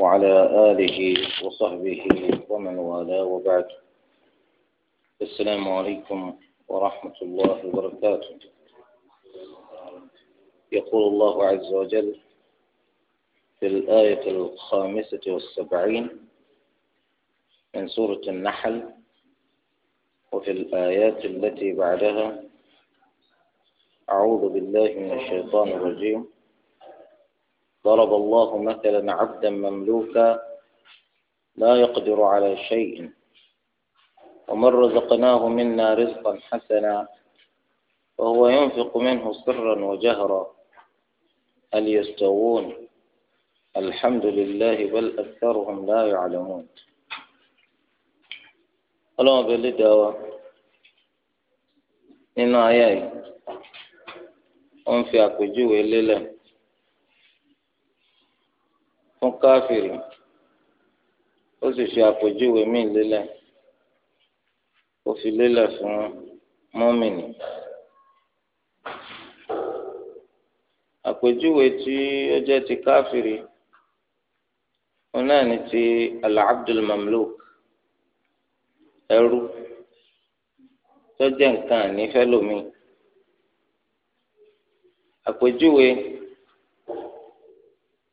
وعلى آله وصحبه ومن والاه وبعد السلام عليكم ورحمة الله وبركاته يقول الله عز وجل في الآية الخامسة والسبعين من سورة النحل وفي الآيات التي بعدها أعوذ بالله من الشيطان الرجيم ضرب الله مثلا عبدا مملوكا لا يقدر على شيء ومن رزقناه منا رزقا حسنا وهو ينفق منه سرا وجهرا هل يستوون الحمد لله بل أكثرهم لا يعلمون اللهم بلدها إن آية ó ń fi àpèjúwe lélẹ̀ fún káfíìrì ó sì fi àpèjúwe míì lélẹ̀ ó fi lélẹ̀ fún mọ́mìnì. àpèjúwe tí ó jẹ́ ti káfíìrì ó náà ní ti al ẹrú tó jẹ́ nǹkan ànífẹ́ lómi àpèjúwe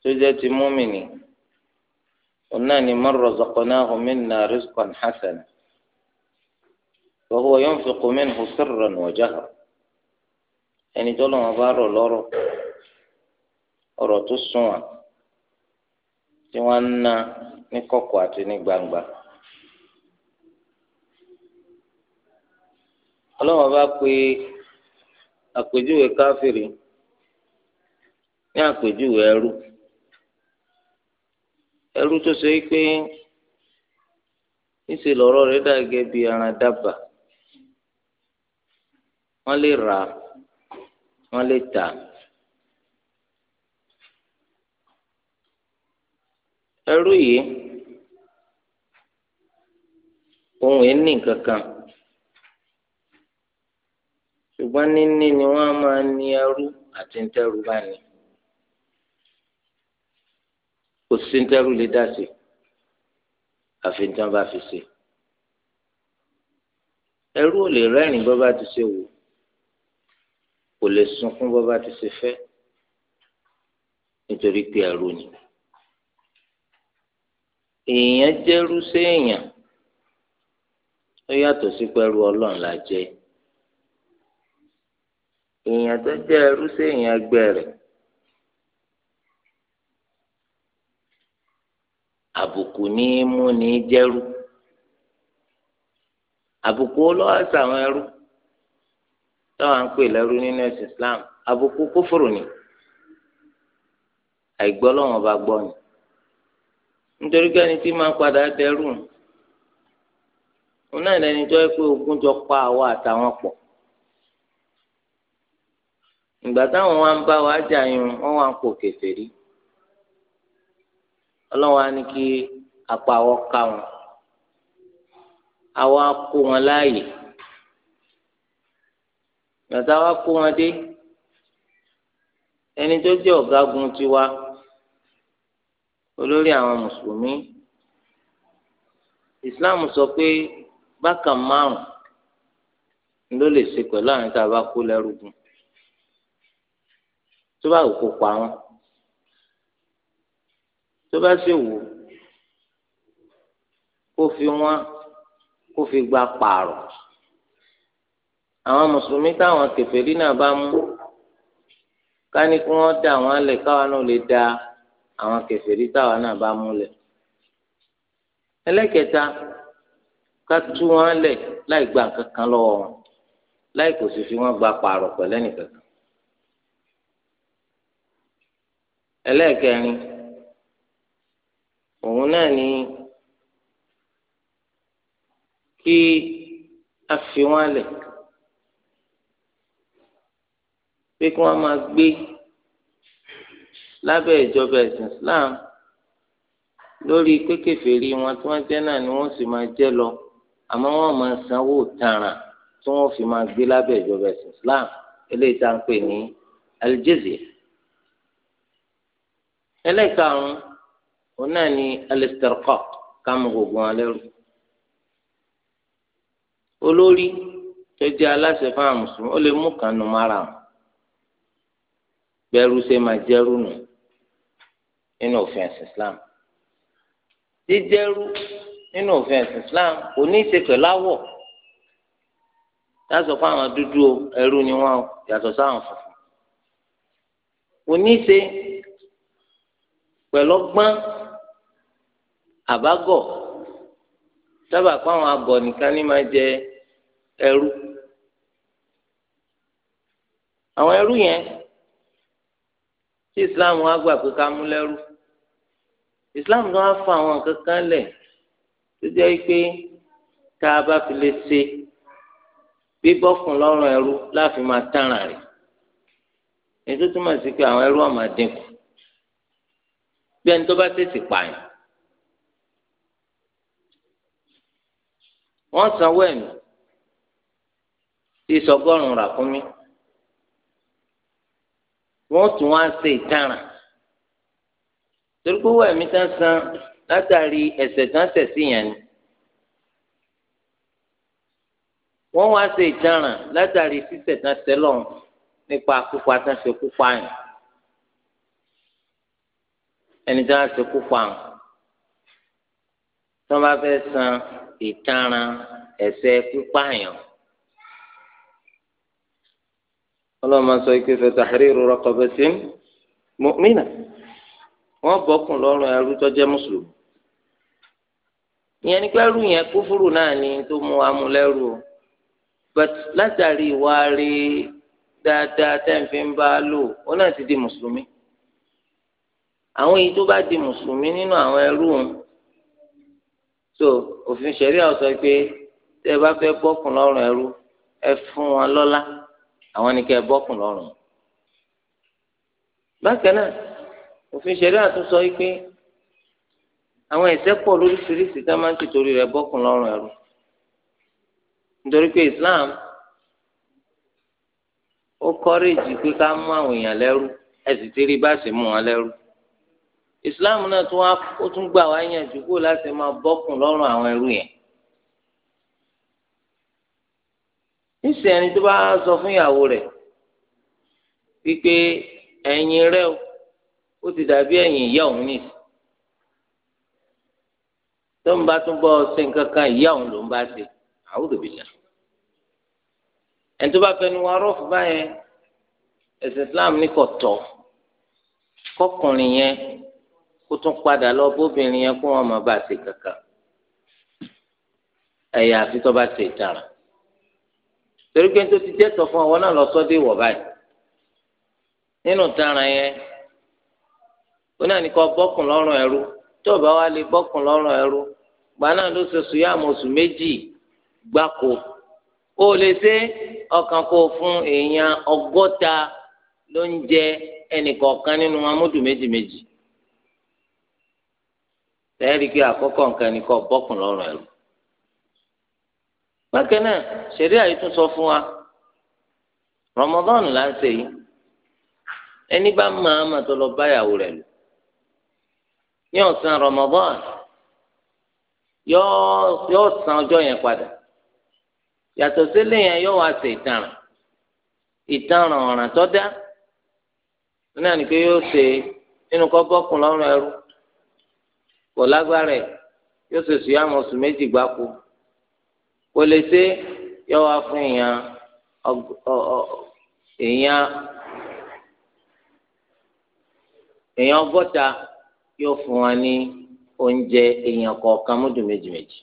tó jẹ́ ti múmìnì ọ̀nà ni man razaqnahu minna rizqan hasana wa huwa yunfiqu minhu sirran wa jahran ẹni tó lọ́wọ́ bá rọ̀ lọ́rọ̀ ọ̀rọ̀ tó sunwọ̀n tí wọ́n ná ní kọ̀kọ̀ àti ní gbangba. ọlọ́wọ́ bá pe àpèjúwe káfíìrì. ní àpèjúwe ẹrú ẹrú tó ṣe pé níṣẹ lọ́rọ̀ rẹ̀ dà gẹ́gẹ́ bí ara dábà wọ́n lè rà wọ́n lè tà ẹrú yìí ohun ìní kankan ṣùgbọ́n níní ni wọ́n á máa ní ẹrú àti ń tẹ́rù bá ní. kò sí ní tẹ́rù lè dá sí àfi tí wọ́n bá fi ṣe ẹrú ò lè rẹ́rìn bó bá ti ṣe wù kò lè sunkún bó bá ti ṣe fẹ́ nítorí pé ẹrú ni èèyàn jẹ́rú séèyàn ó yàtọ̀ sí pẹ́rú ọlọ́run la jẹ́ èèyàn tó jẹ́ ẹrú séèyàn ẹgbẹ́ rẹ̀ àbùkù ní í mú ní í jẹ́rú àbùkù olówó sàwọn ẹrú táwọn ń pè lẹ́rú nínú ẹ̀sìn Islam àbùkù kófòrò ni àìgbọ́ lọ́wọ́n bá gbọ́ ni nítorí pé ẹni tí máa ń padà dẹrú òun náà lẹni tó yẹ pé ogun jọ pa àwa àtàwọn pọ̀ ìgbà táwọn wá ń bá wa jà yun wọ́n wá ń pò kèfèrí ọlọ́wọ́ á ní kí apá àwọ̀ ká wọn àwọ̀ á kó wọn láàyè gbàtà wa kó wọn dé ẹni tó jẹ́ ọ̀gágun tiwa olórí àwọn mùsùlùmí islam sọ pé bákan márùn ló lè ṣe pẹ̀lú àwọn tá a bá kó lẹ́rú gun tó bá kó pa wọn tó bá sì wù kó fi wọn kó fi gba pààrọ̀ àwọn mùsùlùmí táwọn kèfèrí náà bá mú ká ní kí wọ́n dá àwọn alẹ̀ káwọn náà lè da àwọn kèfèrí táwọn náà bá mú lẹ̀ ẹlẹ́kẹta ká tú wọn lẹ̀ láì gba nǹkan kan lọ́wọ́ wọn láì kò sì fi wọn gba pààrọ̀ pẹ̀lẹ́nìkan ẹlẹ́kẹrin òun náà ni kí a fi wọn lẹ̀ pé kí wọn máa gbé lábẹ́ ìjọba ẹ̀sìn Islam lórí kékèfèrí wọn tí wọn jẹ́ náà ni wọ́n sì máa jẹ́ lọ àmọ́ wọ́n máa sanwó tààràn tí wọ́n fi máa gbé lábẹ́ ìjọba ẹ̀sìn Islam eléyìí tá à ń pè ní aljizya ẹlẹ́karùn-ún òun náà ni alistarqa kámú gbogbo wọn lẹ́rù olórí tó jẹ́ aláṣẹ fáwọn mùsùlùmí ó lè mú kànú mara wọn bẹ̀rù ṣe máa jẹ́rù nù nínú òfin ẹ̀sìn islam jíjẹ́rù nínú òfin ẹ̀sìn islam kò ní í ṣe pẹ̀lú àwọ̀ yàtọ̀ fáwọn dúdú ẹrú ni wọn o sáwọn funfun kò ní í ṣe pẹ̀lú ọgbọ́n àbágọ̀ sábà fáwọn agọ̀ nìkan ní máa jẹ ẹrú àwọn ẹrú yẹn tí islam wá gbà pé ká mú lẹ́rú islam tó wá fa àwọn nǹkan kan lẹ̀ tó jẹ́ pé tá a bá fi lè ṣe bíbọ́ fún lọ́rùn ẹrú láàfin máa tàràn rẹ̀ ètò túmọ̀ sí pé àwọn ẹrú ọ̀ máa dínkù bí ẹni tó bá tètè pààyàn wọ́n sanwó ẹ̀mí ìsọgọ́rùn ràkúnmí wọ́n tún wá ṣe ìtaràn torí pé owó ẹ̀mí tán san látàrí ẹ̀ṣẹ̀ tán ṣẹ̀ sí yẹn ni wọ́n wá ṣe ìtaràn látàrí ṣíṣẹ̀ tán ṣẹ̀ lọ́hùn nípa pípa tán ṣe púpà yẹn ẹni tán ṣe púpà yẹn tí wọ́n bá fẹ́ san ìtanràn ẹ̀ṣẹ̀ pípààyàn ọlọ́mọ sọ pé fatahriru raqabatin mu'mina wọ́n bọ́kùn lọ́rùn ẹrú tó jẹ́ mùsùlùmí ìyẹn ní pẹ́ẹ́rù yẹn kúfúrú náà ni tó mú amúlẹ́rù o but látàrí ìwà rí dáadáa tẹ́ǹfì ń bá a lò ó náà ti di mùsùlùmí àwọn èyí tó bá di mùsùlùmí nínú àwọn ẹrú òun so òfin ṣẹ̀rí àwòsàn pé tẹ́ ẹ bá fẹ́ bọ́kùn lọ́rùn ẹrú ẹ fún wọn lọ́lá àwọn ni kẹ́ ẹ bọ́kùn lọ́rùn. bákan náà òfin ṣẹ̀rí àtúnṣọ pé àwọn ẹ̀ṣẹ̀ pọ̀ lóríṣiríṣi tá a máa ń tìtorí rẹ̀ bọ́kùn lọ́rùn ẹrú nítorí pé Islam ó kọ́rẹ́jì pé ká mú àwọn èèyàn lẹ́rú ẹ sì ti rí bá ṣe mú wọn lẹ́rú islam náà tún wá ó tún gbà wá yànjú kó láti máa bọ́kùn lọ́rùn àwọn ẹrú yẹn. níṣẹ́ ẹni tó bá sọ fún ìyàwó rẹ̀ wípé ẹ̀yìn rẹ̀ ó ti dàbí ẹ̀yìn ìyá òun nìyí tó ń bá tún bọ́ ṣe nǹkan kan ìyá òun ló ń bá ṣe àwùjọ ẹni tó bá fẹnu wa rọ́ọ̀fù báyẹn ẹ̀sìn islam ní kò tọ́ kọkùnrin yẹn kó tún padà lọ bóbìnrin yẹn kó wọn máa bá a ṣe kankan ẹ̀yà àfi tó bá ṣe ìtara tó ti jẹ́ fún àwọn náà lọ sọ́dé wọ̀ báyìí nínú ìtara yẹn ó náà ní bọ́kùn lọ́rùn gbà náà ló ṣe sùn yáàmù oṣù méjì gbáko fún èèyàn ọgọ́ta ló ń jẹ tẹ́ẹ̀rí pé àkọ́kọ́ nǹkan ni kọ́ bọ́kùn lọ́rùn ẹ̀rù. bákan náà ṣẹ̀rí àyè tún sọ fún wa rọmọdọ́ọ̀nù là ń ṣe yìí ẹni bá máa ma tó lọ báyàwó rẹ̀ lò ní ọ̀sán rọmọdọ́ọ̀nù yóò san ọjọ́ yẹn padà yàtọ̀ sílé yẹn yóò wá ṣe ìtanràn ìtanràn ọ̀ràn tó dá ni pé yóò ṣe kò lágbára ẹ̀ yóò ṣe sùyàmù oṣù méjì gbáko kò lè ṣe yọ wá fún èèyàn èèyàn èèyàn ọgọ́ta yóò fún wa ní oúnjẹ èèyàn kọ̀ọ̀kan múdù méjì méjì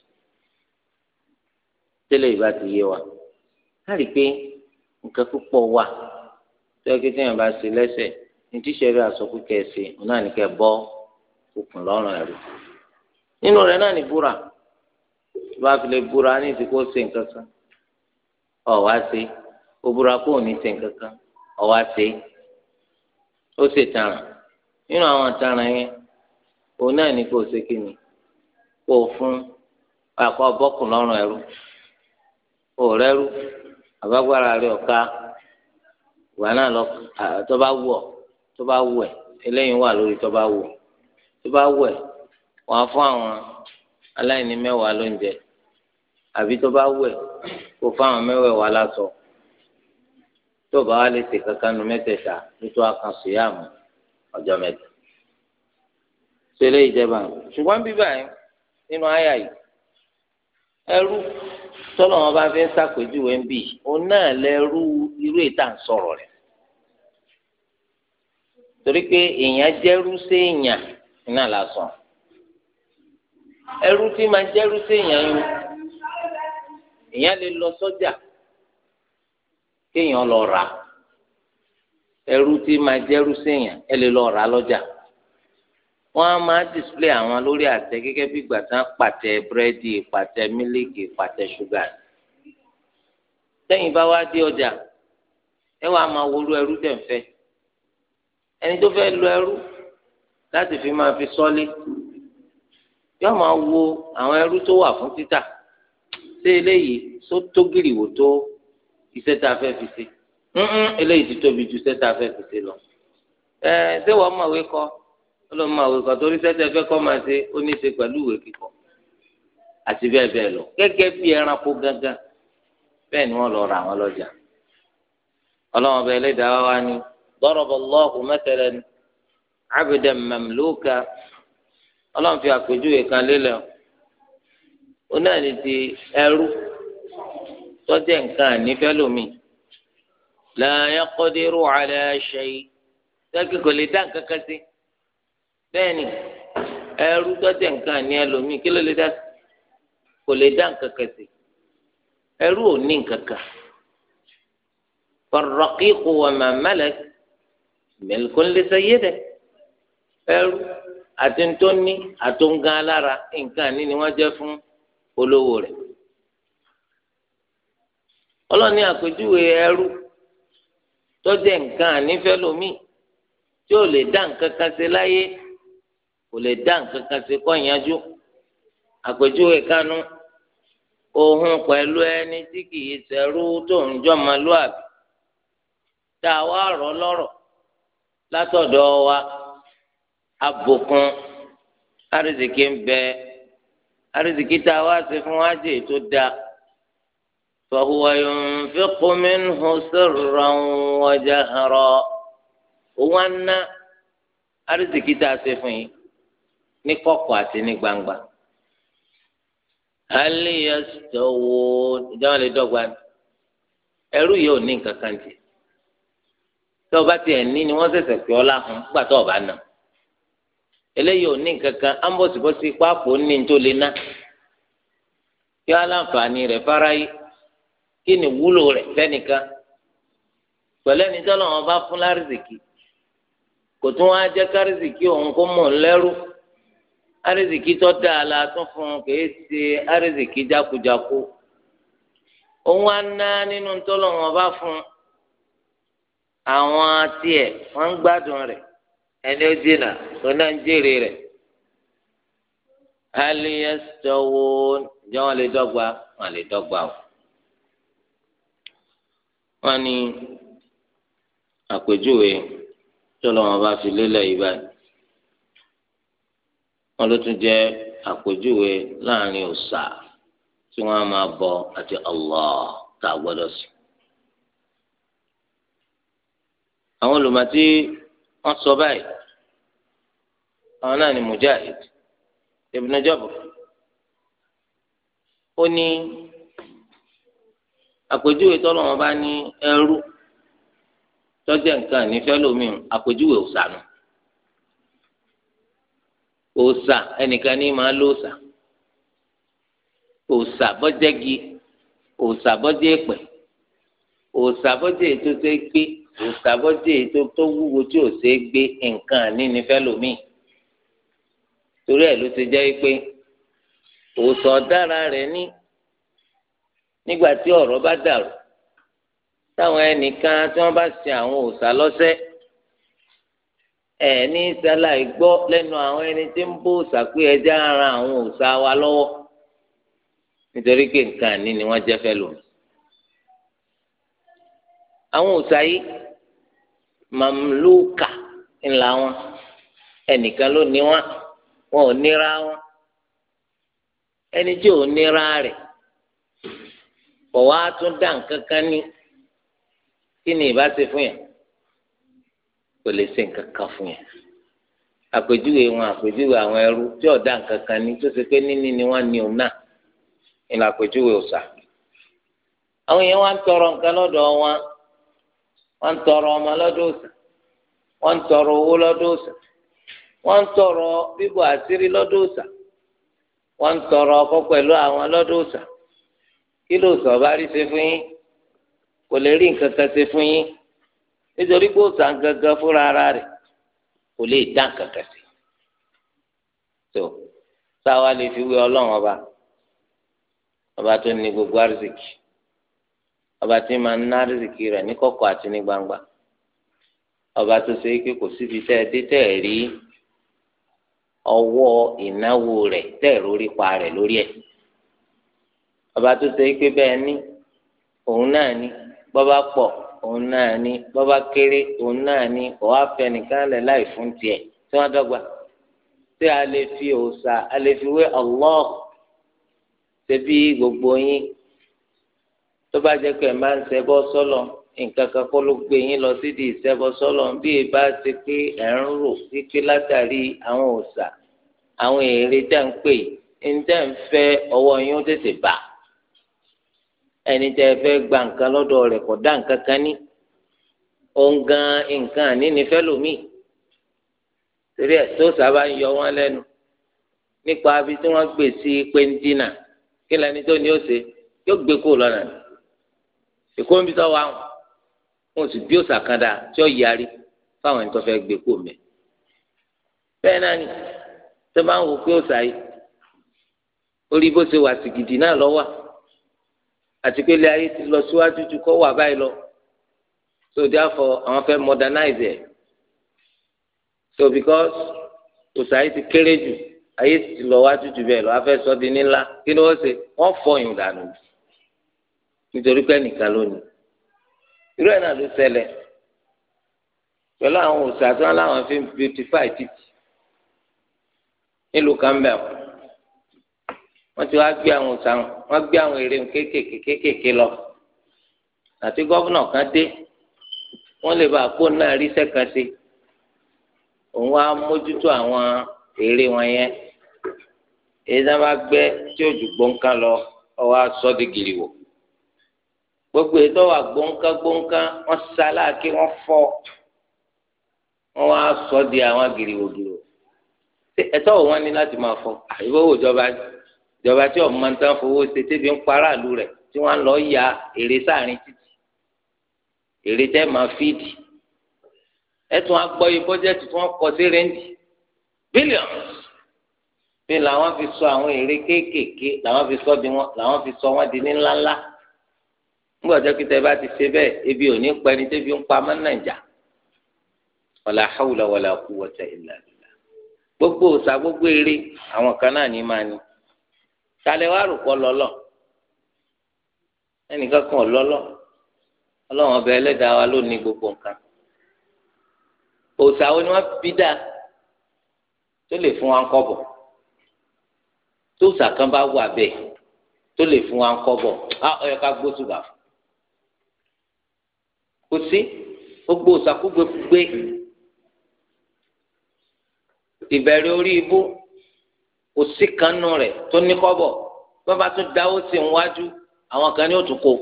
tẹ́lẹ̀ ìbá ti yé wa láti pé nǹkan púpọ̀ wà tó yẹ kí téèyàn bá ṣe lẹ́sẹ̀ ní tíṣẹ̀rí àsọkù kẹ̀ẹ́sì ọ̀nà ní kẹ́ bọ́ okùn lọ́rùn ẹ̀rù nínú rẹ̀ náà ní búra tó bá fi lè búra ní ìsìnkú ó nǹkan kan ọ̀ wá ó búra kó ò ní ṣe nǹkan kan ọ̀ wá ó ṣe tààràn nínú àwọn tààràn yẹn òun náà ní kò o o fún àkọ́ bọ́kùn lọ́rùn ẹ̀rù kó rẹ̀ ọ̀ka ìwà náà lọ tó bá wù bá wù tó bá wẹ̀ wọ́n á fún àwọn aláìní mẹ́wàá lóúnjẹ àbí tó bá wẹ̀ kó fún àwọn mẹ́wẹ̀ẹ̀wá láṣọ tó bá wà lè ṣe kankan nu mẹ́tẹ̀ẹ̀ta nítorí àkànṣe yá mọ́ ọjọ́ mẹ́ta ṣẹlẹ̀ ìjẹba ṣùgbọ́n bíbá yẹn nínú àyà yìí ẹrú tọ́lọ̀ wọn bá fi ń ṣàpèjúwe ń bì òun náà lẹ́rú irú ìta ń sọ̀rọ̀ rẹ̀ torí pé èèyàn jẹ́rú sí èèyàn iná la sọ ẹrú tí máa jẹrú sí èèyàn yín èèyàn lè lọ sọ́jà kéèyàn lọ rà ẹrú tí máa jẹrú sí èèyàn ẹ lè lọ rà lọ́jà wọn á máa display àwọn lórí àtẹ gẹ́gẹ́ bí gbàtà pàtẹ búrẹ́dì pàtẹ mílíkì pàtẹ ṣúgà tẹ̀yin bá wá dé ọjà ẹ wàá máa wọlú ẹrú tẹ́ ń fẹ́ ẹni tó fẹ́ lọ ẹrú. láti fi máa fi sọ́lé yóò máa wo àwọn ẹrú tó wà fún títà ṣé eléyìí tó tó gìrìwò tó iṣẹ́ tá a fẹ́ fi ṣe eléyìí ti tóbi ju iṣẹ́ tá a fẹ́ fi ṣe lọ. ẹ ṣé wàá máa wé kọ ọlọ́run máa wé kọ torí sẹ́tẹ̀ fẹ́ kọ́ máa ṣe ó ní í ṣe pẹ̀lú ìwé kíkọ́ àti bẹ́ẹ̀ bẹ́ẹ̀ lọ gẹ́gẹ́ bí ẹranko gángan bẹ́ẹ̀ ni wọ́n lọ ra àwọn lọ́jà ọlọ́run ọba ẹlẹ́dàá wa ni ضرب الله مثلا abdan mamluka ọlọ́run fi àpèjúwe kan lélẹ̀ o náà ní ti ẹrú tọ́jú nǹkan ànífẹ́ lómi la yaqdiru ala shay tẹ́kì kò lè dá nǹkan kan sí bẹ́ẹ̀ ni ẹrú tọ́jú nǹkan àní ẹlòmíì kí ló lè dá kò lè dá nǹkan kan sí ẹrú ò ní nǹkan kan farraqiqu wa ma malak milkun li sayyidihi. ẹrú àti ntóní àtúngán alára nǹkan àní ni wọ́n jẹ́ fún olówó rẹ ọlọ́ni àpèjúwe ẹrú tọ́jẹ́ nǹkan ànífẹ́ lomi tí ò lè dá nǹkan kan ṣe láyé kò lè dá nǹkan kan ṣe kọ́ ìyanjú àpèjúwe kánú ohun pẹ̀lú ẹni tí kìí ṣẹrú tó ń jọmọlúàbí tá a wá rọ̀ lọ́rọ̀ látọ̀dọ̀ wa. abòkun arizikì ń bẹ arizikì tá a wá ṣe fún wa jẹ tó da fahuwa yunfiqu minhu sirran wa jahra òun á ná arizikì tá a ṣe fún yìí ní kọ̀kọ̀ àti ní gbangba aliyastowo ìjáwọn lè dọ́gba ẹrú yìí ò ní nǹkan kan jẹ tí ọba tiẹ̀ ní ni wọ́n ṣẹ̀ṣẹ̀ pè ọ́ láhùn nígbà tó ọba náà eléyìí ò ní kankan ambọ̀sibọ́sí pápó ní tó lè ná kí aláǹfààní rẹ̀ fáráyé kí ni wúlò rẹ̀ fẹ́nìkan pẹ̀lú ẹni tọ́lọ̀ wọn bá fún lárìsìkì kò tún wá jẹ́ kárìsìkì òun kó mọ̀ ń lẹ́rú árìsìkì tó dáa la tún fún un ṣe árìsìkì jákujàku òun á ná nínú tọ́lọ̀ wọn bá fún àwọn tiẹ̀ wọ́n ń gbádùn rẹ̀ ẹni ó dínà òun náà ń jèrè rẹ̀ aliyasitawo ǹjẹ́ wọ́n lè dọ́gba wọ́n lè dọ́gba o wọ́n ní àpèjúwe tó lọ́wọ́ bá fi lélẹ̀ yìí báyìí wọ́n ló tún jẹ́ àpèjúwe láàrin òòṣà tí wọ́n á máa bọ àti Allah tá a gbọ́dọ̀ sí. àwọn olùmọ̀tí. wọ́n sọ báyìí àwọn náà ni mujahid ibn jabr ó ní àpèjúwe tọ́lọ́wọ́n bá ní ẹrú tọ́jà nǹkan nífẹ̀ẹ́ lómi àpèjúwe òsànù òsà ẹnìkan ní máa ló òsà òsà bọ́jẹ́gi òsà bọ́jẹ́ èpẹ̀ òsà bọ́jẹ́ ètò tó gbé òsàbọ̀dé tó tó wúwo tí ò ṣeé gbé nǹkan fẹ́ lómi. torí ẹ̀ ló ti jẹ́ pé òsàn dára rẹ̀ ní nígbà tí ọ̀rọ̀ bá dàrú táwọn ẹnìkan tí wọ́n bá ṣe àwọn òsà lọ́sẹ̀ ẹ̀ ní sáláì gbọ́ lẹ́nu àwọn ẹni tí ń bó òsà pé ẹja ara àwọn òsà wa lọ́wọ́ nítorí pé nǹkan àní ni wọ́n jẹ́ fẹ́ lómi. àwọn òsà yìí mamluka ńlá wọn ẹnìkan ló ní wọn wọn ò níra wọn ẹni tí ò níra rẹ̀ kò wá tún dá nǹkan kan ní kí ni ìbá ṣe fún yẹn kò lè ṣe nǹkan kan fún yẹn àpèjúwe wọn àpèjúwe àwọn ẹrú tí ọ̀dà nǹkan kan ní tó ṣe pé níní ni wọ́n ní òun náà ìlànà àpèjúwe òòṣà àwọn èèyàn wá ń tọrọ nǹkan lọ́dọ̀ wọn wọ́n ń tọrọ ọmọ lọ́dọ̀ òsà wọ́n ń tọrọ owó lọ́dọ̀ òsà wọ́n ń tọrọ bíbò àṣírí lọ́dọ̀ òsà wọ́n ń tọrọ ọkọ pẹ̀lú àwọn lọ́dọ̀ òsà kí ló sọ bá rí ṣe fún yín kò lè rí nǹkan kan ṣe fún yín nítorí pé òsà gangan fúnra ara rẹ̀ kò lè dá nǹkan kan ṣe tó sáwa lè fi wé ọlọ́run ọba ọba tó ní gbogbo àrísìkì ọba tí máa ń ná rìsìkì rẹ̀ ní kọ̀kọ̀ àti ní gbangba ọba tó ṣe pé kò síbi tẹ́ ẹ dé tẹ́ ẹ rí ọwọ́ ìnáwó rẹ̀ tẹ́ ẹ rórí pa rẹ̀ lórí ẹ̀ ọba tó ṣe pé bẹ́ẹ̀ ni òun náà ni bọ́bá pọ̀ òun náà ni bọ́bá kéré òun náà ni ọ̀wá fẹnìkan lẹ̀ láì fún tiẹ̀ tí wọ́n dọ́gba tí a lè fi òòṣà a lè fi wé Allah ṣe bí gbogbo yín tó bá jẹ́ pé ẹ máa ń ṣẹbọ sọ́lọ̀ nǹkan kan kó ló gbé yín lọ sídìí ìṣẹbọ sọ́lọ̀ bí ẹ bá ṣe pé ẹ ń rò wípé látàrí àwọn òòṣà àwọn èrè dá ń pè ǹjẹ́ ń fẹ́ ọwọ́ yín ó tètè bà ẹni tẹ́ ẹ gba nǹkan lọ́dọ̀ rẹ̀ kò dá nǹkan kan ní òun gan nǹkan àní ni fẹ́ lòmíì torí ẹ̀ tó sábà ń yọ wọ́n lẹ́nu nípa bí tí wọ́n gbèsè pé ń dínà kí lẹni tó ní ó ṣe yóò gbé kúrò lọ́nà ni èkó ń bí sọ wàá wọn sì bí òòsà kan dáa tí ó yarí fáwọn ẹni tó fẹ́ gbé kó mẹ́ bẹ́ẹ̀ náà ni tó bá ń wò pé òòsà yìí orí bó ṣe wà sìgìdì náà lọ́wọ́ àti pé ilé ayé ti lọ síwájú ju kọ́ wà báyìí lọ so therefore àwọn fẹ́ modernize ẹ̀ so because òòsà yìí ti kéré jù ayé ti lọ wájú ju bẹ́ẹ̀ lọ afẹ́ sọ́ di nílá kí ni wọ́n ṣe wọ́n fọyín dànù jù nítorí pé nìkan lónìí irú ẹ̀ náà ló ṣẹlẹ̀ pẹ̀lú àwọn òòṣà tí wọ́n láwọn fi ń beautify títì nílùú campbell wọ́n ti wá gbé àwọn òòṣà wọ́n gbé àwọn eré kéékèèké kéékèèké lọ àti gọ́vùnà kan dé wọ́n lè bá àpò náà rí sẹ́kànṣe òun wá mójútó àwọn eré wọn yẹn èyí tí wọ́n tí òjò gbọǹkan lọ ọwọ́ aṣọ di gìrì wò gbogbo ètò wà gbóńká gbóńká wọn sáláàkì wọn fọ wọn wá sọ di àwọn gìrìwògìrò ẹ̀tọ́ wọn ní láti máa fọ àyíwòwò ìjọba ìjọba tí ọmọ ń tán fowó ṣe tẹbi ń para àlù rẹ tí wọn lọ ya èrè sáàrin títì èrè tẹ máa fídì ẹtùn agbọyé bọ́jẹ́tì tí wọ́n kọ sí rẹ́ǹdì billions bí làwọn fi sọ àwọn èrè kéékèèké làwọn fi sọ wọn di ní ńláńlá nígbà tó kí tẹ bá ti ṣe bẹ́ẹ̀ ebi ò ní pa ẹni tẹbi ń pa mọ nàìjà wàlà hàwùlà wàlà kú wọtẹ ìlà ìlà gbogbo òòsà gbogbo eré àwọn kan náà ní máa ní talẹ wàá rò pọ lọlọ ẹnìkan kan lọlọ Ọlọ́run ọbẹ Ẹlẹ́dàá wa ló gbogbo nǹkan òòsà wo ni wọn bí dáa tó lè fún wa ń kọ́bọ̀ tó òòsà kan bá wà bẹ́ẹ̀ tó lè fún wa ń kọ́bọ̀ á ká gbósùbà fún kò sí gbogbo òsàkúgbe gbé ìbẹ̀rẹ̀ orí ibú kò sí kanú rẹ̀ tó ní kọ́bọ̀ bàbá tó dáwó sí níwájú àwọn kan ní òtún kó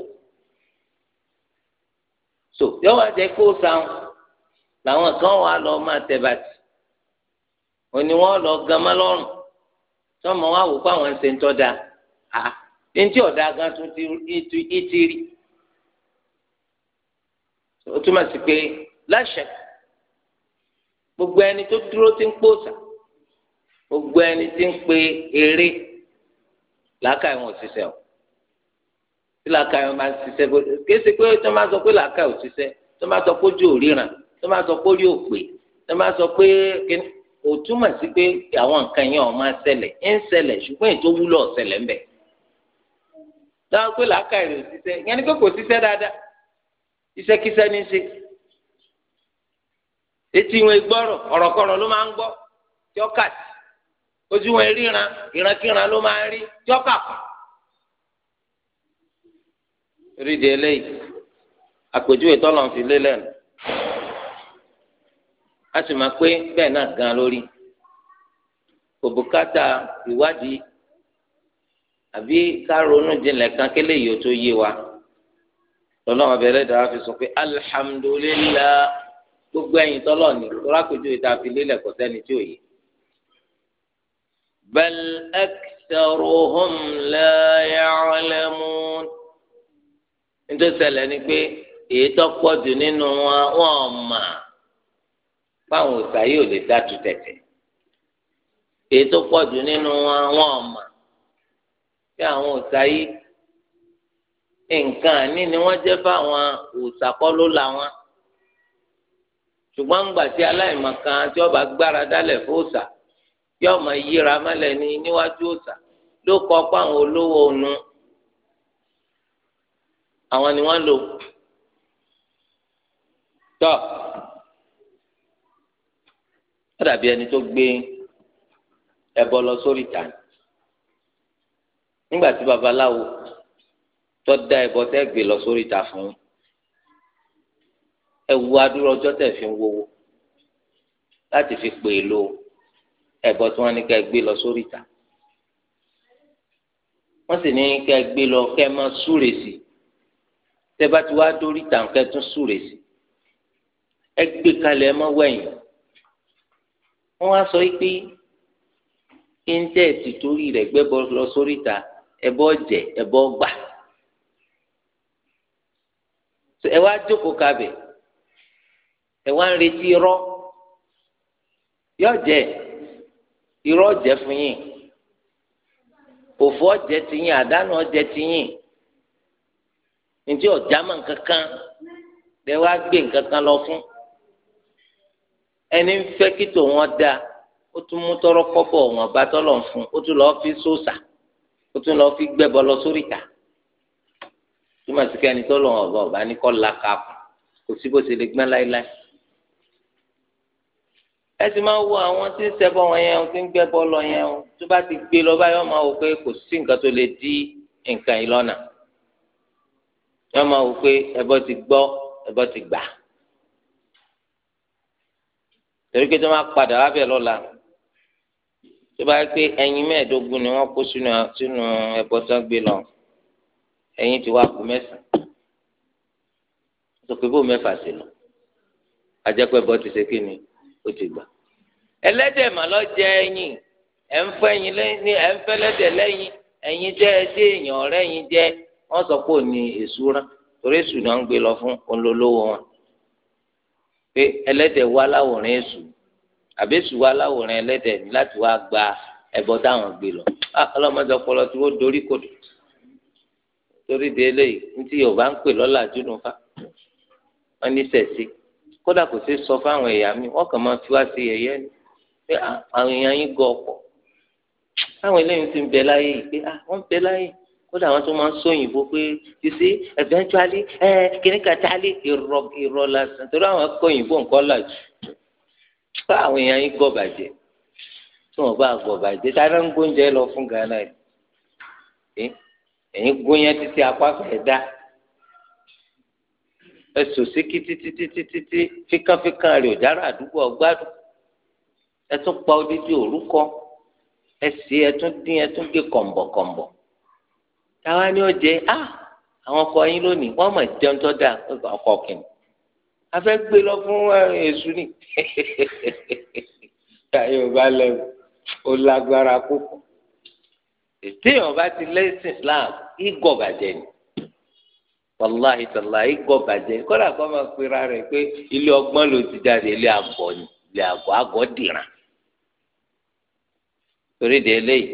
so yọwọ́ àjẹ kó sáwọn làwọn kan wà lọ máa tẹ̀ bàtì òní wọn lọ gan má lọ́rùn sọmọ wa wò pé àwọn ń ṣe ń tọ́ da ah ní tí ọ̀dà gan tún ti rí o ó túmọ̀ sí pé láṣẹ gbogbo ẹni tó dúró ti ń pòsà gbogbo ẹni tí ń pe eré làákàyè wọn ò ṣiṣẹ́ o tí làákàyè wọn bá ń ṣiṣẹ́ kése pé tó máa sọ pé làákàyè ò ṣiṣẹ́ tó máa sọ pé ojú ò ríran tó máa sọ pé orí ò pé tó máa sọ pé ò túmọ̀ sí pé àwọn nǹkan yẹn ọ̀ máa ṣẹlẹ̀ ń ṣẹlẹ̀ ṣùgbọ́n ètò wúlò ọ̀ṣẹlẹ̀ ń bẹ. dáhùn pé làákàyè ò ṣiṣẹ́ yẹn ni pé kò ṣiṣẹ́ dáadáa iṣẹ́kíṣẹ́ ní í eti etí wọn gbọ́rọ̀ ọ̀rọ̀kọ̀rọ̀ ló máa ń gbọ́ tí ó ojú wọn ríran ìrankíran ló máa ń rí eléyìí àpèjúwe ń fi lé lẹ́nu a sì máa pé bẹ́ẹ̀ náà gan lórí òbúkátà ìwádìí àbí ká ronú jinlẹ̀ kan kélé ó tó wa. lọ́lọ́wọ́ abẹ́rẹ́ dára fi sọ pé alhamdulillah gbogbo ẹ̀yìn tọ́lọ̀ ni tọ́lákòjú ìta fi lélẹ̀ kọ́ sẹ́ni tí ò yẹ. bal aktharuhum la ya'lamun. nítorí ṣẹlẹ̀ ni pé èyí tó pọ̀ jù nínú wọn wọ́n mà báwọn òṣàyè ò lè dá tẹ̀tẹ̀. èyí tó pọ̀ jù nínú wọn wọ́n mà bí àwọn òṣàyè. nǹkan àní ni wọ́n jẹ́ fáwọn la wọn ṣùgbọ́n ńgbà tí aláìmọ̀kan tí ọba gbára dálẹ̀ fún òòsà yóò ma yíra mọ́lẹ̀ ní níwájú òòsà ló kọ́ pa àwọn olówó àwọn ni wọ́n lò tọ́ ó dàbí ẹni tó gbé tó da ìbọn tẹ́ gbé lọ sórí ìta fún yín ẹ wo adúrò ọjọ́ tẹ́ fi ń wowó láti fi pè é lo ẹ̀bọ tí wọ́n ní ká gbé lọ sórí ìta wọ́n sì ní ká gbé lọ kẹ́ máa súre tẹ́ bá ti wá dórí ìta kẹ́ tún súre ẹ gbé kalẹ̀ ẹ má wẹ̀yìn wọ́n wá sọ pé kí n tẹ́ ẹ̀ ti torí rẹ̀ gbẹ́bọ lọ sórí ìta ẹ̀bọ jẹ ẹ̀bọ gbà so ẹ wá jókòó kabẹ ẹ wá ń retí irọ́ yóò jẹ irọ́ jẹ fún yín òfò ọjẹ ti yín àdánù ọjẹ ti yín ǹjẹ́ ọjà mọ nǹkan kan lẹ wá gbé nǹkan kan lọ fún ẹni ń fẹ́ kí tòun ọdá ó tún mú tọrọ kọ́bọ̀ wọn bá tọlọ fún ó tún lọ fi sóòsà ó tún lọ fi gbẹbọ lọ sóríta. So túmọ̀ sí kẹ́ni tó lọ́wọ́ ọ̀gá ọ̀bá ní kọ́ la ka kù kò sí bó ṣe lè gbẹ́ láéláé. ẹ sì máa wo àwọn tí ń ṣẹbọ wọn yẹn tí ń gbẹ́ bọ́ lọ yẹn tó bá ti gbé lọ báyọ̀ máa wò pé kò sí nǹkan tó lè dí nǹkan yìí lọ́nà yọ máa wò pé ẹbọ ti gbọ́ ẹbọ ti gbà. torí pé tó máa padà wá bẹ̀ lọ́la tó bá yẹ pé ẹyin mẹ́ẹ̀ẹ́dógún ni wọ́n kó sínú ẹbọ tó gbé lọ ẹ̀yin ti wá kú mẹ́sàn sọ pé bó mẹ́fà sí lọ ajẹ́pẹ́ bọ́ ti ṣe kí ni ó ti gbà ẹlẹ́dẹ̀ mà lọ jẹ ẹyin ẹ̀ ń fẹ́ ẹyin lẹ́yìn ẹ̀ ń fẹ́ lẹ́dẹ̀ lẹ́yìn ẹyin jẹ́ ẹdí èèyàn ọ̀rẹ́ ẹyin jẹ́ wọ́n sọ pé òní èṣù rán torí èṣù náà ń gbé lọ fún olólówó wọn pé ẹlẹ́dẹ̀ wá láwòrán èṣù àbí èṣù wá láwòrán ẹlẹ́dẹ̀ láti wá gba ẹbọ táwọn gbé lọ ah, ọlọ́mọdé ọpọlọ tí wọ́n dorí kodò torí de eléyìí ní tí yorùbá ń pè lọ́la júnúfà wọn ní sẹ̀sí kódà kò sí sọ fáwọn ẹ̀yà mi wọn kàn máa fi wá sí ẹ̀yẹ ni pé ah, àwọn èèyàn yín gọ ọ̀pọ̀ táwọn eléyìí ti ń bẹ láyé yìí pé ah, wọ́n ń bẹ láyé kódà àwọn tó máa ń sóyìnbó pé you see eventually ẹ kìnnìkan tálí irọ́ irọ́ lásán torí àwọn akóyìnbó nǹkan làjù fún àwọn èèyàn yín gọ bàjẹ́ tí wọ́n bá gọ bàjẹ́ tá a náà ẹ̀yin gúnyán títí apá fẹ́ dá ẹ sòsíkí títí títí títí fíkánfíkán rẹ ò dára àdúgbò ọgbádùn ẹ tún pa odidi òrúkọ ẹ sì ẹ tún dín ẹ tún gé kọ̀m̀bọ̀kọ̀m̀bọ̀ táwa ni ó jẹ á àwọn ọkọ yín lónìí wọ́n mọ̀ jẹun tó dáa ọkọ kìnnì a fẹ́ gbé lọ fún èṣù ni yorùbá lẹ́wọ̀ ó lágbára púpọ̀ téèyàn bá ti lẹ́sìn islam igọ̀ bàjẹ́ ni wàláhi tàlá igọ̀ bàjẹ́ ni kódà kó máa pera rẹ̀ pé ilé ọgbọ́n ló ti jáde ilé àgọ́ ni ilé àgọ́ àgọ́ dìran torí de eléyìí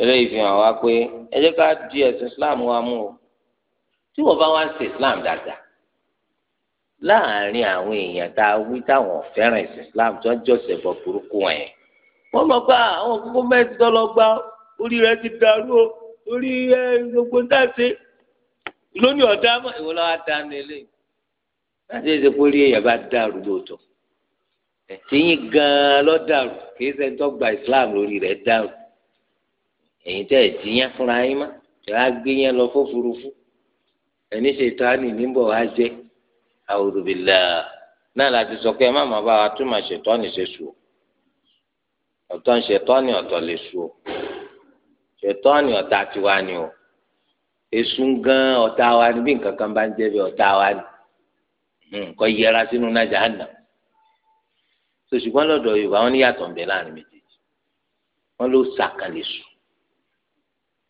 eléyìí fi hàn wá pé ẹ ká di ẹ̀sìn islam wa mú o tí wọ́n bá wá ń ṣe islam dáadáa láàárín àwọn èèyàn tá a wí táwọn fẹ́ràn ẹ̀sìn islam tó ń jọ́sẹ̀ bọ̀ burúkú wọn yẹn wọ́n mọ̀ pé àwọn kókó mẹ́tì tó orí rẹ ti dàrú o orí ẹ gbogbo ńdá ṣe lónìí ọ̀dá mọ̀ ìwọ lọ́wọ́ dá ní ilé láti ṣe pé orí èèyàn bá dàrú lóòótọ́ ẹ̀sìn gan-an lọ dàrú kìí ṣe tó gba Islam lórí rẹ̀ dàrú ẹ̀yin tẹ́ ẹ̀ jiyàn fúnra yín mọ́ ẹ̀ á gbé yẹn lọ fófurufú ẹni ṣètọ́ni níbọ̀ wá jẹ́ àwòrán-bìlà náà láti sọ pé ẹ má má bá wa túmọ̀ ṣètọ́ni ṣe sùn ọ̀tọ̀ ń ṣètọ́ni ọ̀tọ̀ lè sùn o ṣètọ́ni ọ̀tá tiwa ni o èṣù gan ọ̀tá wa ni bí nǹkan kan bá ń jẹ́ bí ọ̀tá wa ni nǹkan hmm, yẹra sínú náà jahannam sòṣùgbọ́n lọ́dọ̀ yorùbá wọn ní yàtọ̀ ń bẹ láàrin méjèèjì wọn ló sàkàlẹ̀ sùn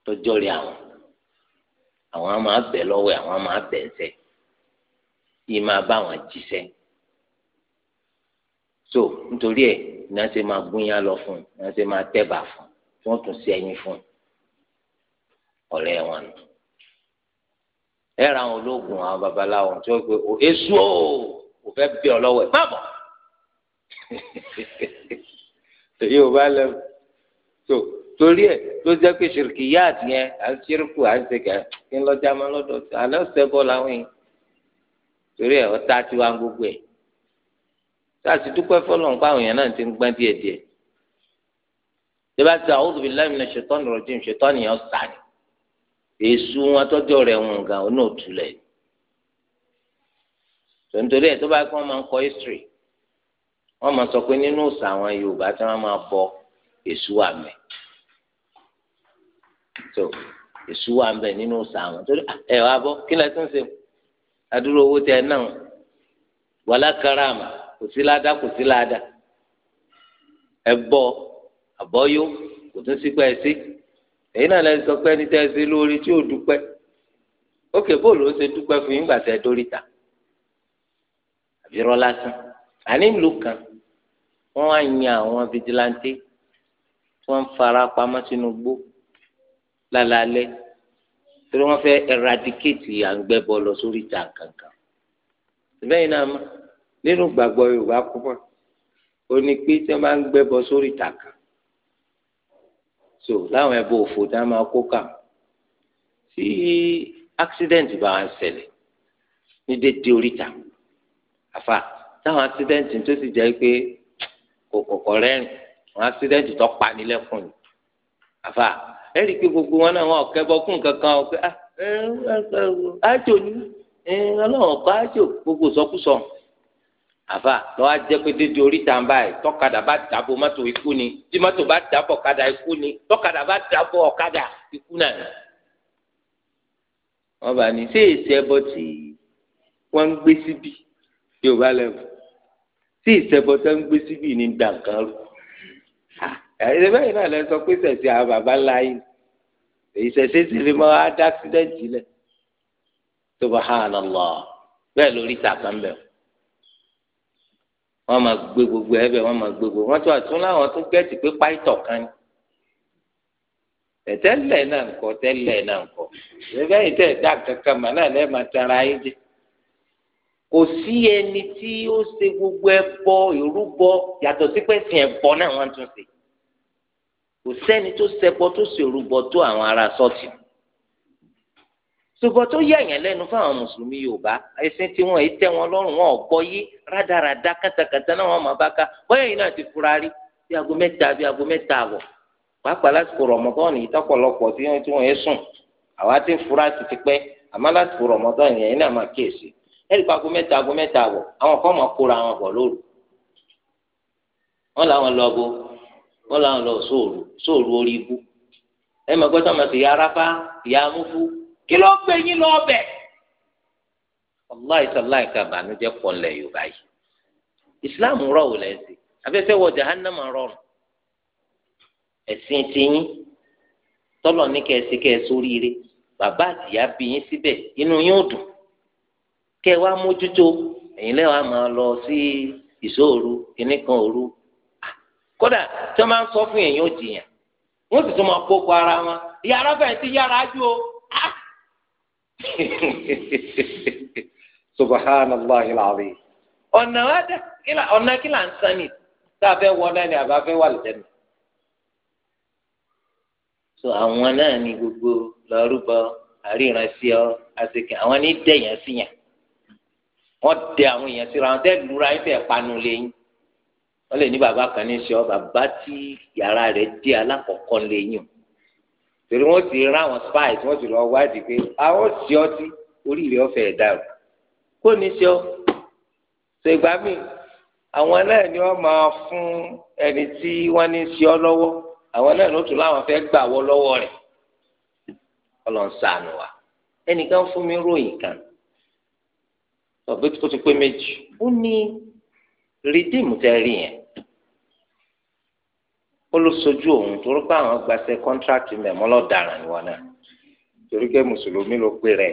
tọjọ́ rí àwọn àwọn á máa bẹ̀ lọ́wọ́ àwọn á máa bẹ̀ ńsẹ̀ yìí máa bá àwọn jíṣẹ́ so nítorí ẹ̀ ní wọ́n ṣe máa gúnyán lọ fún un ní wọ́n ṣe máa tẹ́bà fún un tí wọ́n tún ṣe ẹyin fún un ọ̀rẹ́ wọn nù ẹ ra àwọn ológun àwọn babaláwo tí wọ́n pe o èso o kò fẹ́ bí ọ lọ́wọ́ ẹ̀ má bọ̀ èyí ò bá lẹ tó torí ẹ tó jẹ́ pé ṣìrìkì yá àtìyẹn àṣírìkù àṣekẹ kí n lọ jámọ lọ́dọ̀ àná ṣẹbọ làwọn yìí torí ẹ ọ̀tá tiwa gbogbo ẹ sáàsì dúpẹ́ fọlọ́n pa àwọn èèyàn náà ti ń gbọ́n díẹ̀ díẹ̀ tí bá ti a'udhu billahi minash shaitani rajim ṣètọ́ ọ̀sán ni èso wọn tọjọ rẹ wọn gan ọ náà tulẹ tontori ẹ tó bá kí wọn máa ń kọ history wọn máa sọ pé nínú òòsà àwọn Yorùbá tí wọn máa bọ èso wà mẹ tó èso wà mẹ nínú òòsà àwọn torí ah, ẹ wá bọ kí lẹ tún ṣe adúrò owó tẹ náà wàlá karama kò sí ládàá kò sí ládàá ẹ bọ àbọyó kò tún sí pẹ ẹ sí èyí náà lẹ́yìn sọ pé ẹni tẹ́ ẹ sí lórí tí ò dúpẹ́ ókè bóòlù ó ṣe dúpẹ́ fún yín gbà dórí ta àbí rọ́ lásán àní ìlú kan wọ́n wá yan àwọn fìdíláńtì tí wọ́n fara pamọ́ sínú gbó lálálẹ́ torí wọ́n fẹ́ eradicate àgbẹ̀bọ lọ sórí ta kankan bẹ́ẹ̀ náà nínú gbàgbọ́ Yorùbá púpọ̀ ó ní pé tí wọ́n bá ń gbẹ́bọ sórí ta kan so láwọn ẹbọ òfò tá a máa kó kà tí accident bá ń ṣẹlẹ̀ ní dédé oríta àfa táwọn accident tó sì jẹ́ pé kò kọ̀kọ̀ rẹ́rìn àwọn accident tó pa nílẹ̀kùn ni àfa ẹ rí i pé gbogbo wọn náà wọn ọ̀kẹ́ bọ́kùn kankan ọ̀kẹ́ àjò ni ọlọ́run ọ̀kọ́ àjò gbogbo sọkúsọ. So, àfà lọ́wọ́ jẹ́ pé dédé oríta ń báyìí tọ́kadà bá dàbò mọ́tò ikú ni tí mọ́tò bá dàbò ọ̀kadà ikú ni tọ́kadà bá dàbò ọ̀kadà ikú náà ni. wọ́n bá ní sí èsì ẹbọ tí wọ́n ń gbé síbi yóò bá lẹ́wọ̀ sí ìsẹ̀bọ tí wọ́n ń gbé síbi ní gbàǹkan rú. ẹ̀rẹ́ bẹ́ẹ̀ náà lẹ sọ pé sẹ̀sì àwọn bàbá ńlá yìí ìṣẹ̀ṣẹ̀ sì lè máa dá Subhanallah bẹ́ẹ̀ lórí ìtàkàn wọ́n máa gbé gbogbo ẹ bẹ́ẹ̀ wọ́n máa gbé gbogbo wọ́n tún àtún láwọn tún gẹ́ẹ̀tì pé páìtọ̀ kan ni tẹ́lẹ̀ náà ń kọ́ tẹ́lẹ̀ náà ń kọ́ ṣẹ́fẹ́ yìí tẹ̀ dá kankan mà náà lẹ́ẹ̀ máa tara ayé jẹ kò sí ẹni tí ó ṣe gbogbo ẹbọ ìrúbọ yàtọ̀ sí pé sìn ẹbọ náà wọ́n tún ṣe kò sẹ́ni tó ṣẹbọ tó ṣèrúbọ tó àwọn ará sọ́ọ̀tì mu ṣùgbọ́n tó yà yẹn lẹ́nu fáwọn mùsùlùmí yorùbá ẹ̀sìn tí wọ́n tẹ́ wọn lọ́rùn wọn ọ̀gbọ́ yé rádaràda kátàkátà náà wọ́n máa bá ká bóyá yìí náà ti fura rí bí aago mẹ́ta bí aago mẹ́ta àwọ̀ pàápàá lásìkò rọ̀mọ́tọ́n ni tọ́pọ̀lọpọ̀ tí wọ́n tí wọ́n yẹ sùn àwa ti fura sí ti pẹ́ àmọ́ lásìkò rọ̀mọ́tọ́n yẹn náà máa kíyèsí kí ló gbé yín lọ ọbẹ̀. ọláìsọ láìka bànújẹ́ pọ̀ lẹ̀ yorùbá yìí ìsìláàmù rọ̀ wò lẹ́sìn afẹ́fẹ́ wọ jahannama rọrùn ẹ̀sìn tiyín tọ́lọ̀ ní kẹ́ẹ̀sì kẹ́ẹ̀sì oríire bàbá àtìyá bí yín síbẹ̀ inú yín dùn mójútó máa lọ sí ìṣòro òru ah, kódà tí máa ń fún jìyàn sì tún máa subhanallahi alazim ọ̀nà wa dà ọ̀nà kí là ń san ni tá a fẹ́ wọ náà ni àbá fẹ́ wà lẹ́nu. so àwọn náà ni gbogbo lọ́rùbọ àríranṣẹ́ ọ àṣekẹ́ àwọn ní dẹ̀yàn sí yàn wọ́n dẹ àwọn èèyàn síra wọn tẹ́ lura yín panu lẹ́yìn wọ́n lè ní bàbá kan ní sọ bàbá tí yàrá rẹ̀ dé alákọ̀ọ́kọ́ lẹ́yìn o torí wọn ti rán àwọn spies wọn ti lọ wádìí pé àwọn sí ọtí orí ilé ọfẹ ẹdá o kò ní sọ ṣe ìgbà mi àwọn náà ni wọn máa fún ẹni tí wọn ní sí ọ lọ́wọ́ àwọn náà ló tún láwọn fẹẹ gbà wọ lọ́wọ́ rẹ̀ Ọlọ́run ṣàánú wa ẹnìkan fún mi ròyìn kan ọbẹ tó ti pé méjì ó ní rìdíìmù tẹ rí yẹn ó ló sojú òun torí pé àwọn gbàṣẹ kọ́ńtrákì mẹ́mọ́ lọ́daràn ìwọ náà torí pé mùsùlùmí ló pè rẹ̀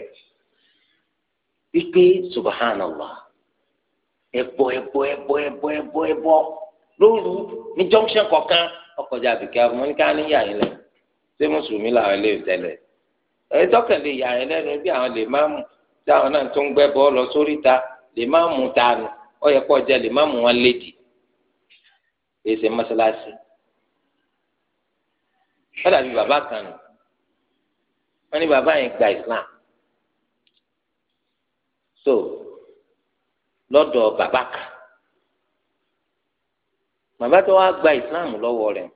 wípé subhanallah ẹbọ ẹbọ ẹbọ ẹbọ ẹbọ ẹbọ lóru ní junction kọ̀ọ̀kan ọkọjà àbíkẹ́ amúníkà níyà yín lẹ́nu ṣé mùsùlùmí làwọn ilé ìtẹ́lẹ̀ ẹ̀ tọ́kẹ̀lé ìyá yín lẹ́nu bí àwọn lè máa mú táwọn náà tó ń gbẹ́ bọ́ọ̀lù sórí ta lè máa mú ta nù ọ lè máa mú wọn lédi èsè mọ́ṣáláṣí ó dàbí bàbá kan nù wọ́n ní bàbá yẹn gba Islam so lọ́dọ̀ bàbá kan bàbá tó wá gba Islam lọ́wọ́ rẹ̀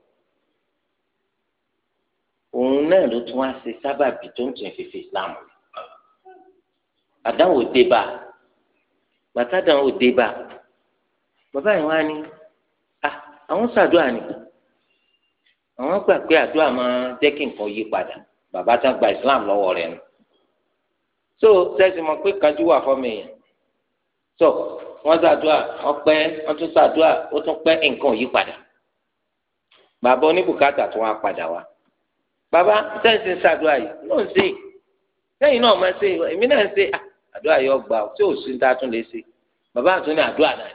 òun náà ló tún wá ṣe sábàbí tó ń tún fífi Islam rẹ̀ àdáwò débà bàtà àdáwò débà bàbá yẹn wá ní ah, àwọn ṣàdúrà nìkan àwọn gbà pé àdúrà máa jẹ́ kí nǹkan yí padà bàbá tán gba islam lọ́wọ́ rẹ̀ nù so sẹ́sì mọ̀ pé kanjú wà fọ́mọ èèyàn so wọ́n ṣàdúrà wọ́n pẹ́ wọ́n tún ṣàdúrà ó tún pẹ́ nǹkan yí padà bàbá oníbùkátà tún wá padà wá bàbá sẹ́sì ṣàdúrà yìí ló ń ṣe sẹ́yìn náà máa ṣe èmi náà ń ṣe ah, àdúrà yóò gbà tí ò sí ní ta tún lè ṣe bàbá àtúnyẹ àdúrà náà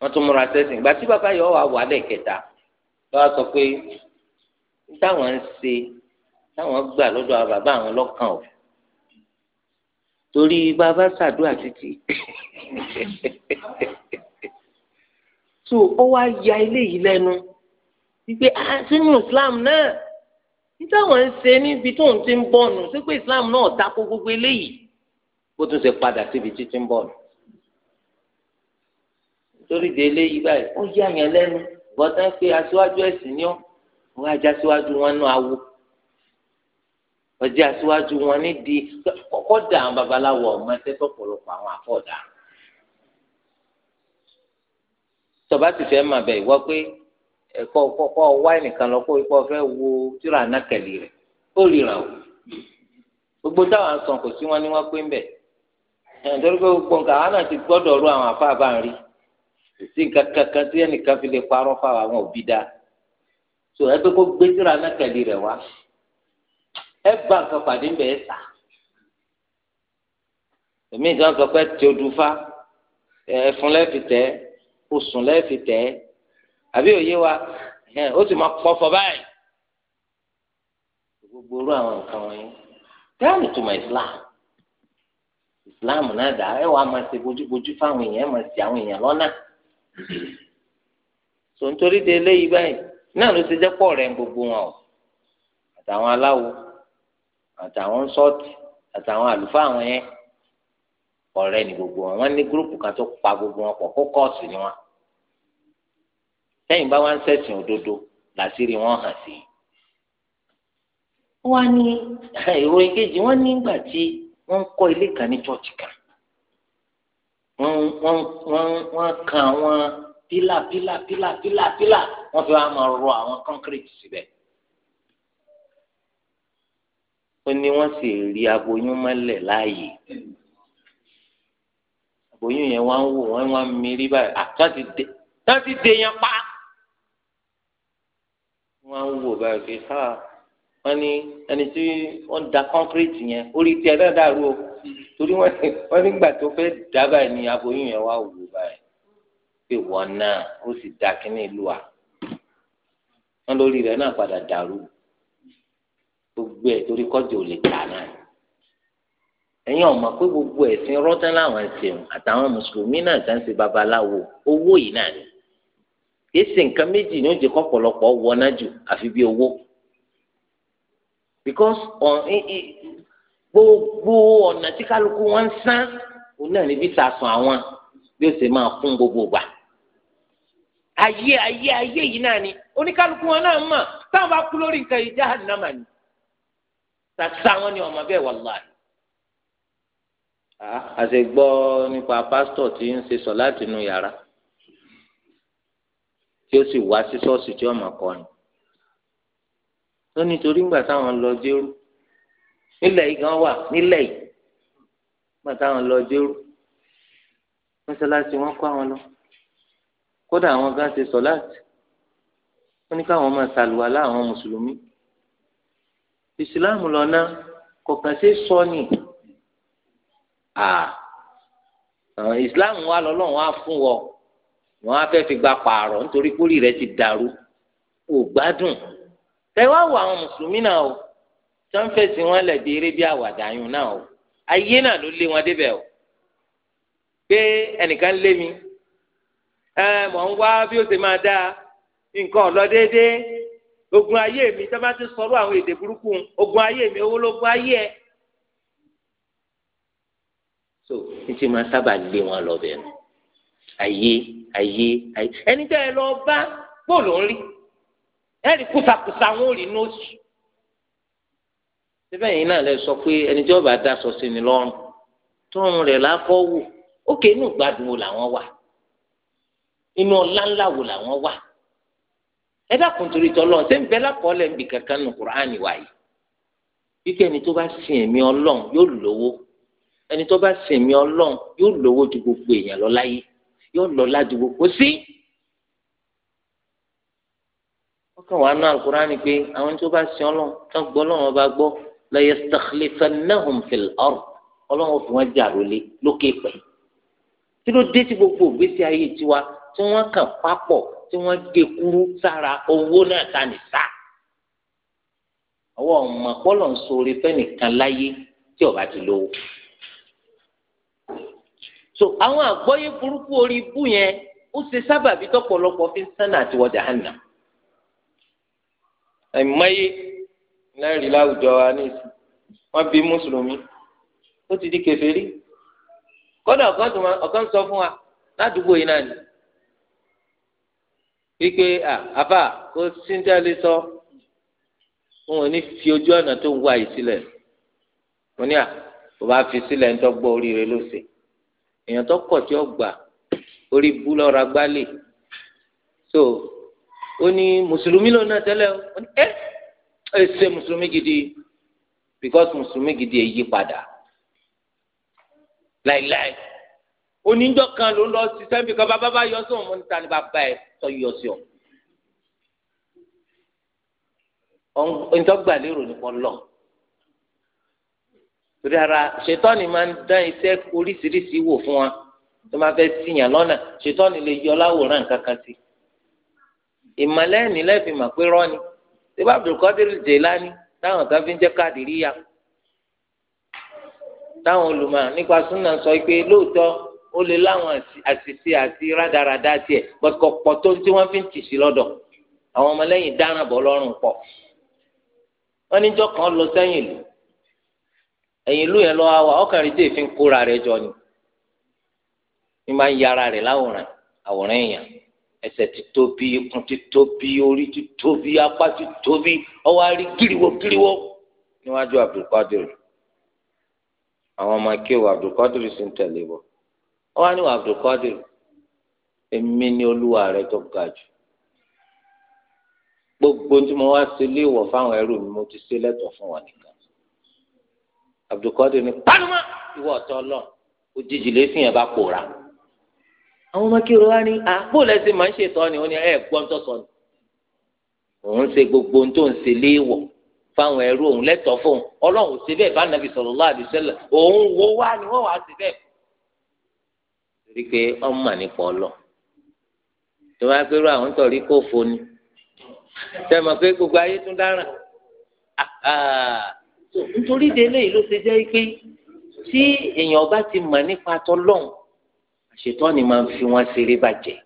wọn tún múra sẹsìn ìgbà tí bàbá yìí wà wà lẹ́ẹ̀kẹta lọ́wọ́ sọ pé táwọn ń ṣe táwọn gbà lọ́dọ̀ àwọn bàbá àwọn lọ́kàn ò torí bàbá ṣàdúrà títí so ó wá ya eléyìí lẹ́nu wípé a sínú Islam náà nítawọn ń ṣe níbi tóun ti ń bọ̀nù sí pé Islam náà tako gbogbo eléyìí ó tún ṣe padà síbi títí ń bọ̀nù torí de eléyìí báyìí ó yé àyàn lẹ́nu bọ́tá pé aṣíwájú ẹ̀sìn ni ó wọ́n á já wọn nú awo ọjà síwájú wọn ní di kọ́kọ́ dà àwọn babaláwo ọmọ ẹsẹ̀ tọ̀pọ̀lọpọ̀ àwọn àfọ̀dà tọba ti fẹ́ máa bẹ̀ ìwọ pé ẹ̀kọ́ kọ́kọ́ wá ẹnìkan lọ kó ipò fẹ́ wo tíra anákẹ́lì rẹ̀ ó ríran o gbogbo táwọn sàn kò sí wọn ni wọ́n pé ń bẹ̀ ẹ̀ nítorí pé gbọ̀ǹkà àwọn náà ti gbọ́dọ̀ ru àwọn àfáàbá ń rí sí nǹkan kankan tí ẹnìkan fi lè parọ́ fáwọn àwọn òbí dá so ẹ pé kó gbé síra nákàlí rẹ̀ wá ẹ bá nǹkan pàdé ń bẹ̀ ẹ́ sà èmi ìjọba sọ pé tí o dùn fa ẹ̀fun lẹ́ẹ̀fì tẹ́ osùn lẹ́ẹ̀fì tẹ́ àbí òye wa ó sì máa pọ̀ fọ báyìí gbogbo orú àwọn nǹkan wọ̀nyí dáhùn ìtumọ̀ Islam Islam náà dá ẹ wàá máa ṣe bójúbójú fáwọn èèyàn ẹ máa ṣe àwọn èèyàn lọ́nà sòǹtorí de eléyìí báyìí náà ló ti jẹ́ pọ̀ rẹ̀ gbogbo wọn o àtàwọn aláwo àtàwọn sọ́ọ̀tì àtàwọn àlùfáà àwọn yẹn ọ̀rẹ́ ni gbogbo wọn wọn ní gúrúùpù kan tó pa gbogbo wọn pọ̀ kó kọ́ọ̀sì ni wọn sẹ́yìn bá wá ń ṣẹ̀sìn òdodo làṣírí wọn hàn sí i wọn ní èrò ìkejì wọn nígbà tí wọn ń kọ́ ilé kan ní chọọchì kan wọ́n wọ́n wọ́n wọ́n kan àwọn pílà pílà pílà pílà pílà wọ́n fi wá máa rọ àwọn kọ́ńkírìtì síbẹ̀. ó ní wọ́n sì rí aboyún mọ́lẹ̀ láàyè aboyún yẹn wá ń wò wọ́n wá ń mirí báyìí àtàtì dé tàtì dé yẹn pa wọ́n ń wò báyìí pé ha wọ́n ní ẹni tí wọ́n da kọ́ńkírìtì yẹn orí tiẹ̀ náà dàrú o torí wọ́n nígbà tó fẹ́ dábàá ni aboyún yẹn wá wò báyìí pé wọ́n náà ó sì da kínní ìlú wa wọ́n lórí rẹ̀ náà padà dàrú gbogbo ẹ̀ torí kọ́jú ò lè tà náà ẹ̀yin ọ̀mọ̀ pé gbogbo ẹ̀sìn rọ́tán láwọn ẹ̀sìn àtàwọn mùsùlùmí náà ṣe ń ṣe babaláwo owó yìí náà ni èsì nǹkan méjì ni ó jẹ́ kọ́pọ̀lọpọ̀ wọná jù àfi bí owó because gbogbo ọ̀nà tí kálukú wọn ń sán òun náà níbi sàsùn àwọn bí ó ṣe máa fún gbogbo gbà ayé ayé ayé yìí náà ni oníkálukú wọn náà mọ̀ táwọn bá kú lórí nǹkan yìí jahannama ni sàṣà wọn ni ọmọ bẹ́ẹ̀ wallahi. àṣẹ ah, gbọ́ nípa pásítọ̀ tí ń ṣe sọ láti inú yàrá tí ó sì wá sí ṣọ́ọ̀ṣì tí ọmọ kọrin ó nítorí ńgbà táwọn lọ jẹ́rú nílẹ̀ yìí gan wà nílẹ̀ yìí wọn táwọn lọ dérú mọ́sálásí wọn kọ́ àwọn lọ kódà àwọn gan ṣe sọ̀láàtì wọn ní káwọn máa ṣàlùwà láwọn mùsùlùmí ìsìláàmù lọ́nà kọ̀ọ̀kan ṣe sọ ni ìsìláàmù wa lọ́lọ́run wá fún wọ wọn á fẹ́ fi gba pààrọ̀ nítorí kórìí rẹ ti dàrú ò gbádùn tẹ wá wọ àwọn mùsùlùmí náà o tó ń fèsì wọn lẹ̀ bí eré bí àwàdà yun náà o ayé náà ló lé wọn débẹ̀ o pé ẹnìkan lé mi ẹ mọ̀ ń wá bí ó ṣe máa dáa nǹkan ọ̀lọ́ déédéé ogun ayé mi tó bá ti sọ̀rọ̀ àwọn èdè burúkú ogun ayé mi owó lógun ayé ẹ so títí máa sábà lé wọn lọ bẹ́ẹ̀ nù ayé ayé ayé ẹni tẹ́ ẹ lọ bá bóòlù ń rí ẹ̀rí kùsàkùsà wọn ò rí nóòsì síbẹ̀ yìí náà lè sọ pé ẹni tí wọ́n bá daṣọ sí ni lọ́rùn tọ́run rẹ̀ lákọ́ wò ókè inú gbádùn wo làwọn wà inú ọlá ńlá wo làwọn wà ẹ dákun torí tọ́lọ́ ṣé ń bẹ lákọ́ọ́lẹ̀ ń bì kankan nù kúránì wáyé kíkẹ́ ẹni tó bá sin ẹ̀mí ọlọ́run yóò lówó ẹni tó bá sin ẹ̀mí ọlọ́run yóò lówó ju gbogbo èèyàn lọ láyé yóò lọ lájú gbogbo sí. wọ́n kàn wá ná àlùkùránì pé àwọn tó bá sin ọlọ́run tán gbọ́ ọlọ́run ọba gbọ́ la yastakhlifannahum fil ard ọlọ́run fún wọn jà lólé lókè pẹ̀ tí ló dé tí gbogbo ìgbésí ayé tiwa tí wọ́n kàn papọ̀ tí wọ́n gé kúrú sára owó náà ta ní sá àwọn ọmọ pọlọ ń sọ̀rọ̀ fẹnìkan láyé tí ọba ti lówó so àwọn àgbọ́yé burúkú orí ibú yẹn ó ṣe sábàbí tọ́pọ̀lọpọ̀ fi ń sánà àti wọ jahannam ẹ̀mọ́yé lẹ́rìí láwùjọ wa ní ìsìn wọ́n bí mùsùlùmí ó ti di kèfèrí kódà ọ̀kan sọ fún wa ládùúgbò yìí náà ni wípé àfà kó síntẹ́lẹ̀ sọ wọn ò ní fi ojú ọ̀nà tó ń wá yìí sílẹ̀ mo ní à tó bá fi sílẹ̀ ń tọ́gbọ́ oríire ló ṣe èèyàn tó kọ̀ tí ó gbà orí bú lọ́ra gbálẹ̀ so ó ní mùsùlùmí lòun náà tẹ́lẹ̀ ó ní ẹ́ ẹ ṣe mùsùlùmí gidi because mùsùlùmí gidi ẹ yí padà láìláì oníjọ kan ló ń lọ sí sẹ́ńbì kan bàbá bá yọ sóun mo ni bàbá ẹ sọ yọ sí ọ ntọ́gbà lérò nípa lọ torí ara ṣètọ́ni máa ń dán iṣẹ́ oríṣiríṣi wò fún wa tó máa fẹ́ síyàn lọ́nà ṣètọ́ni lè yọ láwòrán kankan sí ìmọ̀lẹ́ni lẹ́ẹ̀fì mà pé rọ́ni ṣèbá Abdulkadir Jelani táwọn kan fi ń jẹ́ Kádìríyà táwọn olùmọ̀ nípa súnà sọ pé lóòótọ́ ó lè láwọn àṣìṣe àti rádaràda tiẹ̀ pọ̀tọ̀pọ̀ tó tí wọ́n fi ń sí lọ́dọ̀ àwọn kan lọ jọ ni ní máa ń yára láwòrán àwòrán ẹsẹ̀ ti tóbi ikùn ti tóbi orí ti tóbi apá ti tóbi ọwọ́ àrí gíríwó gíríwó níwájú Abdulkadir àwọn ọmọ akéwò Abdulkadir sì ń tẹ̀lé bọ̀ ọwọ́ àníwò Abdulkadir èmi ni olúwa rẹ tó ga jù gbogbo tí mo wá sí ilé ìwọ̀ fáwọn ẹrú mi mo ti ṣe lẹ́tọ̀ọ́ fún wọn nìkan Abdulkadir ni pálọ́mọ́ ìwọ ọ̀tọ̀ ọlọ́ọ̀ òjijì lè fi yẹn bá pòórá. àwọn ọmọ kí ní a ah, lẹsẹ máa ń ṣètọ ni wọn ni ẹ gbọ́n tó sọ ṣe gbogbo ohun tó ń ṣe léèwọ̀ fáwọn ẹrú òun lẹ́tọ̀ fóun ọlọ́run ṣe bẹ́ẹ̀ bá nàbì sọ̀rọ̀ òun wo wá ni wọ́n wá ṣe bẹ́ẹ̀. torí ọmọ nípa ọlọ tó bá àwọn kò fo ni pé ti mọ̀ ṣètọ́ni máa ń fi wọ́n ṣeré bàjẹ́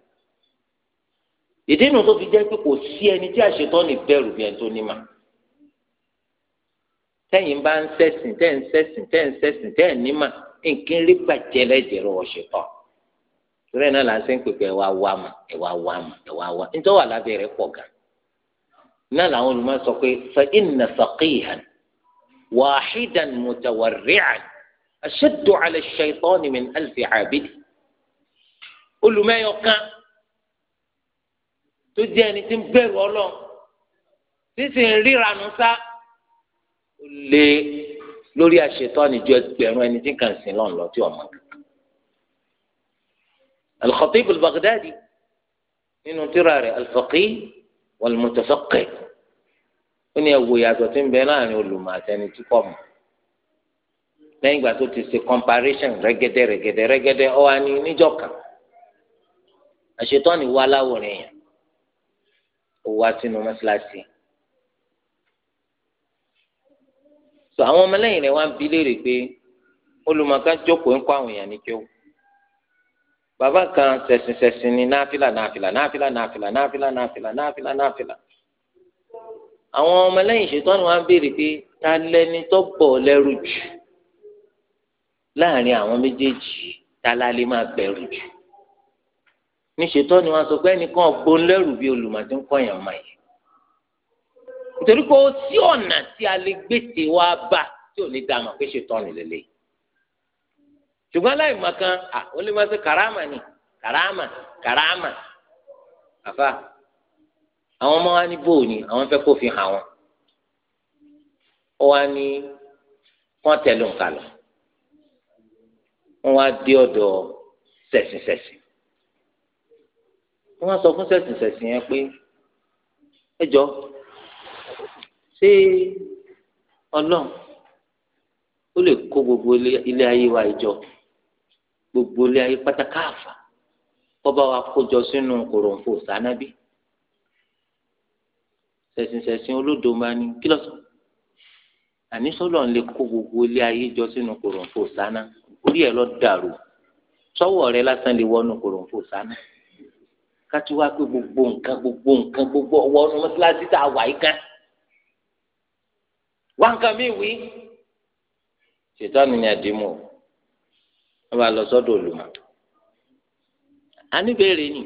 ìdí inú tó fi jẹ́ pé kò sí ẹni tí àṣetọ́ni bẹ̀rù bí ẹni tó ní mà tẹ́yìn bá ń ṣẹ̀sìn tẹ́yìn ṣẹ̀sìn tẹ́yìn ṣẹ̀sìn tẹ́yìn ní mà nǹkan rí bàjẹ́ lẹ́jẹ̀ lọ́wọ́ ṣetọ́ torí ẹ̀ náà là ń sẹ́ ń pèpè ẹ̀ wá wá mà ẹ̀ wá wá mà ẹ̀ wá wá nítorí wà lábẹ́ rẹ̀ pọ̀ gan náà làwọn olùmọ̀ sọ pé fa inna faqihan wahidan mutawarri'an ashaddu 'ala ash-shaytan min alfi olùmẹyọ kan tó jẹ ẹni tí ń bẹ̀rù Ọlọ́run sísìn ríranù sá ó lé lórí àṣetọ́ níjọ ẹgbẹ̀rún ẹni tí kàn sí lọ́n lọ tí ọmọ kankan. Al-Khatib Al-Baghdadi nínú tírà rẹ̀ Al-Faqih ó ní ẹwò yàtọ̀ tí ń bẹ láàrin olùmọ̀ àtẹni tí kò mọ̀ lẹ́yìn ìgbà tó ti ṣe comparison rẹ́gẹ́dẹ́ rẹ́gẹ́dẹ́ rẹ́gẹ́dẹ́ ọ wá ní kan àṣetọ́ni wá láwòrán èèyàn ó wá sínú mọ́ṣáláṣí. sọ àwọn ọmọlẹ́yìn rẹ̀ wá ń bi léèrè pé olùmọ̀kan jókòó ń kọ́ àwọn èèyàn ní kí ó. bàbá kan sẹ̀sìnsẹ̀sìn ni náfìlà náfìlà náfìlà náfìlà náfìlà náfìlà náfìlà náfìlà. àwọn ọmọlẹ́yìn ṣetọ́ni wá ń béèrè pé ta lẹni tó bọ̀ lẹ́rù jù láàrin àwọn méjèèjì ta la máa bẹ̀rù jù níṣẹ́ tó ni wọ́n sọ pé ẹnìkan ọ̀gbọ́n lẹ́rù bíi olùmọ̀tí ń kọ̀yàn mọ̀ yìí nítorí pé ó sí ọ̀nà tí a lè gbèsè wá bá tí ò ní dá àmọ̀ pé ṣe tọ́ni lélẹ̀ ṣùgbọ́n láì mọ̀ kan à ó lè máa ṣe kàráàmà ni kàráàmà kàráàmà àfa àwọn ọmọ wa ní bóòní àwọn fẹ́ kó fi hàn wọn ó wá ní kọ́ńtẹ̀lù nǹkan lọ wọ́n wá dé ọ̀dọ̀ sẹ̀sìnsẹ̀sìn tí wọ́n sọ fún sẹ̀sìn sẹ̀sìn yẹn pé ẹ jọ ṣé ọlọ́run ó lè kó gbogbo ilé ayé wa ìjọ gbogbo ilé ayé pátákáàfà kọ́ba wa kójọ sínú kòròǹfò sánábì sẹ̀sìnsẹ̀sìn olódò máa ní kí lọ́sọ̀ àní sọ́lọ̀ ń lè kó gbogbo ilé ayé jọ sínú kòròǹfò sáná orí ẹ̀ lọ́ dàrú sọ́wọ́ rẹ lásán lè wọnú kòròǹfò sáná kátó wá pé gbogbo nǹkan gbogbo nǹkan gbogbo ọwọ́ ọ̀nà mọ́sálásí tá a wà yìí kan wá nǹkan mi wí. ṣètọ́nù ni àdìmọ̀ wọ́n bá lọ sọ́dọ̀ olùmọ̀ a ní béèrè ni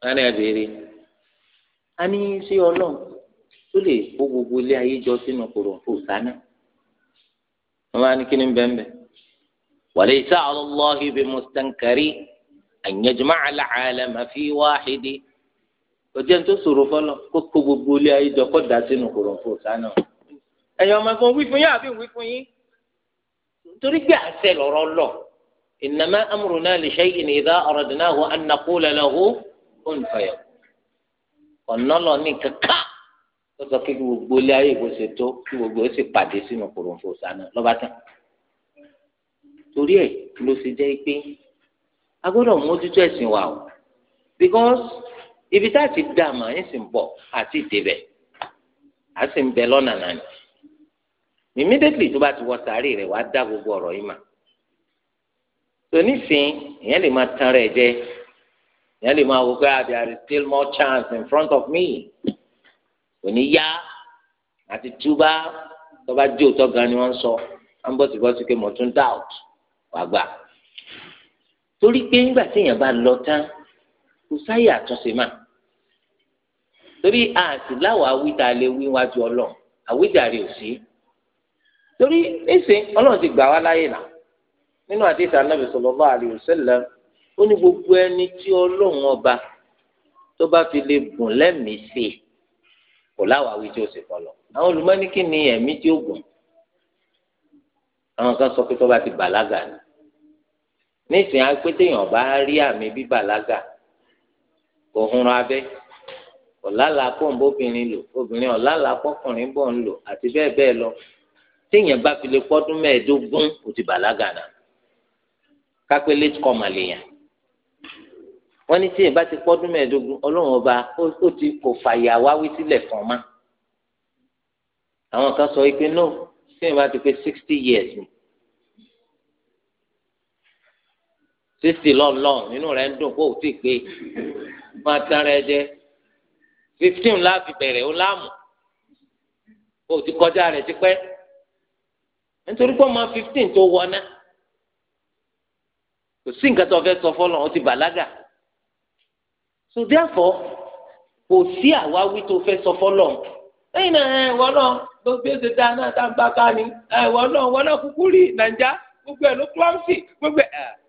wọ́n ní béèrè a ní sí ọlọ́run tó lè kó gbogbo ilé ayé jọ sínú kòròfò sáná wọ́n bá ní kí ni bẹ́ẹ̀ bẹ́ẹ̀ wàlẹ́ ìsáàlọ́lọ́hìn bí mọ́sítẹ́ńkárì an yajma'a al-'alama fi wahidi kò jẹ́ tó sòrò fọlọ́ kó kó gbogbo ilé ayé jọ kó dà sínú kòròfò sánà ẹ̀yin ọmọ fún wí fún yín àbí wí fún yín torí pé àṣẹ lọ́rọ́ lọ innama amruna li shay'in idha aradnahu an naqula lahu kun fayakun ọ̀nà lọ ní kankan ó sọ kí gbogbo ilé ayé kò ṣe tó kí gbogbo ó sì pàdé sínú kòròfò sánà lọ́ba torí ẹ̀ ló ṣe jẹ́ pé a gbọ́dọ̀ mójútó ẹ̀sìn wa o because ibi tá a ti dá a mà ń sìn bọ̀ àti ìdèbẹ̀ a sì ń bẹ lọ́nà nàní immediately tó bá ti wọ sàárì rẹ̀ wàá dá gbogbo ọ̀rọ̀ yìí mà tòníṣin ìyẹn lè máa tán rẹ̀ jẹ ìyẹn lè máa wò pé ah, there is still more chance in front of me òní yá àti túbá tó bá jó tó gan ni wọ́n sọ à ń bọ̀ síbọ̀ mo tún doubt wàá gbà torí pé nígbà tí èèyàn bá lọ tán kò sáyè àtúnṣe mà torí àti láwọn awíta lè wí wájú ọlọ́run àwíjàre ò sí torí nísìnyí ọlọ́run ti gbà wá láyè náà nínú àdéhùn anábì sallallahu alaihi wasallam ó ní gbogbo ẹni tí ọlọ́run ọba tó bá fi lè gùn lẹ́mìí sí i kò láwọn awí tí ó sì fọlọ àwọn olùmọ́ni kí ni ẹ̀mí tí ó gùn àwọn kan sọ pé tó bá ti bàlágà ni nísìnyí pé téèyàn bá rí àmì bíbàlágà kò hunra abẹ́ ọ̀làlà pọ̀nbó obìnrin lò obìnrin ọ̀làlà pọ̀kùnrin bọ̀ ń lò àti bẹ́ẹ̀ bẹ́ẹ̀ lọ téèyàn bá fi lè pọ́dún mẹ́ẹ̀ẹ́dógún kò ti bàlágà náà kápẹ́ late kọ́mà lèèyàn wọ́n ní tí ìbá ti pọ́dún mẹ́ẹ̀ẹ́dógún ọlọ́run ọba ó ti kò fàyà wáwí sílẹ̀ fún ọmọ àwọn kan sọ pé no tí ìbá ti pé sixty years sísì lọ́nlọ́n nínú rẹ̀ ń dùn kó o ti pé máa tán rẹ jẹ fifteen láàfin bẹ̀rẹ̀ ó láàmú o ti kọjá rẹ̀ tipẹ́ nítorí pé ọmọ fifteen tó wọ náà kò sí nǹkan tó fẹ́ sọ fọlọ́ ọ ti bàlágà so therefore kò sí àwáwí tó fẹ́ sọ fọlọ́ lẹ́yìn náà ẹ̀ wọ́n náà gbogbo ẹsẹ̀ dáa náà tá n bá ká ni ẹ̀ wọ́n náà wọ́n náà kúkú rí nàìjà gbogbo ẹ̀ ló kíláàsì gbogbo ẹ̀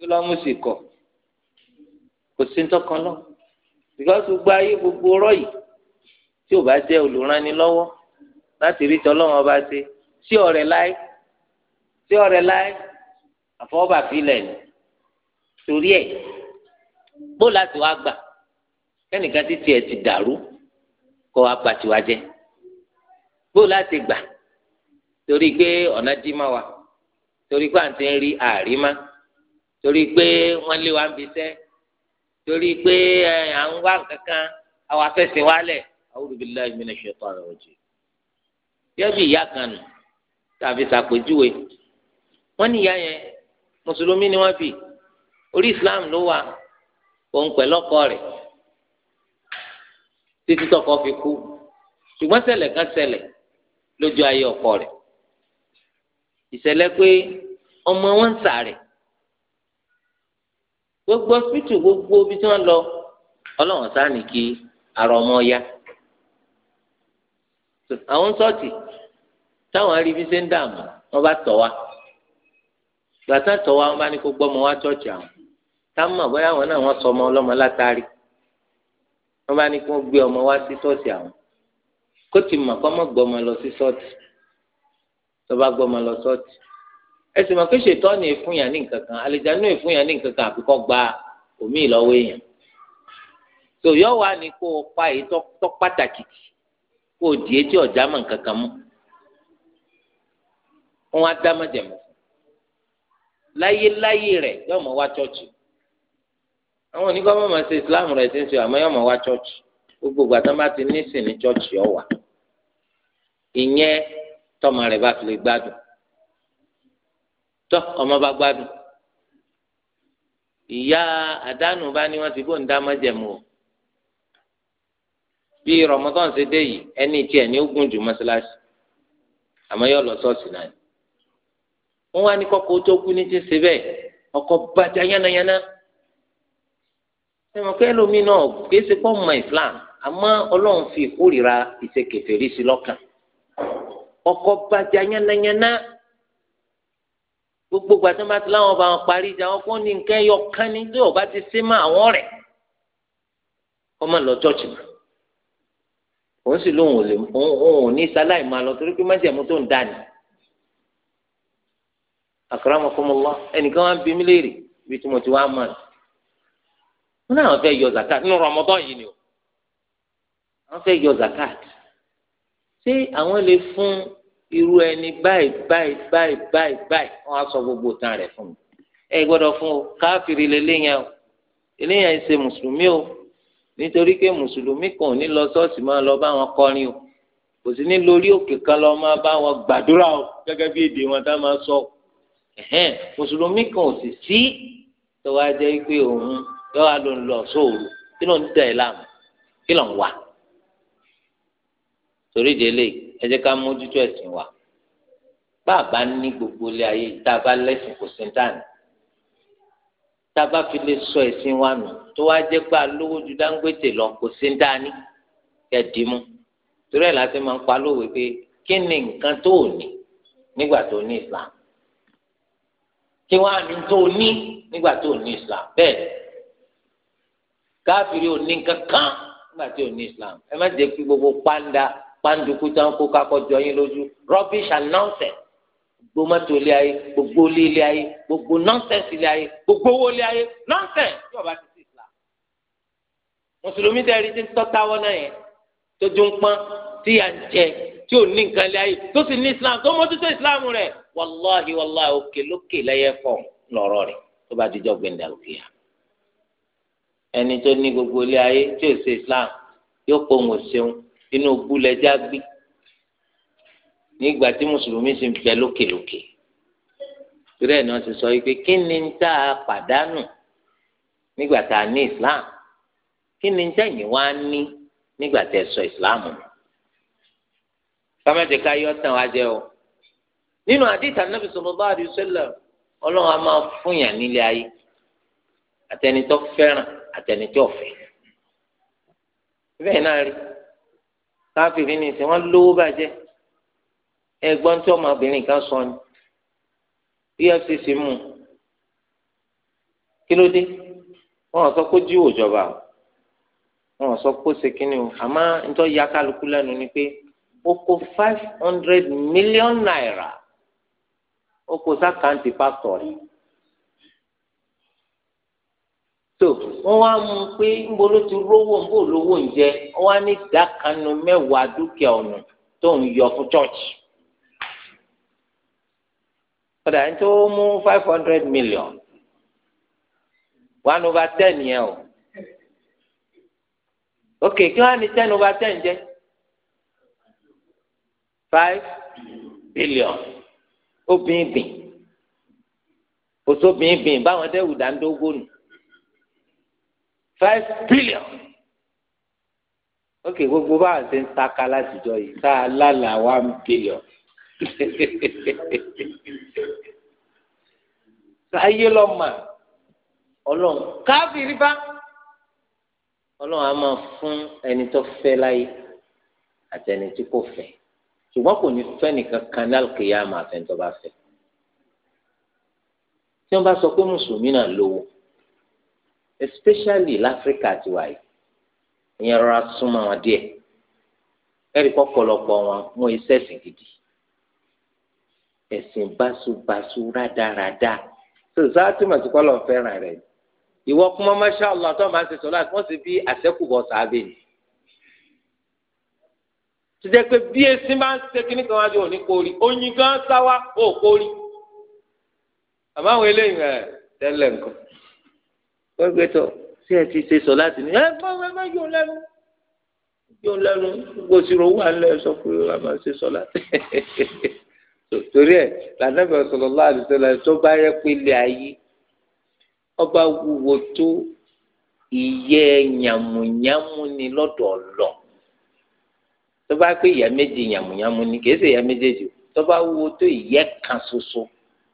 kí ló mú sí kọ kò sí ntọ́kan lọ bíkọ́sì gba ayé gbogbo ọ̀rọ̀ yìí tí ò bá jẹ́ olùrànilọ́wọ́ láti rí tọ́lọ́wọ́n ọba ṣe sí ọ̀rẹ́ láì sí ọ̀rẹ́ láì àfọwọ́bà filẹ̀ ni torí ẹ̀ bó láti wá gbà kẹ́nìkan títí ẹ̀ ti dàrú kọ́ wa gbà tiwa jẹ́ bó láti gbà torí pé ọ̀nà dí má wa torí pé à ń ti rí àrímá torí pé wọ́n lé wa ń bi sẹ́ torí pé à ń wá kankan àwọn afẹ́sìn wálẹ̀ a'udhu billahi minash shaitanir rajim. yẹ́bi ìyá kan nù tàbí sàpèjúwe wọ́n ní ìyá yẹn mùsùlùmí ni wọ́n bì orí islam ló wà òun pẹ̀lú ọkọ rẹ̀ títí tọkọ fi kú ṣùgbọ́n ṣẹlẹ̀ kan ṣẹlẹ̀ lójú ayé ọkọ rẹ̀ ìṣẹ̀lẹ̀ pé ọmọ wọn ń sàrẹ̀ gbogbo hospital gbogbo ibi tí wọ́n lọ ọlọ́run sáàni kí ara ọmọ ya àwọn sọ́ọ̀tì táwọn aríbi ṣe ń dààmú wọ́n bá tọ̀ wá gbàtà tọ̀ wá wọ́n bá ní kó gbọ́ ọmọ wá chọ́ọ̀chì àwọn táwọn mọ̀ bóyá àwọn náà wọ́n sọ ọmọ ọlọ́mọ látàrí wọ́n bá ní kó gbé ọmọ wá sí ṣọ́ọ̀ṣì àwọn kó ti mọ̀ kọ́ mọ̀ gbọ́ lọ sí ṣọ́ọ̀tì tó bá gbọ́ lọ ṣọ́ọ̀tì ẹsìn máa kéṣe tọ́ ni èfún yàn ní nǹkankan àlejànú èfún yàn ní nǹkankan àbíkọ́ gba omi ìlọ́wọ́ èèyàn tó yọ wá ní kó o pa èyí tó pàtàkì kó o di etí ọ̀já mọ̀ nǹkankan mú wọn á dá májẹ̀mú láyéláyé rẹ̀ yóò mọ̀ wá chọ́ọ̀chì àwọn oníkọ́mọ̀ máa ṣe Islam rẹ̀ ti ń ṣe àmọ́ yóò mọ̀ wá chọ́ọ̀chì gbogbo ìgbà tó bá ti ní sìn ní chọ́ọ̀chì ọ̀wà ìyẹn tọ́mọ rẹ̀ bá fi lè gbádùn tọ ọmọ bá gbádùn ìyá àdánù bá ní wọn ti bó ń dá mọ́jẹ̀mú o bí rọmọdán ṣe dé yìí ẹni tiẹ̀ ní ogún jù mọ́ṣáláṣí àmọ́ yóò lọ ṣọ́ọ̀ṣì náà wọ́n wá ní kọ́kọ́ tó kú ní ti ṣe bẹ́ẹ̀ ọkọ̀ bàjá yánnayánná ẹ̀mọ̀ pé ẹlòmíín náà gbèsè pọ̀ mọ́ Islam àmọ́ ọlọ́run fi ìkórìíra ìṣe kèfèrí sí lọ́kàn ọkọ̀ bàjá yánnayánná. gbogbo gbàtí wọn bá ti láwọn ọba wọn parí ìjà wọn kò ní nǹkan ẹyọ kan ní tí ọba ti mọ àwọn rẹ ọmọ lọ jọọjì mọ òun sì lóun ò lè òun ò ní sáláì máa lọ torí pé májèmú tó ń dà ní. akramakumullah ẹnìkan wá bi mí léèrè ibi tí mo ti náà yọ zakat nínú yìí ni o wọn yọ zakat ṣé àwọn lè fún irú ẹni báyìí báyìí báyìí báyìí báyìí wọn á sọ gbogbo tán rẹ̀ fún mi ẹ gbọ́dọ̀ fún o káfíìrì lélẹyìn o eléyàn ṣe mùsùlùmí o nítorí pé mùsùlùmí kan ò ní lọ ṣọ́ọ̀ṣì máa lọ bá wọn kọrin o kò sí ní lórí òkè kan lọ máa bá wọn gbàdúrà o gẹ́gẹ́ bí èdè wọn tá máa sọ mùsùlùmí kan ò sì sí tó wá jẹ́ pé òun yọ wá ló ń lọ sóòru kí ló ń tẹ̀ ẹ́ láàmú kí ló ń wà torí délé yìí ẹ jẹ́ ká mójútó ẹ̀sìn wa bàbá ní gbogbo ilé ayé tá a bá lẹ́sìn kò sí dání tá a bá fi lè sọ ẹ̀sìn wa nù tó wá jẹ́ pé alówó ju dáńgbètè lọ kò sí dání kẹ́ẹ̀dì mú torí ẹ̀ láti máa ń pa lówe pé kí ni nǹkan tó ò ní nígbà tó ní Islam kí wọ́n á ní tó ní nígbà tó ní Islam bẹ́ẹ̀ káfíìrì ò ní kankan nígbà tó ní Islam ẹ má jẹ́ kí gbogbo pàǹdà pàǹdùkú tá ń kó kakọ jọ yín lójú rubbish and nonsense gbogbo mọ́tò ilé ayé gbogbo ilé ilé ayé gbogbo nonsense ilé ayé gbogbo owó ilé ayé nonsense yóò bá ti sí islam mùsùlùmí tẹ̀rí ti ń tọ́táwọ́ náà yẹn tójú ń pọ́n tí à ń jẹ tí ò ní nǹkan ilé ayé tó sì ní islam tó mójútó islam rẹ̀ wàláhi wàláhi òkè lókè lẹ́yẹ fọ̀ lọ́rọ̀ rẹ̀ tó bá dijọ́ gbẹ̀ndà òkè yà ẹni tó ní gbogbo ilé ayé tí ò sí islam yóò pọ̀ ń wò ṣeun inú òkú lẹjá gbé nígbà tí mùsùlùmí sì ń bẹ lókèlókè torí náà ti sọ wípé kí ni ń tá a pàdánù nígbà tá a ní islam kí ni ń tẹ̀yìn wá ní nígbà tẹ̀ sọ islam nù kámẹ́tẹ̀ ká yọ tán wá jẹ́ o nínú àdìtà nàbì sallallahu alaihi wasallam ọlọ́run a máa fún yàn nílé ayé àtẹnitọ́ fẹ́ràn àtẹnitọ́ ọ̀fẹ́ bẹ́ẹ̀ náà rí káfíìrì ní ìsìn wọn lówó bàjẹ́ ẹ̀gbọ́n tí ọmọbìnrin kan sọ ni efcc mú kí ló dé wọn sọ pé jíwò ìjọba wọn sọ pé sekínì o àmọ́ nítorí ya kálukú lẹ́nu ni pé ó kó five hundred million naira ó kó sákàǹtì pásítọ̀ rẹ̀ tó wọn wá mú un pé ńbo ló ti rówó ńbo lówó ń jẹ wọn wá ní ìdákanu mẹ́wàá dúkìá ọ̀nà tó ń yọ fún chọ́ọ̀chì kódà ní tó mú five hundred million one over ten yẹn o ok kí wọn á ní ten over ten jẹ five billion obìnrin bìn òsóbìnrin bìn báwọn dẹ́wù dáńdógó nù five billion ok gbogbo bá a ṣe ń taka látijọ́ yìí tá a lálàá one billion sáyé lọ́mà ọlọ́run káfíìrì bá ọlọ́run á máa fún ẹni tó fẹ́ láyé àti ẹni tí kò fẹ́ ṣùgbọ́n kò ní fẹ́ nìkan kan ní àlùkìyámà àfẹ́ńtọ́ bá fẹ́ tí wọ́n bá sọ pé mùsùlùmí náà lówó especially láfíríkà ti wáyé ìyẹn rọra súnmọ́ wọn díẹ̀ ẹ̀rí kọ́pọ̀lọpọ̀ wọn mú iṣẹ́ ẹ̀sìn gidi ẹ̀sìn báṣubàṣu rádaràda sọ̀tà tí màtí kọ́ lọ fẹ́ràn rẹ̀ ìwọ kúmọ́ masha Allah tó máa ń sèso láti wọ́n sì fi àṣẹ́kùbọ̀ sàábẹ̀ ni tìjẹ́ pé bí esi máa ń ṣe kíní kan wájú òní kórì oyin gan sáwá ó kórì àmọ́ àwọn eléyìí rẹ̀ tẹ́lẹ̀ nǹkan wọ́n gbé tọ̀ sí ẹ ti ṣe sọ láti ní ẹ bọ́ ẹ má yóò lẹ́nu yóò lẹ́nu gbogbo ìṣirò wà ń lẹ́ sọ pé a máa ṣe sọ láti torí ẹ lànàbẹ sallallahu alaihi wasallam tó bá yẹ pé ilé ayé ọba wúwo tó ìyẹ́ yàmùyàmù ni lọ́dọ̀ ọ̀lọ́ tó bá pé ìyá méjì yàmùyàmù ni kìí ṣe ìyá méjèèjì tó bá wúwo tó ìyẹ́ kan ṣoṣo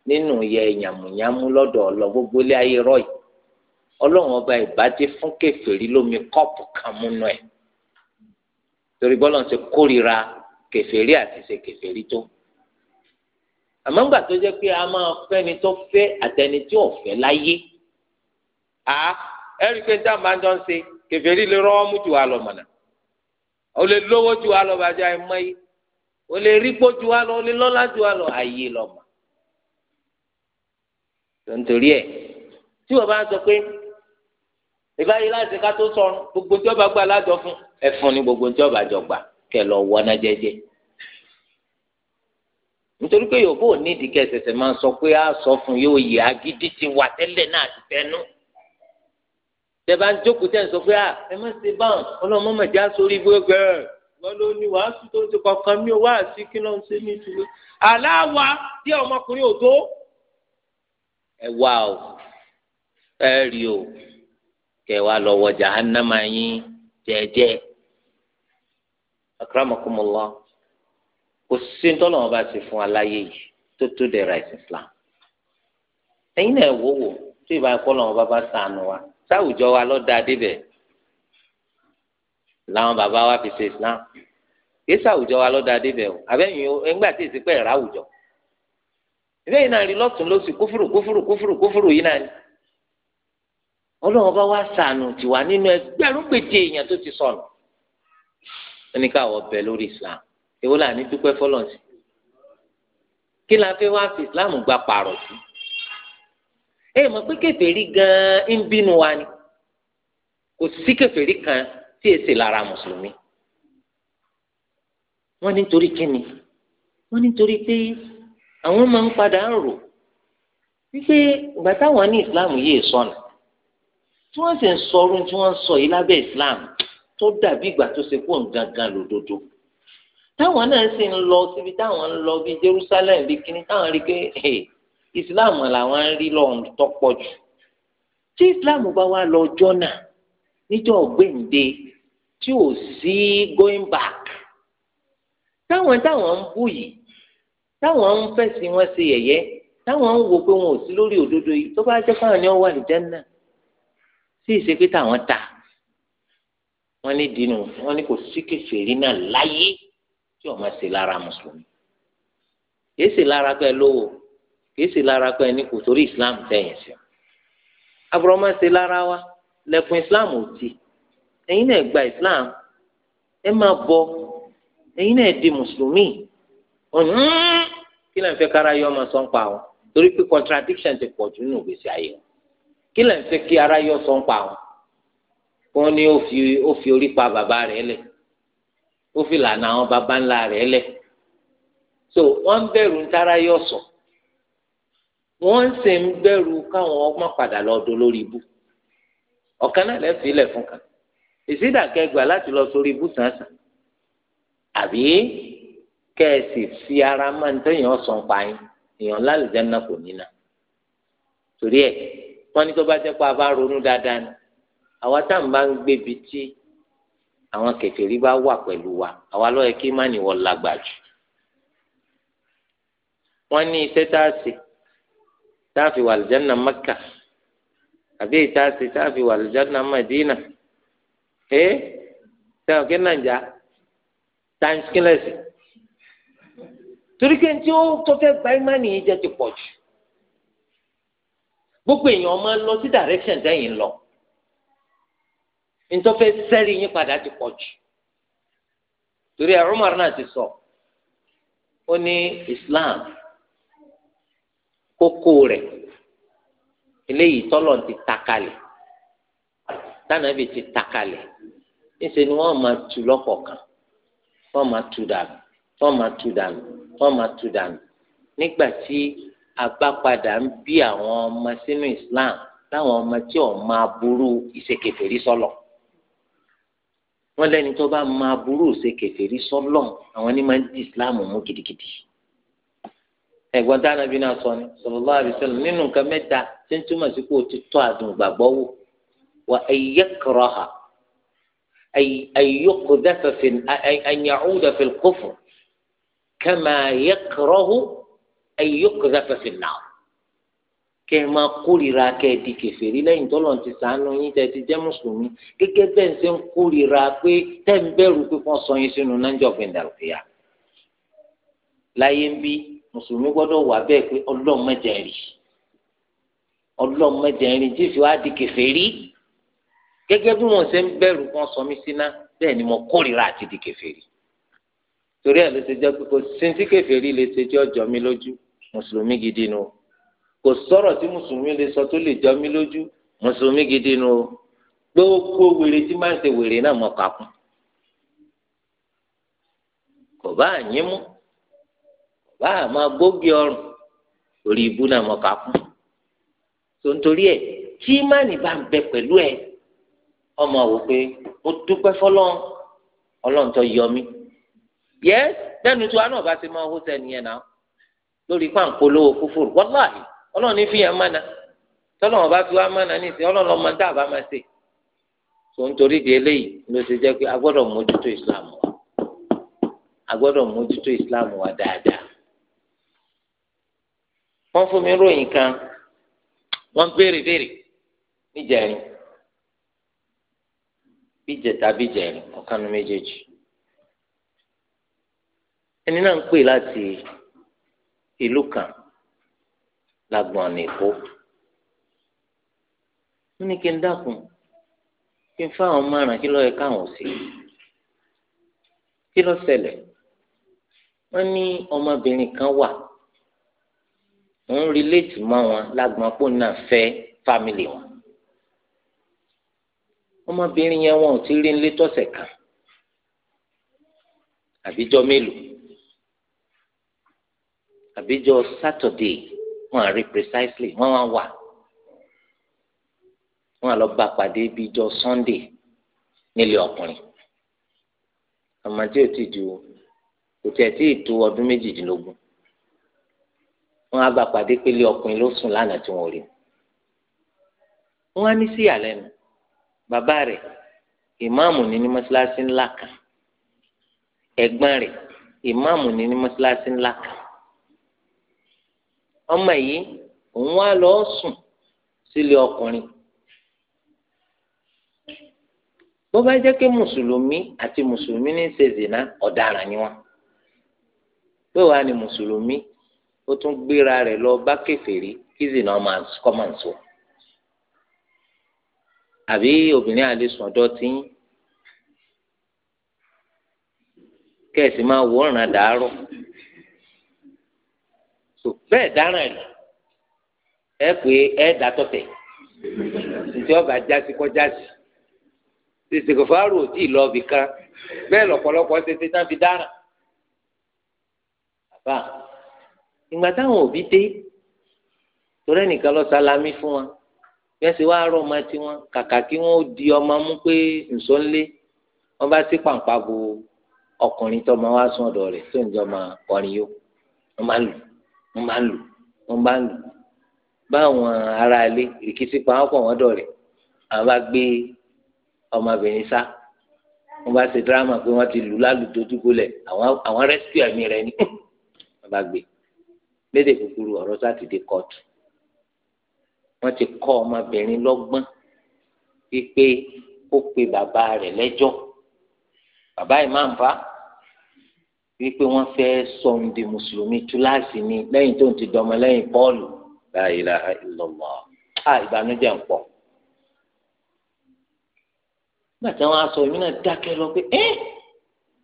nínú ìyẹ́ yàmùyàmù lọ́dọ̀ ọ̀lọ́ gbogbo ilé ayé rọ̀ ọlọ́run ọba ìbàjẹ́ fún kẹfẹ́rí lómi kọ́ọ̀pù kan múnú ẹ̀ torí bọ́lá ń ṣe kórìíra kẹfẹ́rí àti ṣe kẹfẹ́rí tó àmọ́ ńgbà tó jẹ́ pé a máa fẹ́ni tó fẹ́ àtẹni tí ò fẹ́ láyé a ẹ̀rí pé tá a máa jọ ń ṣe kẹfẹ́rí lè rọ́wọ́ mú ju wa lọ mọ̀nà o lè lówó ju wa lọ bàjẹ́ àìmọ́ yìí o lè rígbó ju wa lọ o lè lọ́lá ju wa lọ àyè lọ mọ̀ tontorí ẹ̀ tí wọ́n bá sọ pé ìbáyìí láti ká tó sọrun gbogbo tí ọba gbà lájọ fún ẹfun ni gbogbo tí ọba jọ gbà kẹ lọ wọ ná jẹjẹ nítorí pé yòówó nídìí kẹsẹsẹ máa sọ pé a sọ fún yóò yẹ agídí ti wà tẹ́lẹ̀ náà ti fẹnu tẹ̀bá ń jókòó tẹ̀ ń sọ pé à ẹ má ṣe báwọn ọlọ́mọ mọ̀já sórí gbogbo ẹ̀ ló ní wàásù tó ń ṣe kankan mi wá sí kí ló ń ṣe ní ìdúró. aláwa tí ọmọkùnrin ò tó. ẹ wá o ẹ rí o kẹ wàá lọ wọ jahannama yín jẹ́ẹ́jẹ́ akramakumullah kò sí ntọ́nà wọn bá ti fún aláyé yìí tó tó dẹ̀ right islam ẹ̀yin náà wò wò tó ìbá ẹ̀kọ́ lọ́wọ́ bá bá sànù wa sáwùjọ wa lọ́ọ́ da débẹ̀ làwọn bàbá wa fi ṣe islam kì í sáwùjọ wa lọ́ọ́ da débẹ̀ o àbẹ́yìn o ẹ̀ngbà tí ìsìnkú ẹ̀ rà ìbẹ́yìn náà rí lọ́tún lọ́sì kúfùrù kúfùrù kúfùrù kúfùrù yìí náà ni ọlọ́run bá wá sànù tiwa nínú ẹgbẹ̀rún pété èèyàn tó ti sọnù oníkà wọ bẹ lórí islam èwo là ní dúpẹ́ fọlọ́ọ̀sì kí la fẹ́ wá fi islam gba pààrọ̀ sí ẹ mọ̀ pé kèfèrí gan-an ń bínú wa ni kò sí kèfèrí kan tí èsì lára mùsùlùmí wọ́n nítorí kíni wọ́n nítorí pé àwọn máa ń padà ń rò wípé ìgbà táwọn ní islam yìí sọnù tí wọ́n sì ń sọrun tí wọ́n ń sọ yìí lábẹ́ Islam tó dàbí ìgbà tó ṣe fóun gangan lódodo táwọn náà sì ń lọ síbi táwọn ń lọ bí Jerusalem bí kíní táwọn rí pé Islam làwọn ń rí lọ́run tó pọ̀ jù tí Islam bá wá lọ jọ́nà níjọ́ gbèǹde tí ò sí going back táwọn táwọn ń bú yìí táwọn ń fẹ̀sìn wọn ṣe yẹ̀yẹ́ táwọn ń wo pé wọn ò sí lórí òdodo yìí tó bá jẹ́ káwọn ni wọ́n wà ní Jannah tí ìṣèpé táwọn ta wọn ní dínú wọn ní kò sí kèfèrí náà láyé tí ọmọ ṣe lára mùsùlùmí kìí ṣe lára pẹ lówó kìí ṣe lára pẹ ní kò torí islam tẹyìn sí aburoma ṣe lára wa lẹkùn islam ò ti ẹ̀yin náà gba islam ẹ máa bọ ẹ̀yin náà di mùsùlùmí ọ̀hún kí náà fẹ́ kára yọ ọmọ sọ́ńpa wọn torí pé contradiction ti pọ̀ jù nínú ìgbésí ayé wọn kí lè ń fẹ́ kí ara yọ sọ ń pa àwọn wọn ni ó fi ó fi orí pa bàbá rẹ̀ lẹ̀ ó fi lànà àwọn baba ńlá rẹ̀ lẹ̀ so wọ́n ń bẹ̀rù ń tara yọ sọ wọ́n ń sì ń bẹ̀rù káwọn ọgbọ́n padà lọ do lórí ibú ọ̀kan náà lè fi ilẹ̀ fún kan ìsídàkẹgbà láti lọ sórí ibú sàǹsàn àbí kẹ́ẹ̀sì fi ara máa ń tẹ̀yàn ọ̀sán pa yín èèyàn lálẹ́ jẹ́ náà kò torí ẹ̀ wọn ní tó bá jẹ́ pé a bá ronú dáadáa ni àwa tá à ń bá ń gbébi tí àwọn kèfèrí bá wà pẹ̀lú wa àwa ló yẹ kí má ní wọn lágbà jù wọn ní iṣẹ́ tá a ṣe tá a fi wà lùjánà Mẹ́kà àbí ìta ṣe tá a fi wà lùjánà Mẹ́dínà ẹ sẹ́wọ̀n kí nàìjà times kílẹ̀sì torí kí n tí ó tó fẹ́ gba ẹ̀ má nìyí jẹ́ ti pọ̀ jù gbogbo èèyàn máa si lọ sí direction tẹ́yìn lọ ntọ́fẹ́ sẹ́rí yín padà ti pọ̀ jù torí ẹ̀ náà ti sọ ó ní Islam kókó rẹ̀ eléyìí tọ́lọ̀ ti takalẹ̀ tánàbì ti takalẹ̀ níṣẹ́ ni wọ́n máa tu lọ́kọ̀ọ̀kan wọ́n máa tu dànù wọ́n máa tu dànù wọ́n máa àbápadà ń bí àwọn ọmọ sínú islam láwọn ọmọ tí ò máa burú ìṣekèfèrí sọlọ wọn lẹni tó bá máa burú ìṣekèfèrí sọlọ àwọn ni máa ń di islam mú gidigidi ẹ̀gbọ́n tí anabi náà sọ ni sallallahu alaihi wasallam nínú nǹkan mẹ́ta tí ń túmọ̀ sí pé o ti tọ́ àdùn gbàgbọ́ wò wà ayyakraha ayyuqdhafa an ya'uda fil kufr kama yakrahu ẹ̀yọ́ kọjá fẹsẹ̀ náà kẹ́ ẹ máa kórìíra kẹ́ ẹ di kèfèrí lẹ́yìn tọ́lọ̀ ti ṣàánú yín tẹ́ ẹ ti jẹ́ mùsùlùmí gẹ́gẹ́ bẹ́ẹ̀ ṣe ń kórìíra pé tẹ́ ń bẹ̀rù pé kàn sọ yín sínú nájọ́ gbẹ̀ndàlùfẹ́yà láyé ń bí mùsùlùmí gbọ́dọ̀ wà bẹ́ẹ̀ pé ọlọ́run mẹ́jẹ rí ọlọ́run mẹ́jẹ rí tí fi wá di kèfèrí gẹ́gẹ́ bí wọ́n ṣe ń bẹ̀rù kàn sọ mí síná bẹ́ẹ̀ ni mo kórìíra àti di kèfèrí torí ẹ̀ ló ṣe jẹ́ pé kò sí mùsùlùmí gidi nu kò sọ̀rọ̀ tí mùsùlùmí lè sọ tó lè jọ mí lójú mùsùlùmí gidi nu gbogbo wèrè tí máa ń ṣe wèrè náà mọ̀ kàkún kò bá àyín mú kò bá àmọ́ gbógi ọrùn orí ibú náà mọ̀ kàkún tó ń torí ẹ̀ tí ìmánì bá ń bẹ pẹ̀lú ẹ̀ ọmọ wò pé ó dúpẹ́ fọlọ́run ọlọ́run yọ mí yẹ lẹ́nu tí wa náà bá ti máa hó sẹ́ni yẹn náà lórí ipá ńpolówó kúfùrù wàláhì ọlọ́run ní fi hàn mánà tọ́lọ́run bá fi wá mánà ní ìsìn ọlọ́run ọmọ dá máa ṣe tó ń torí di eléyìí ló ṣe jẹ́ pé a gbọ́dọ̀ mójútó islam wa a gbọ́dọ̀ mójútó islam wa dáadáa wọ́n fún mi ròyìn kan wọ́n béèrè béèrè níjẹ̀rin bíjẹ̀ta bíjẹ̀rin ọ̀kanu méjèèjì ẹni náà ń pè láti. ìlú kan lágbọn ọ̀nà èkó wọ́n ní kí n dákun kí n fáwọn márùn kí lọ́ọ́ yẹ káwọn ò sí kí lọ́ọ́ ṣẹlẹ̀ wọ́n ní ọmọbìnrin kan wà ń relate mọ́ wọn lágbọn pò náà fẹ́ fámìlì wọn ọmọbìnrin yẹn wọn ò ti rí nílé tọ́sẹ̀ kan àbíjọ́ mélòó àbíjọ sátọdé wọn àrí precisely wọn wá wà wọn àlọ bá pàdé bíjọ sunday nílé ọkùnrin àmọ́ tí ò ti ju kò tiẹ̀ tí ì tó ọdún méjìdínlógún wọn á bá pàdé pé ilé ọkùnrin ló sùn lánàá tí wọn ò rí wọn á ní sí ìyàlẹ́nu bàbá rẹ̀ ìmáàmù ní ní mọ́ṣáláṣí ńlá kan ẹ̀gbọ́n rẹ̀ ìmáàmù ní ní mọ́ṣáláṣí ńlá kan ọmọ yìí òun wá lọ sùn sílé ọkùnrin bó bá jẹ́ pé mùsùlùmí àti mùsùlùmí ní ṣe zina ọ̀daràn ni wọ́n pé wàá ní mùsùlùmí ó tún gbéra rẹ̀ lọ bá kèfèrí kí zina kọ́ máa àbí obìnrin àlè sùn tí ń kẹ̀sì máa wò ọ̀ràn dàárọ̀ so bẹ́ẹ̀ dáràn ni ẹ pé ẹ dàtọ̀ tẹ̀ ǹjẹ́ ọba jásí kọ́ jásí ìsìnkúfàárò tí ì lọ́ọ̀bì kan bẹ́ẹ̀ lọ́pọ̀lọpọ̀ tètè náà fi dáràn. bàbá ìgbà táwọn òbí dé torí ẹnìkan lọ sálámí fún wa bí wọ́n ṣe wá rọ ọmọ tiwọn kàkà kí wọ́n di ọmọ mú pé nsọ́ wọ́n bá sí pàǹpà bo ọkùnrin tó ọmọ wa sún ọ̀dọ̀ rẹ̀ tó ń jọ ọmọ ọkùnrin yó wọ́n máa lù wọ́n máa ń lù wọ́n máa ń lù báwọn ará ilé ìrìkìtì pa wọ́n pọ̀ wọ́n dọ̀rẹ́ àwọn bá gbé ọmọbìnrin sá wọ́n bá ṣe dírámà pé wọ́n ti lù lálùdójúgbólẹ̀ àwọn rẹ́síkì ẹ̀mí rẹ̀ ni wọ́n bá gbé lédè kúkúrú ọ̀rọ̀ sátidé kóòtù wọ́n ti kọ́ ọmọbìnrin lọ́gbọ́n wípé ó pe bàbá rẹ̀ lẹ́jọ́ bàbá ìmáàmù wípé wọ́n fẹ́ sọ ń di mùsùlùmí túláàsì ni lẹ́yìn tó ń ti dọmọ lẹ́yìn Pọ́ọ̀lù la ilaha illallah a ìbànújẹ́ ń pọ̀ nígbà tí wọ́n á sọ èmi náà dákẹ́ lọ pé ẹ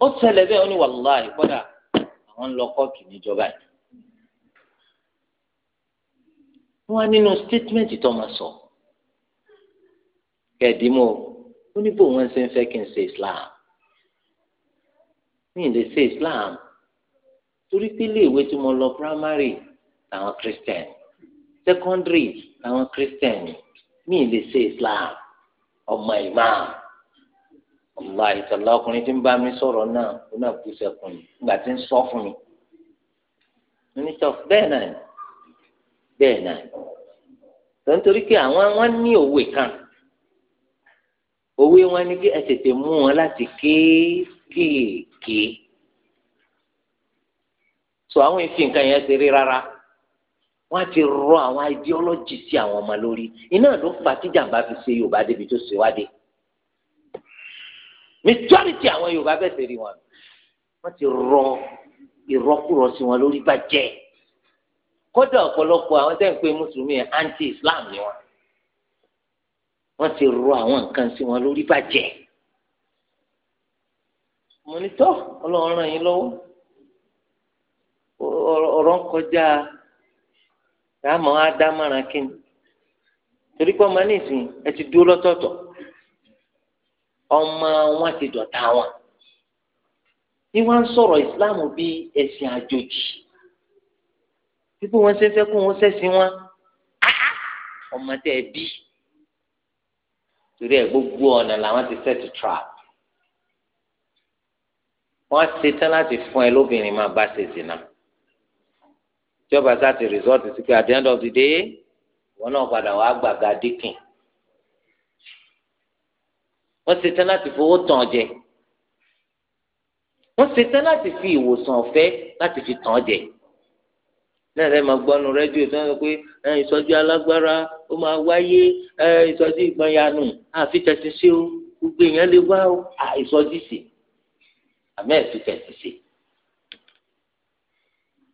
ó ṣẹlẹ̀ bẹ́ẹ̀ ó ní wàláì kódà àwọn ń lọ kọ́ọ̀kì níjọba yìí wọ́n á nínú statement tó máa sọ kẹ̀dínmọ́ ó ní bò wọ́n ṣe ń fẹ́ kí n ṣe Islam mi lè se islam torí pé iléèwé tí mo lọ primary làwọn christian secondary làwọn christian mi lè se islam ọmọ imam ọmọ ìtọ́lá ọkùnrin tí ń bá mi sọ̀rọ̀ náà ó náà kú sẹ́kùn nígbà tí ń sọ fún mi mínísítọ̀ bẹ́ẹ̀ náà bẹ́ẹ̀ náà tó ń torí pé àwọn wọn ní òwe kan òwe wọn ni kí ẹ tètè mú wọn láti kéé kéékèèké so àwọn ìfi nǹkan yẹn ṣeré rárá wọn á ti rọ àwọn ideology sí àwọn ọmọ lórí iná ló fa tíjàmbá fi ṣe yorùbá débi tó ṣe wádé majority àwọn yorùbá bẹ́ẹ̀ ṣe rí wọn wọn ti rọ ìrọkúrọ sí wọn lórí bàjẹ́ kódà ọ̀pọ̀lọpọ̀ àwọn tẹ́ ń pe mùsùlùmí anti islam ni wọn wọn ti rọ àwọn nǹkan sí wọn lórí bàjẹ́ mo ní tọ́ ọlọ́run ràn yín lọ́wọ́ ọ̀rọ̀ ń kọjá ràmọ́ ádámọ́ràn kíni torí pé ọmọ nísìnyí ẹ ti dúró lọ́tọ̀ọ̀tọ̀ ọmọ wọn ti dọ̀tá wọn ní wọn ń sọ̀rọ̀ Islam bí ẹ̀sìn àjòjì pípé wọn ṣe fẹ́ kó wọn ṣẹ̀sìn wọn ọmọ tẹ ẹ bí torí ẹ gbogbo ọ̀nà làwọn ti set trap wọ́n ṣetán láti fún ẹ lóbìnrin máa bá ṣe zina tí ọba sá ti rìsọ́ọ̀tì sí pé at the end of the day wọn náà padà wàá gbàgà dínkìn wọ́n ṣetán láti fowó tàn jẹ wọ́n ṣetán láti fi ìwòsàn ọ̀fẹ́ láti fi tàn jẹ náà lẹ́yìn máa gbọ́nu rẹ́díò tí wọ́n sọ pé ìsọjí alágbára ó máa wáyé ìsọjí ìgbọ̀nyanu àfi tẹ̀sí sí o gbogbo èèyàn lè wá ìsọjí sí i àmọ́ ẹ̀ tún fẹ̀sì ṣe.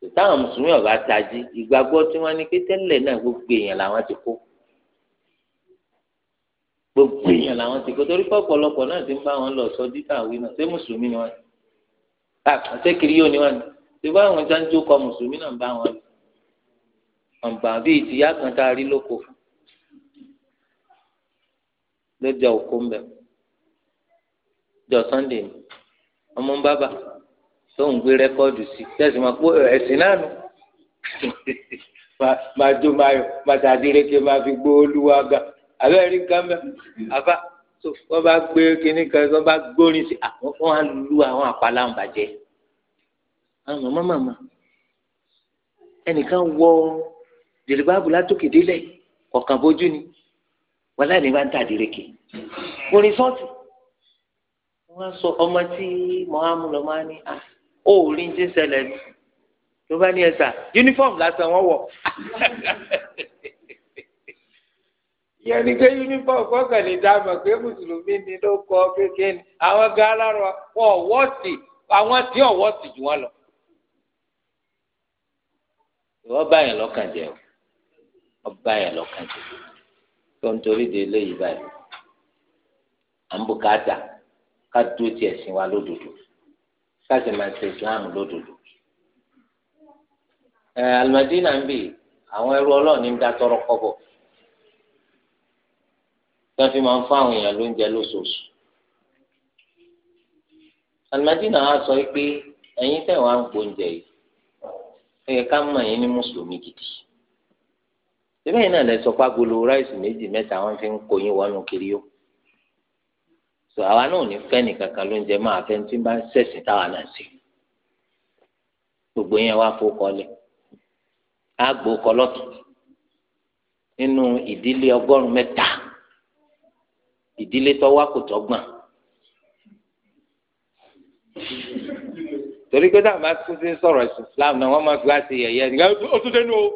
ìtàwọn mùsùlùmí ọ̀gá tají ìgbàgbọ́ tí wọ́n ní pé tẹ́lẹ̀ náà gbogbo èèyàn làwọn ti kó gbogbo èèyàn làwọn ti kó torí pé náà ti ń bá wọn lọ sọ dídá àwí náà ṣé mùsùlùmí ni wọ́n ṣé kiri yóò ni wọ́n ni ṣé bá àwọn jáńjó kọ mùsùlùmí náà ń bá wọn lọ ọ̀nbà bíi ìtìyá kan tá a rí lóko lọ́jọ́ òkú ń bẹ̀ lọ́jọ́ Sunday ọmọ ń bábà tó ń gbé rẹ́kọ́ọ̀dù sí tẹ̀sí máa kó ẹ̀sìn náà nù máa jó máa yọ máa tàdíreke máa fi gbó olúwa ga àbẹ́ rí nǹkan mẹ́ àbá tó wọ́n bá gbé kínní kan wọ́n bá gbórin sí àwọn kan á lu àwọn àpàlà ń bàjẹ́ àwọn màmá màmá ẹnìkan wọ dèrèbáàbù látòkè délẹ̀ kọ̀ọ̀kan ni wọ́n láì ní bá ń tàdíreke orin sọ́ọ̀tì wọ́n sọ ọmọ tí mohamed máa ní à ah, ó rí ní ṣẹlẹ̀ ní ló bá ní ẹ̀sà uniform lásán wọ́n wọ̀ ìyẹn ni pé uniform kọ́kàn lè dá mọ̀ pé mùsùlùmí ni ló kọ́ kékeré ni àwọn gan alárò wọn ọ̀wọ́ sí àwọn tí ọ̀wọ́ sí jù wọ́n lọ. ìwọ báyìí lọ́kàn jẹ́ o ọba yẹn lọ́kàn jẹ́ tó ń torí de eléyìí báyìí à ń bùkátà ká dúró ti ẹ̀sìn wa lódodo ká sì máa ṣe islam lódodo. ẹ alimadina ń bì àwọn ẹrú ọlọ́run ní ń dá tọrọ kọ́bọ̀ tí wọ́n fi máa ń fún àwọn èèyàn lóúnjẹ lóṣooṣù. alimadina wa sọ pé ẹ̀yin tẹ̀ wá ń gbóúnjẹ yìí ẹ yẹ ká mọ̀ ẹ̀yin ní mùsùlùmí gidi síbẹ̀ yìí náà lẹ sọ pé agolo ráìsì méjì mẹ́ta wọ́n fi ń kó wọnú kiri yó so àwa náà ò ní fẹ́ nìkan kan ló ń jẹ máa fẹ́ tí ń bá ṣẹ̀sìn táwa náà sí gbogbo yẹn wá fowó kọ́lẹ̀ àgbo kọlọ́tù nínú ìdílé ọgọ́rùn-ún mẹ́ta ìdílé tọ́wọ́ kò tọ́gbọ̀n torí pé táwọn bá tún ti ń sọ̀rọ̀ ẹ̀sìn Islam náà wọ́n máa fi wá sí yẹ̀yẹ́ ó tún dénú o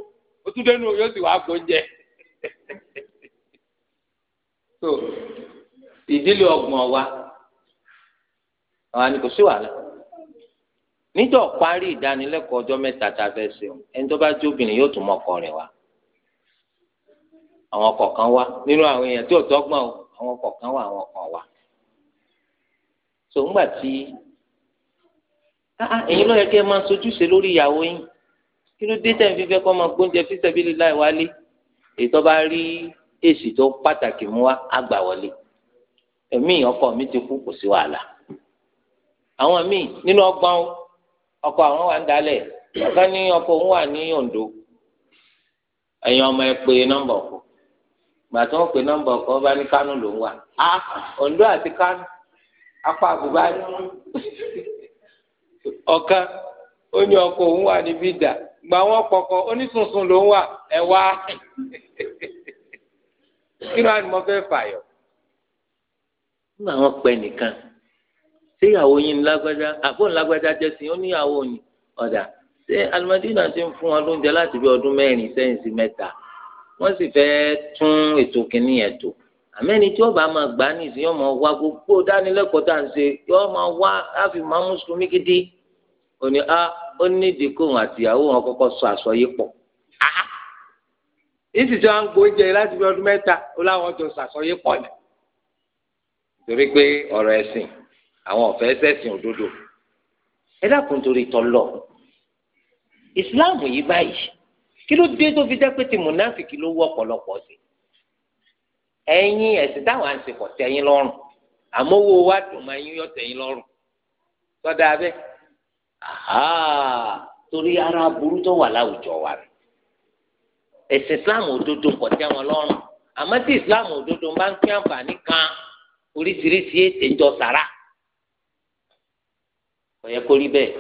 ó tún dénú o yóò sì wá gbóúnjẹ ìdílé ọgbọ̀n wa àwọn àníkò sí wàhálà níjọ parí ìdánilẹ́kọ̀ọ́ ọjọ́ mẹ́ta tá a fẹ́ ṣe o ẹni tó bá jó obìnrin yóò tún mọ ọkọ rẹ̀ wá àwọn ọkọ kan wá nínú àwọn èèyàn tí ò tọ́gbọ́n o àwọn ọkọ kan wá àwọn ọkọ wá so ńgbà tí ẹ̀yin ló yẹ kí ẹ máa sojúṣe lórí ìyàwó yín kí ló dé tẹ̀yìn fífẹ́ kọ́ máa gbóúnjẹ fi sẹ́bílì láì wálé ètò bá rí èsì tó pàtàkì mú wá àgbà wọlé èmi ọkọ mi ti kú kò sí wàhálà àwọn míì nínú ọgbọ́n ọkọ àwọn wà ń dalẹ̀ ọ̀kan ní ọkọ òun wà ní Ondo ẹ̀yin ọmọ ẹ pé nọ́mbà ọkọ gbàtí wọ́n pè nọ́mbà ọkọ bá ní Kánò ló ń wà á Ondo àti Kánò apá àbúgbá ọ̀kan ó ní ọkọ òun wà ní bídà gbà wọn kọkọ onísunsun ló ń wà ẹ wá kí ló wà ní mo fẹ́ fàyọ̀ nígbà wọn pẹ nìkan ṣé ìyàwó yín lágbájá àbọ̀ lágbájá jẹ́ sí ó níyàwó yín ọ̀dà ṣé alimadina ti ń fún wọn lóúnjẹ láti bí ọdún mẹ́rin sẹ́yìn sí mẹ́ta wọ́n sì fẹ́ tún ètò kìíní yẹn tò àmẹ́ni tí ọba máa gbà ní ìsìn yóò máa wá gbogbo dánilẹ́kọ̀ọ́ tá à ń ṣe yóò máa wá láfi máa mùsùlùmí gidi òní a ó ní ah, ìdíkòhùn àtìyàwó wọn kọ́kọ́ sọ àsọyé pọ̀ ah, ah. ìsìtì wọn gbọ́ oúnjẹ láti bí ọdún mẹ́ta ó láwọn jọ sàsọyé pọ̀ yẹn torí pé ọ̀rọ̀ ẹ̀sìn àwọn ọ̀fẹ́ ṣẹ̀sìn òdodo ẹ dákun torí tọlọ ìsìláàmù yìí báyìí kí ló dé tó fi jẹ́ pé ti mùnáfìkì ló wú ọ̀pọ̀lọpọ̀ sí ẹ̀yin ẹ̀sìn táwọn à ń ṣe kọ̀ tẹ́yìn lọ́rùn àmọ́ owó wa dùn máa yín yọ tẹ́yìn lọ́rùn sọ́dọ̀ abẹ́ torí ara burú tó wà láwùjọ wa rẹ̀ ẹ̀sìn islam òdodo kọ̀ tẹ́ wọn lọ́rùn àmọ́ tí islam òdodo bá ń pín àǹfààní kan oríṣiríṣi ètè ń jọ sàrà kò yẹ kó rí bẹ́ẹ̀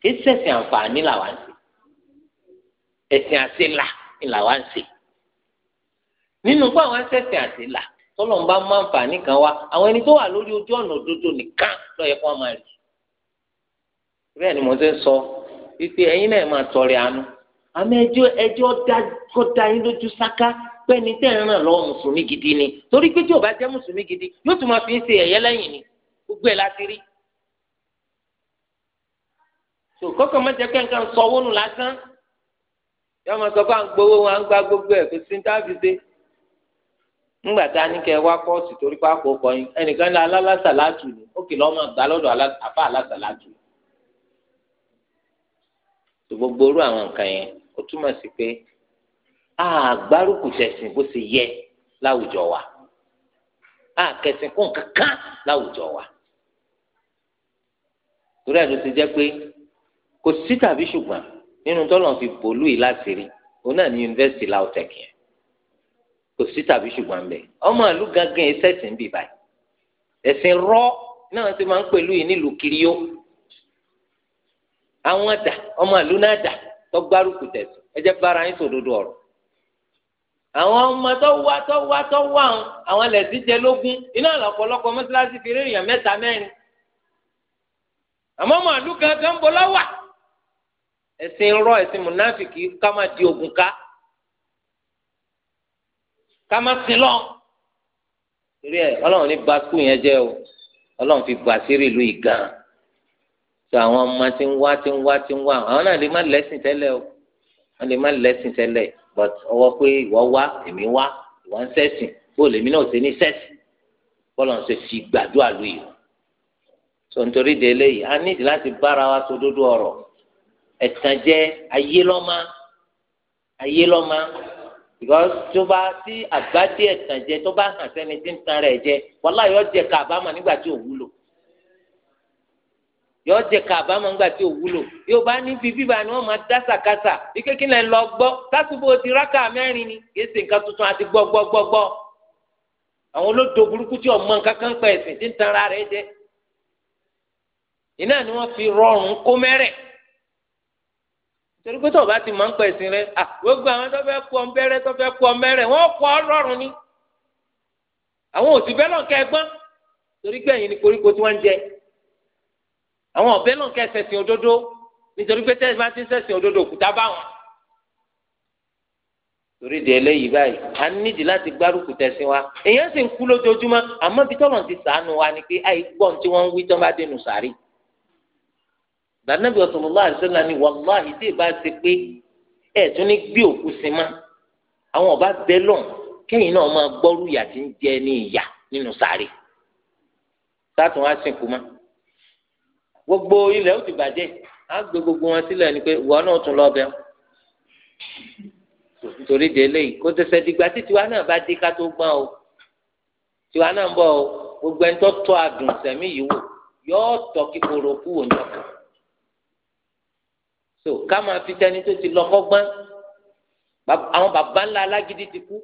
kí sẹ̀sìn àǹfààní làwa ń ṣe ẹ̀sìn àṣìlá làwa ń ṣe nínú pé àwọn sẹ̀sìn àṣìlá tọ́lọ́n bá máa ń fà nìkan wá àwọn ẹni tó wà lórí ojú ọ̀nà òdodo nìkan ló kó wọn máa rí bẹ́ẹ̀ ni mo ṣe ń sọ wípé ẹ̀yin náà máa tọrẹ àánú àmọ́ ẹjọ́ ẹjọ́ kó dá yín lójú sáká pẹ́ni tẹ́ ń ràn lọ́wọ́ mùsùlùmí gidi ni torí pé tí ò bá jẹ́ mùsùlùmí gidi yóò tún máa fi ń ṣe ẹ̀yẹ́ lẹ́yìn ni gbogbo ẹ̀ láti rí. tó kọ́kọ́ má jẹ́ kẹ́ńkẹ́ ń sọ owó nù lásán yọ máa sọ pé à ń gbowó wọn à ń gba gbogbo ẹ̀ kò sí ní táàbì dé. ńgbà tá a ní kẹ́ ẹ wá kọ́ọ̀sì torí pápá ọkọ yín ẹnìkan ní alálàsà látù ni ó kì gbà lọ́dọ̀ àfa alásà látù. tó àgbárùkù tẹ̀sìn bó ṣe yẹ láwùjọ wa àkẹsìn kún kankan láwùjọ wa torí ẹ̀ ló ti jẹ́ pé kò sí tàbí ṣùgbọ́n nínú tọ́lọ̀ fi bòlú yìí láti rí òun náà ní yunifásitì LAUTECH yẹn kò sí tàbí ṣùgbọ́n bẹ́ẹ̀ ọmọ ìlú gangan yìí sẹ́sìn bì báyìí ẹ̀sìn rọ́ náà ti máa ń pèlú yìí nílùú kiriyó àwọn àdà ọmọ ìlú náà dà tọ́gbárùkù tẹ̀sùn ẹ jẹ́ bára yín sòdodo ọ̀rọ̀ àwọn ọmọ tó wá tó wá tó wá ń àwọn lẹ̀sí jẹ lógún iná lọ́pọ̀lọpọ̀ mọ́sálásí fi rí èèyàn mẹ́ta mẹ́rin àmọ́ màálù gangan bọ́ lọ́wà ẹ̀sìn rọ ẹ̀sìn mùnáfìkì ká má di ogun ká ká má sin lọ torí ẹ ọlọ́run ní ba skul yẹn jẹ́ o ọlọ́run fi gbà sí ìlú yìí gan tó àwọn ọmọ tí ń wá tí ń wá tí ń wá àwọn náà lè má lẹ́sìn tẹ́lẹ̀ o wọ́n lè má lẹ́sìn tẹ́lẹ̀ but ọwọ́ pé ìwọ wá èmi wá ìwọ ń sẹ́sìn bó lèmi náà ṣe ní sẹ́sìn bọ́lá ń ṣe fi gbàdúrà lu yìí so nítorí de eléyìí a nídìí láti bára wa sọ dúdú ọ̀rọ̀ ẹ̀tàn jẹ́ ayé lọ́mọ ayé lọ́mọ because tó bá tí àgbájé ẹ̀tàn jẹ tó bá hàn sẹ́ni tí ń tan rẹ̀ jẹ wàláyọ̀ jẹ kàbámà nígbà tí ò wúlò yọọ jẹ kàbá máa ń gbà tí ò wúlò yorùbá níbi bíbá ni wọn máa dásàkásà bí kékeré ń lọ gbọ́ tásùbò ti rákà mẹ́rin ni kéésì nǹkan tuntun àti gbọ́ gbọ́ gbọ́ gbọ́ àwọn olódò burúkú tí ọmọ nǹkan kan pa ẹ̀sìn tí ń tan ara rẹ̀ jẹ iná ni wọn fi rọrùn kó mẹrẹ torí pé tọ́ba ti máa ń pa ẹ̀sìn rẹ̀ à gbogbo àwọn tó fẹ́ kú ọmọ bẹ̀rẹ̀ tó fẹ́ kú ọmọ bẹ̀rẹ̀ wọn kọ ọ rọrùn ni àwọn òsì bẹ́ẹ̀ lọ́nkẹ́ gbọ́n torí gbẹ̀yìn ni koríko tí wọ́n jẹ àwọn ọ̀bẹ náà kẹ́ ṣẹ̀sìn òdodo nítorí pé tẹ́sí máa ti ń ṣẹ̀sìn òdodo òkúta bá wọn. torí de eléyìí báyìí a nídìí láti gbárùkù tẹ̀sìn wa èèyàn sì ń kú lójoojúmọ́ àmọ́ bí tọ́lọ̀ ti sàánú wa ni pé àì gbọ́n tí wọ́n ń wí tán bá dénú sàárì. ìdánilẹ́bí sallallahu alaihi wasallam ni wàláhì tí ìbá ti pé ẹ̀ tún ní gbé òkú sí ma àwọn ọba bẹ lọ́n kẹ́yìn náà máa gbọ́rú ìyà tí ń jẹ ní ìyà nínú sàárì. sátùn á sìnkú máa gbogbo ilẹ̀ ó ti bàjẹ́ á gbé gbogbo wọn sílẹ̀ ni pé ìwọ náà tún lọ bẹ́ẹ̀ torí de eléyìí kó tẹsẹ̀ dìgbà tí tiwa náà bá dé ká tó gbọ́n o tiwa náà ń bọ̀ o gbogbo ẹni tó tọ́ àdùn sẹ̀mí yìí wò yóò tọ́ kíkorò kú wò nyọ́ kan so ká máa fi tẹni tó ti lọ kọ́gbọ́n àwọn bàbá ńlá alágídí ti kú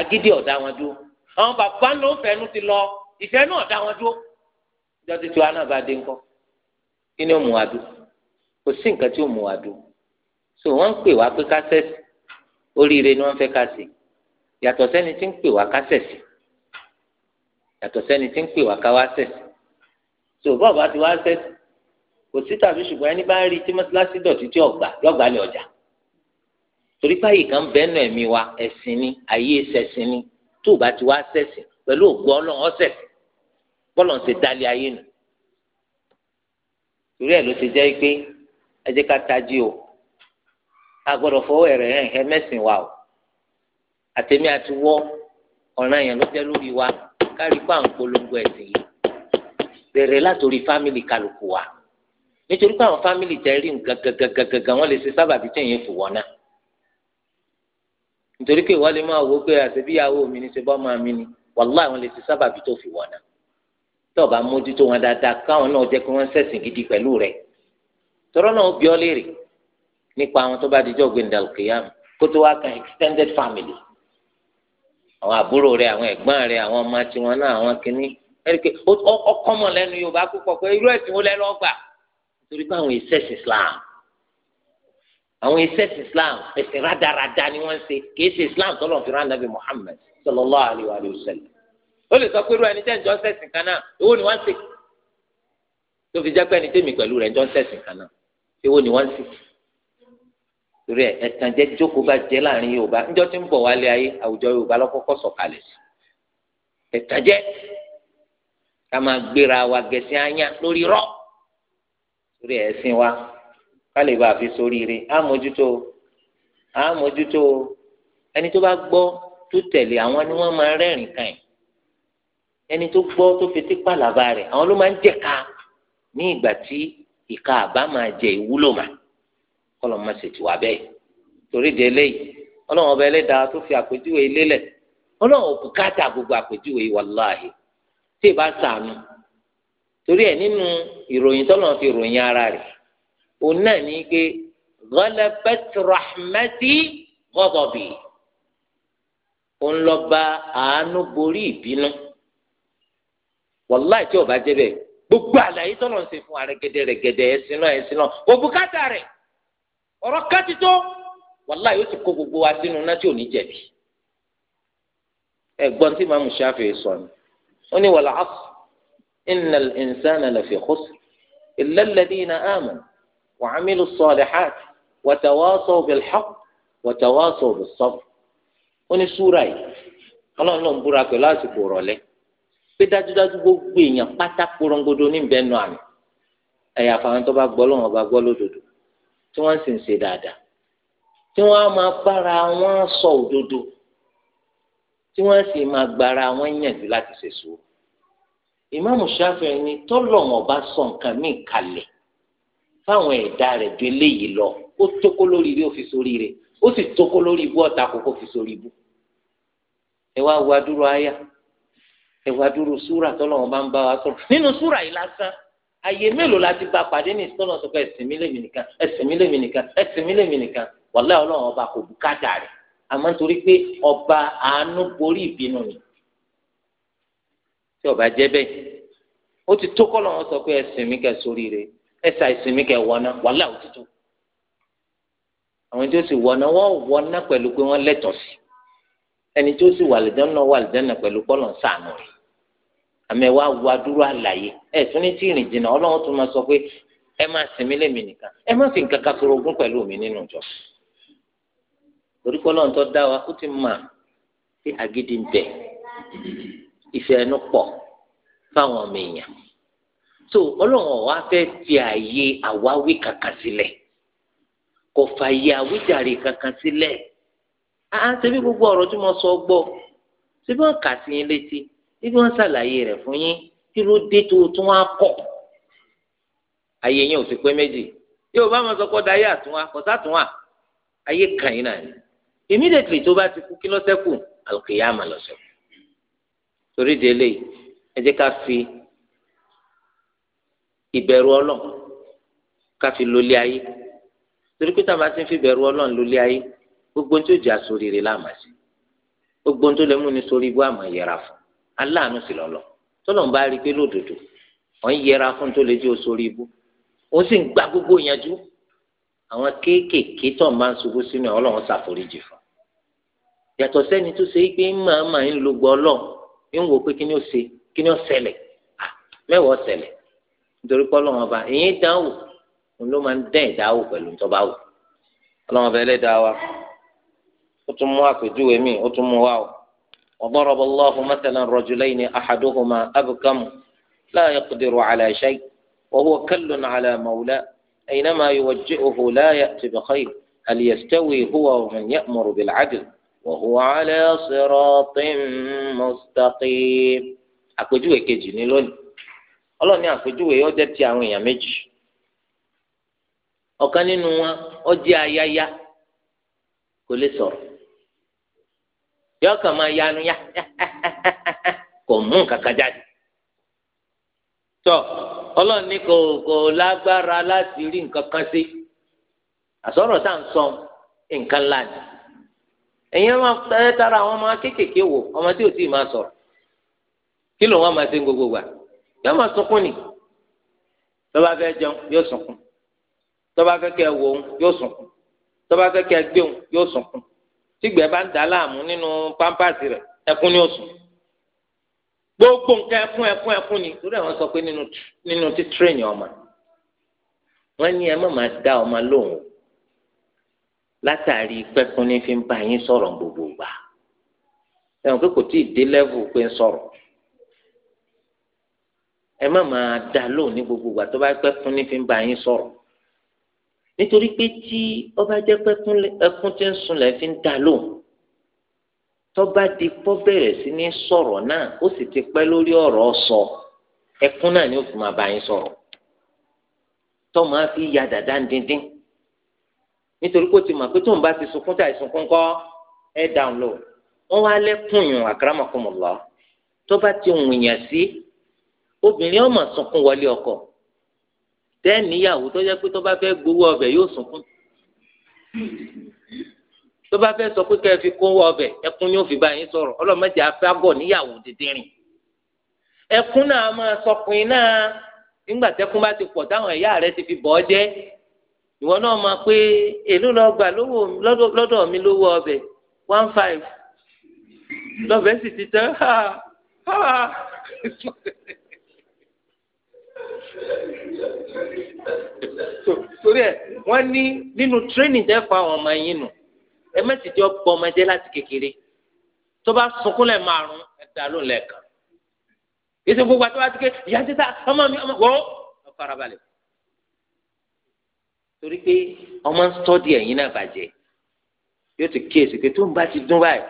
agídí ọ̀dà wọn dúró àwọn bàbá ńlá òfẹ́nu ti lọ ìfẹ́nu ọ̀dà wọn dúró ìjọ tí tiwa náà bá dé ńkọ́ kí ni ó mú wa kò sí nǹkan tí ó mú wa so wọ́n ń pè wá pé ká sẹ́sì oríire ni wọ́n fẹ́ ká ṣe yàtọ̀ sẹ́ni tí ń pè wá ká sẹ̀sì yàtọ̀ sẹ́ni tí ń pè wá ká wá sẹ̀sì so bọ́ọ̀ bá ti wá sẹ̀sì kò sí tàbí ṣùgbọ́n ẹni bá ń rí tí mọ́sálásí dọ̀tí tí ọ̀gbà lọ́gbà lè ọjà torí báyìí kan bẹ́ẹ̀nù ẹ̀mí wa ẹ̀sìn ni ayé sẹ̀sìn ni tó o bá ti wá sẹ̀sìn pẹ̀lú ògbọ́ ọlọ́run ọ̀sẹ̀sìn bọ́lọ̀ ń ṣe dálé ayé nù torí ẹ̀ ló ti jẹ́ pé ẹ jẹ́ ká tají o a fọwọ́ ẹ̀rẹ̀ hàn ẹ mẹ́sìn wa o àtẹ̀mí àti wọ́ ọ̀ràn yẹn ló jẹ́ lórí wa kárí pa à ń polongo ẹ̀sìn yìí bẹ̀rẹ̀ látòrí fámìlì kálukú wa nítorí pé àwọn fámìlì tẹ̀ rí nǹkan gàgàgàgàgà wọ́n lè ṣe sábàbí tẹ̀yìn fò wọ́n náà nítorí pé ìwọ́n lè máa wò ó pé àṣebíyàwó mi ni ṣe bọ́ máa mi ni wàláì wọ́n lè ṣe sábàbí tó fi wọ́n náà tó bá mójútó wọn dáadáa káwọn náà jẹ́ pé wọ́n ṣẹ̀sìn gidi pẹ̀lú rẹ̀ tọ́rọ́ náà ó bí ọ léèrè nípa àwọn tó bá dijọ́ gbẹ̀ndàlù kìyàmù kó tó wá kan extended family àwọn àbúrò rẹ̀ àwọn ẹ̀gbọ́n rẹ̀ àwọn ọmọ tiwọn náà àwọn kìíní ẹ̀ríkẹ́ ọkọ́mọ lẹ́nu Yorùbá púpọ̀ pé irú ẹ̀sìn wo lẹ́nu ọgbà torí pé àwọn ìṣẹ̀sìn Islam àwọn ìṣẹ̀sìn Islam ẹ̀sìn rádaràda ni wọ́n ń ṣe kì í ṣe Islam tọ́lọ̀ fi rán nàbì Muhammad sallallahu alayhi wa sallam ó lè sọ pé irú ẹni tẹ́ ń jọ sẹ̀sìn kan náà èwo ni wọ́n ń sè tó fi jẹ́ pé ẹni tẹ́mi pẹ̀lú rẹ̀ ń jọ sẹ̀sìn kan náà èwo ni wọ́n ń sè torí ẹ ẹ̀tàn jẹ́ jókòó bá jẹ́ láàrin Yorùbá níjọ́ tí ń bọ̀ wálé ayé àwùjọ Yorùbá lọ́kọ́kọ́ sọ̀kalẹ̀ sí ẹ̀tàn jẹ́ ká máa gbéra wa gẹ̀ẹ́sì ányá lórí rọ́ torí ẹ̀sìn wa ká lè bá a fi sóríire á mójútó á ẹni tó bá gbọ́ tó tẹ̀lé àwọn ni wọ́n máa rẹ́rìn kàn ẹni tó gbọ́ tó fetí pàlàbà rẹ̀ àwọn ló máa ń jẹ̀ka ní ìgbà tí ìka àbá máa jẹ ìwúlò mà kọ́lọ́ máa ṣètì wá bẹ́ẹ̀ torí de eléyìí ọlọ́run ọba ẹlẹ́dàá tó fi àpèjúwe lélẹ̀ ọlọ́run ò bùkátà gbogbo àpèjúwe wàláhì tí ì bá sànù torí ẹ̀ nínú ìròyìn tọ́lọ́run fi ròyìn ara rẹ̀ òun náà ní pé ghalabat rahmati ghadabi òun lọ àánú borí ìbínú wàláì tí ò bá jẹ́ bẹ́ẹ̀ gbogbo àlàyé tọ́lọ̀ ń ṣe fún arẹ́gẹ́dẹ́ rẹ́gẹ́dẹ́ ẹ̀sìn náà ẹ̀sìn náà kò bùkátà rẹ̀ ọ̀rọ̀ kájí tó wàláì ó ti kó gbogbo wa sínú náà tí ò ní jẹ̀bi. ẹ̀gbọ́n tí màmú ṣáfì sọ ni ó ní wàlá as inna al-insana lafi khusr illa alladhina amanu wa amilu salihat wa tawasaw bil haqq wa tawasaw bis sabr ó ní súra yìí ọlọ́run náà ń pé dájúdájú gbogbo èèyàn pátá korongodo ní bẹ́ẹ̀ nù àmì ẹ̀yà àfàwọn tó bá gbọ́ lọ́wọ́ bá gbọ́ lódodo tí wọ́n sì ń ṣe dáadáa tí wọ́n á máa bára wọn sọ òdodo tí wọ́n sì máa gbára wọn yànjú láti ṣe sùúrù ìmáàmù Ṣáfi'í ni tọ́lọ̀ wọn bá sọ nǹkan míì kalẹ̀ fáwọn ẹ̀dá rẹ̀ ju eléyìí lọ ó tókó lórí ilé òfin sórí rẹ̀ ó sì tókó lórí ibú ọ̀tá kókó fi sórí ibú ẹ wá wo adúrò ayá ẹwà dúró súrà tọ́lọ́wọ́n bá ń bá wa sọ̀rọ̀ nínú súrà yìí lásán ayé mélòó la ti gba pàdé ní ìsọ̀rọ̀ sọ̀kọ̀ ẹ̀sìn mi lèmi nìkan ẹ̀sìn mi lèmi nìkan ẹ̀sìn mi lèmi nìkan wàlá ọlọ́run ọba kò bùkátà rẹ̀ àmọ́ nítorí pé ọba àánú borí ìbínú ni tí ọba jẹ́ bẹ́ẹ̀ ó ti tó kọ́lọ́run sọ pé ẹ̀sìn mi kẹ́ sórí rẹ̀ ẹ̀sà ẹ̀sìn mi kẹ́ wọná wàlá ó ti tó àwọn tí ó sì wọná wọ́n wọná pẹ̀lú pé wọ́n lẹ́tọ̀ọ́ sí ẹni tí ó sì wà lẹ́dánná wà lẹ́dánná pẹ̀lú kọ́lọ́run ṣàánú rẹ̀ àmì ẹ wá wo adúrú àlàyé ẹ tún ní tí ìrìn jìnnà ọlọ́run tún máa sọ pé ẹ máa sinmi lèmi nìkan ẹ má fi nǹkan kan sọ̀rọ̀ ogún pẹ̀lú mi nínú ìjọ torí pé tó dá wa ó ti mà sí agídí ń bẹ ìfẹ́ ẹnu pọ̀ fáwọn ọmọ èèyàn tó ọlọ́run ọ̀wá fẹ́ fi ààyè àwáwí kankan sílẹ̀ kò fààyè àwíjàre kankan sílẹ̀ àá ṣebí gbogbo ọ̀rọ̀ tí mo sọ gbọ́ ṣebí wọ́n kà sí yín létí ibi wọn ṣàlàyé rẹ̀ fún yín kí ló dé tó tún wá kọ̀ ayé yẹn ò sì pé méjì yóò bá wọn sọ pé ọdà ayé àtúnwá kò sátúnwá ayé kàn náà ni immediately tó bá ti kú kí ló ṣẹ́kù àlùkìyàmà ló ṣẹ́kù torí délé ẹ jẹ́ ká fi ìbẹ̀rù ọlọ́run ká fi lólé ayé torí pé táwọn bá ti ń fi ìbẹ̀rù ọlọ́run lólé ayé gbogbo ohun tó jẹ́ àsoríire láàmà sí gbogbo ohun tó lè ni sórí ibú àmọ̀ yẹra fún aláàánú sì lọ́lọ́ tọ́lọ̀ ń bá rí i pé lódodo wọ́n yẹra fún tó lè jẹ́ oṣoorí ibú òun sì ń gba gbogbo ìyanjú àwọn kéékèèké tó ń bá ń ṣubú sínú ẹ̀ ọlọ́run ṣàforíjì fún yàtọ̀ sẹ́ni tó ṣe é pé màmá ń lo gbọ́ ọlọ́ ń wò pé kí ni ó ṣe kí ni ó ṣẹlẹ̀ mẹ́wàá ṣẹlẹ̀ nítorí pé ọlọ́run ọba èyí dánwò òun ló máa ń dẹ́ ìdáwò pẹ̀lú ntọ́ba wò ọlọ́run ọba ẹlẹ́dàá wa ó tún mú àpèjúwe míì ó tún mú wa o. وضرب الله مثلا رجلين أحدهما أبكم لا يقدر على شيء وهو كل على مولاه أينما يوجهه لا يأتي بخير هل يستوي هو ومن يأمر بالعدل وهو على صراط مستقيم àpèjúwe kejì ní lónìí ọlọ́ọ̀ni àpèjúwe yóò jẹ́ ti àwọn èèyàn méjì ọ̀kan nínú wọn ó jẹ́ ayáyá kò lè sọ̀rọ̀ yọ kàn máa yanu ya kò mú nǹkan kan jáde tọ Ọlọ́run ní kò kò lágbára láti rí nǹkan kan sí àsọ̀rọ̀ tá à ń sọ nǹkan ńlá ni ẹ̀yin máa fẹ́ tara àwọn ọmọ kéékèèké wò ọmọ tí ò tí ì máa sọ̀rọ̀ kí ló wọn máa ṣe gbogbo wa yóò máa sunkún ni tó bá fẹ́ jẹun yóò sunkún tó bá fẹ́ kẹ́ wò ó yóò sunkún tó bá gbé òun yóò sunkún tígbẹ́ bá ń dà láàmú nínú pampasì rẹ̀ ẹkún ní oṣù gbogbo nǹkan ẹkún ẹkún ẹkún ni torí àwọn sọ pé nínú tí tírèènì ọmọ wọn ní ẹ má máa dá ọmọ lóhùn látàrí pẹ́kún ní fi ń bá yín sọ̀rọ̀ gbogbo gbà ẹ̀wọ̀n pé kò tíì dé lẹ́vù pé ń sọ̀rọ̀ ẹ má máa dá lóhùn ní gbogbo gbà tó bá pẹ́kún ní fi ń bá yín sọ̀rọ̀ nítorí pé tí ọba jẹ́ pé ẹkún tí ń sunlẹ̀ fi ń dá lóhùn tọ́ba ti pọ́ bẹ̀rẹ̀ sí ní sọ̀rọ̀ náà ó sì ti pẹ́ lórí ọ̀rọ̀ sọ ẹkún náà ni ó fi máa bá yín sọ̀rọ̀ tọ́mọ á fi ya dàda ń díndín nítorí pé ó ti mọ̀ pé tóun bá ti sunkún tàì sunkún kọ́ ẹ̀ dáhùn lò wọ́n wá lẹ́kùn yùn àkàràmọ̀kùnmọ̀ lọ tọ́ba ti wùnyàn sí obìnrin ọmọ sunkún wọlé ọkọ̀ tẹ́ níyàwó tó jẹ́ pé tó bá fẹ́ gbowó ọbẹ̀ yóò sunkún tó bá fẹ́ sọ pé kẹ́ ẹ fi kó ọbẹ̀ ẹkún ni fi bá yín sọ̀rọ̀ ọlọ́mọdé afágọ̀ níyàwó ẹkún náà máa nígbà tẹkún bá ti pọ̀ táwọn ẹ̀yà rẹ one five lọ́bẹ̀ sì ti tẹ́ ha ha. torí ẹ wọ́n ní nínú training tẹ́ fa àwọn ọmọ yín nù ẹ mẹ́tìjọ́ bọ́ ọmọdé láti kékeré tó bá sunkún lẹ̀ márùn ẹ dá lóun lẹ́ẹ̀kan ètò gbogbo àti wájú ké ìyá títa ọmọ mi ọmọ wọ́n farabalẹ̀ torí pé ọmọ ń sọ́ọ́dì ẹ̀yìn náà bàjẹ́ yóò ti kíyèsí pé tó ń bá ti dún báyìí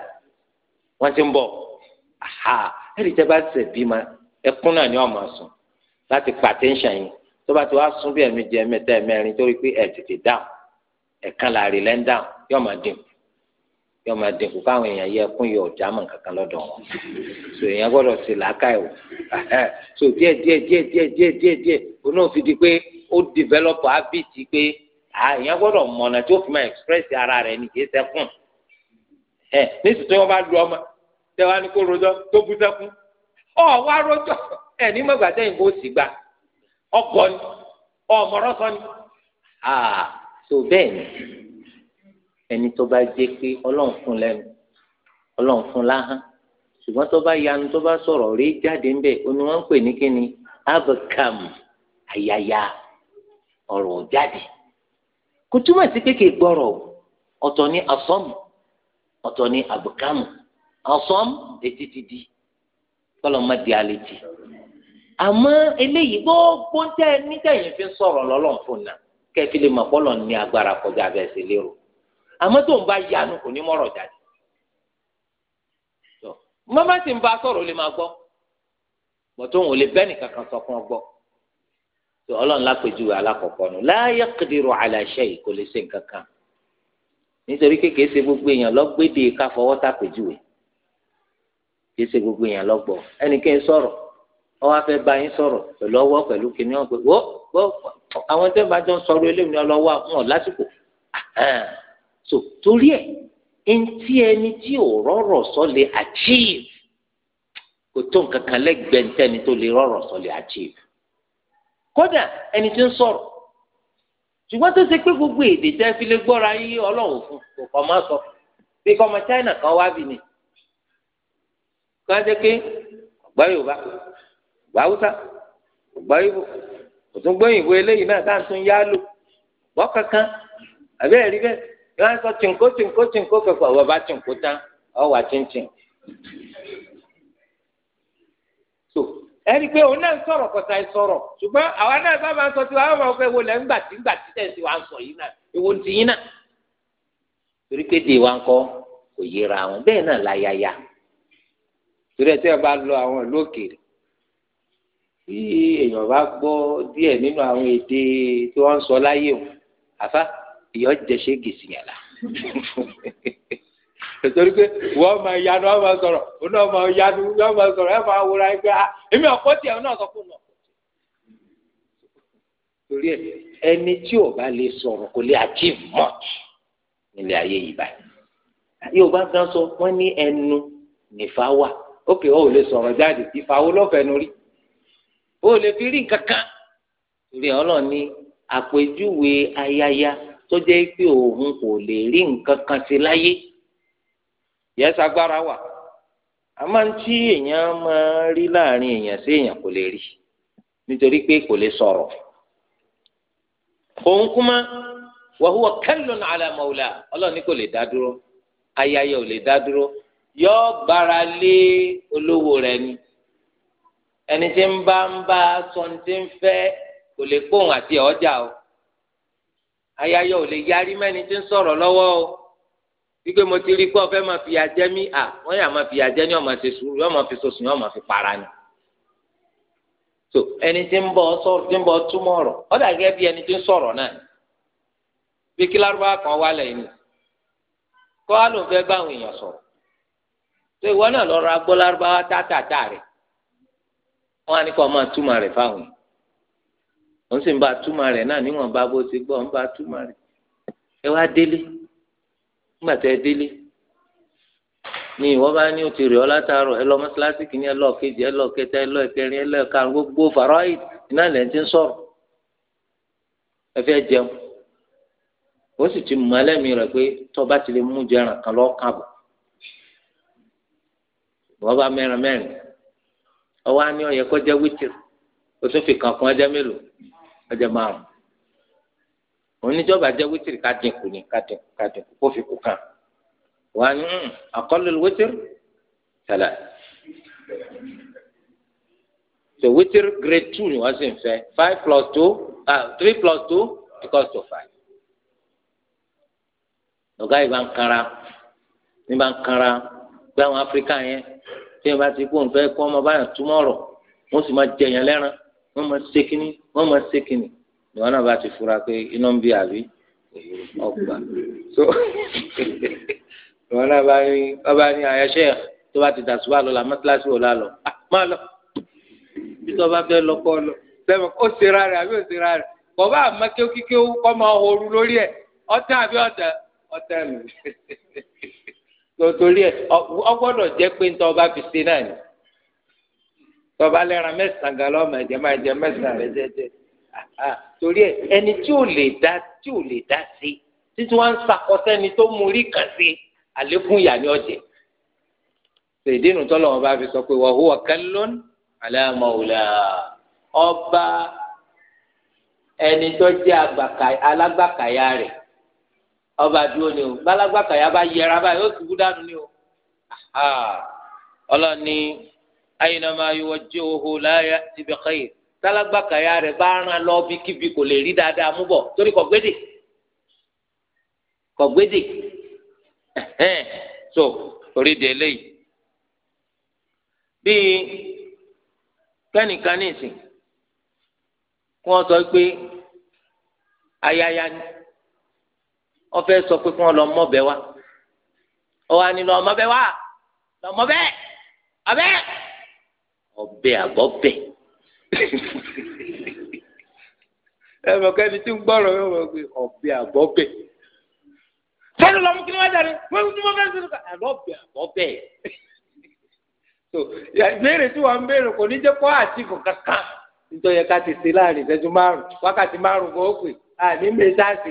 wọ́n ti ń bọ̀ ẹ̀rí tẹ́ bá ti sẹ̀ bí ma ẹkún náà ni ọmọ sùn láti pa attention yìí tó bá ti wá sún bí ẹ̀mí jẹ mẹ́ta ẹ̀mẹ́rin torí pé ẹ̀ tètè dáhùn ẹ̀kan láàrin lẹ́ ń dáhùn yóò máa dín yóò máa dín kù káwọn èèyàn yẹ kún yọ ọ̀já mọ̀ kankan lọ́dọ̀ wọn so èèyàn gbọ́dọ̀ sì làákàyè o so díẹ̀ díẹ̀ díẹ̀ díẹ̀ díẹ̀ díẹ̀ díẹ̀ o náà fi di pé ó develop habit pé èèyàn gbọ́dọ̀ mọ̀nà tí ó fi máa express ara rẹ̀ ní kì í sẹ́kùn ẹ̀ nítorí wọn bá lu ọmọ tẹ́wọ́n á ní kó rojọ́ tó bú sẹ́kùn ọ̀ wá rojọ́ ẹ ní mọ̀gbà sẹ́yìn kó sì gbà ọkọ ni ọmọọ̀rọ̀ sọ ni aa tó bẹ́ẹ̀ ni ẹni tó bá jẹ́ pé ọlọ́run fún lẹ́nu ọlọ́run fún láhán ṣùgbọ́n tó bá yanu tó bá sọ̀rọ̀ rí jáde ń bẹ̀ oní wọ́n ń pè ní kíni abakam ayaya ọ̀rọ̀ jáde kò túmọ̀ sí pé kì í gbọ́rọ̀ ọ̀tọ̀ ní asọ́mù ọ̀tọ̀ ní abakamu asọ́mù etí ti di. kọlọ ma di àlejì àmọ́ eléyìí gbogbo ń tẹ ní tẹyìn fi ń sọ̀rọ̀ lọlọrun fún náà kẹfì lè mọ pọlọ ní agbára kọjá bẹ́ẹ̀ sì lérò àmọ́ tó ń bá yanu kò ní mọ̀rọ̀ jáde mọba sì ń bá sọ̀rọ̀ lè máa gbọ́ bọtọ òun ò lè bẹ sọ fún ọ gbọ́ tó Ọlọ́run lápèjúwe alákọ̀ọ́kọ́ nù la yaqdiru ala shay kò lè ṣe nǹkan kan nítorí kékeré ṣe gbogbo èèyàn lọgbẹdẹ ká fọwọ́ tàpèjúwe kì í ṣe gbogbo èèyàn lọ́gbọ̀ ẹnìkan sọ̀rọ̀ ó wá fẹ́ bá yín sọ̀rọ̀ pẹ̀lú ọwọ́ pẹ̀lú kìnìún ọ̀pẹ wọ́ wọ́ àwọn tẹ́ bá jọ ń sọ̀rọ̀ eléyìí ọlọ́wọ́ àwọn lásìkò so torí ẹ̀ ntí ẹni tí ò rọ̀rọ̀ sọ lè achieve kò tó nǹkan kan lẹ́gbẹ̀ẹ́ ntẹ́ni tó lè rọ̀rọ̀ sọ lè achieve kódà ẹni tí ń sọ̀rọ̀ ṣùgbọ́n tó ṣe pé gbogbo èdè tẹ́ fi lè gbọ́ra yí ọlọ́run fún kò kọ́ máa sọ bí kọ́mọ China kan wá bì ní kọ́ ẹ jẹ́ ọgbọ ọ̀gbá yorùbá ọ̀gbá haúsá ọ̀gbá yorùbá òtún gbóyìnbó eléyìí náà tá à ń tún yá lò bọ́ kankan àbí ẹ̀rí bẹ́ẹ̀ yọ á sọ tìǹkó tìǹkó tìǹkó kẹfọ àwọn tìǹkó ọ wà tìǹtìǹ. so ẹni pé òun náà ń sọ̀rọ̀ kọ̀tà sọ̀rọ̀ ṣùgbọ́n àwa náà ń sọ ọmọ wa ń sọ yìí náà ewo torí ẹ tí ẹ bá lọ àwọn ìlú òkèèrè tí èèyàn bá gbọ́ díẹ̀ nínú àwọn èdè tí wọ́n ń sọ láyé o àfa ìyọ́ jẹ́sẹ́ gèsì yẹn la nítorí pé wọ́n máa yanu wọ́n máa sọ̀rọ̀ òun náà máa yanu wọ́n máa sọ̀rọ̀ ẹ̀ máa wúra ẹgbẹ́ a ah, èmi ọ̀pọ̀ tiẹ̀ òun náà sọ fún mi. torí ẹ ẹni tí ò bá lè sọ̀rọ̀ kò lè achieve much nílé ayé yìí báyìí. yóò bá gan sọ wọ́n ní ẹnu nìfà wà ókè ó lè sọ̀rọ̀ jáde ìfàwọ́ lọ́fẹ̀ẹ́nu rí ó lè fi rí nǹkan kan rí ọlọ́run ní àpèjúwe ayaya tó jẹ́ pé òun kò lè rí nǹkan kan sí láyé yẹ́sà agbára wà àmọ́ tí èèyàn máa rí láàrin èèyàn sí èèyàn kò lè rí nítorí pé kò lè sọ̀rọ̀ òun kúmá wàhùwà kẹlùn àlàmọ̀ọ́lá ọlọ́run ní kò lè dá dúró ayaya ò lè dá dúró yọ gbára lé olówó rẹ̀ ni ẹni tí ń bá ń bá sọ ní ń fẹ́ kò lè pòun àti ọjà o ayayọ ò lè yarí mẹ́ni tí ń sọ̀rọ̀ lọ́wọ́ o wípé mo ti rí pé ọ̀fẹ́ máa fìyà jẹ mí à wọ́n yà máa fìyà jẹ ní ọmọ ti sùúrù yọ máa fi sọsùn yọ máa fi para ni so ẹni tí ń bọ̀ sọ̀rọ̀ tí ń bọ̀ túmọ̀ ọ̀rọ̀ ọdà gẹ́gẹ́ bí ẹni tí ń sọ̀rọ̀ náà bí kílárúbá kan wálẹ̀ ni kọ́ á lóun fẹ́ bá àwọn èèyàn sọ̀rọ̀ tó ìwọ náà lọ ra gbọ́ lárúbáwá tátàtà rẹ̀ wọ́n á ní kó máa túmọ̀ rẹ̀ fáwọn òun sì ń bá túmọ̀ rẹ̀ náà níwọ̀n bá bó ti gbọ́ ń bá túmọ̀ rẹ̀ ẹ wá délé nígbà tẹ délé ni ìwọ bá ní o ti rè ọ látàárọ̀ ẹ lọ mọ́sálásí kìíní ẹ lọ gbogbo fàrọ ayé iná wọ́n bá mẹ́rin mẹ́rin ọwọ́ á ní ọ̀yẹ́ kọjá wítìrì o tún fi kankan ọjọ́ mélòó ọjọ́ márùn oníjọba jẹ́ wítìrì ká dínkù ní ká dínkù ká kó fi kù kàn wọ́n á ní hmm, wítìrì tẹ̀lẹ̀ so wítìrì grade two ni wọ́n sì ń fẹ́ five plus two ah three plus two equals to five ọ̀gá yìí bá ń kanra ní bá ń kanra gbé áfíríkà yẹn tí wọn bá ti kó nfẹ kó ọmọ báyà túmọ̀ ọ̀rọ̀ wọn sì máa jẹyàn lẹ́ran wọn máa ṣe kínní wọn máa ṣe kínní ni wọn náà bá ti fura pé iná ń bí àbí ọgbà so wọn náà bá ní wọn bá ní àyàṣẹ tó bá ti dàsúwà lọ la mọ́tíláṣí wò lálọ́ má lọ bí tó bá fẹ́ lọ kọ́ lọ sẹ́mi ó ṣera rẹ̀ àbí ó ṣera rẹ̀ kọ́ bá àmọ́ kéwkéwé kọ́ máa horu lórí ẹ̀ ọ̀tẹ̀ àbí ọ̀tẹ̀ ọ̀tẹ̀ mi. torí ẹ ọgbọ́dọ̀ jẹ́ pé ń tọ́ bá fi ṣe náà ni tọ́ba lẹ́ran mẹ́sàn-án gan lọ́mọ ẹ̀jẹ̀ máa jẹ mẹ́sàn-án rẹ̀ jẹ́jẹ́ torí ẹ ẹni tí ò lè dá tí ò lè dá sí títí wọn ń sakọsẹ́ni tó mú rí kàn sí àlékún ìyá ni ọ̀jẹ̀ ṣèdínú tọ́lọ̀ wọn bá fi sọ pé wọ́n hùwà kẹ́lọ́n aláàmọ̀ ọba ẹni tó jẹ́ alágbàkàyà rẹ̀ ọba dúró ni o gbalagbà kàyà bá yẹra báyìí ó ṣubú dànù ni o ọlọ́ni ayinam ayọ̀wọ̀ jẹ́ oho láyà tìbí xeyì gbalagbà kàyà rẹ̀ bá ràn lọ bí kíbi kò lè rí dáadáa mú bọ̀ torí kò gbédè kò gbédè so torí de eléyìí bíi kẹ́nìkan ní ìsìn kí wọ́n sọ pé ayáyá ni wọ́n fẹ́ sọ pé kí wọ́n lọ mọbẹ wa ọwọ àni lọ mọbẹ wa lọ mọbẹ abẹ ọbẹ àbọbẹ ẹ mọ kẹni tí ń gbọrọ yóò mọ pé ọbẹ àbọbẹ sọlá lọ mú kí ni wọn dàrí wọn ní wọn fẹẹ sọ̀rọ̀ ká àlọ ọbẹ àbọbẹ so ìbéèrè tí wọn ń béèrè kò ní jẹ kó àtìkù kankan nítorí ká ti ṣe láàrin ìṣẹ́jú márùn wákàtí márùn kò àní mẹsáàsì.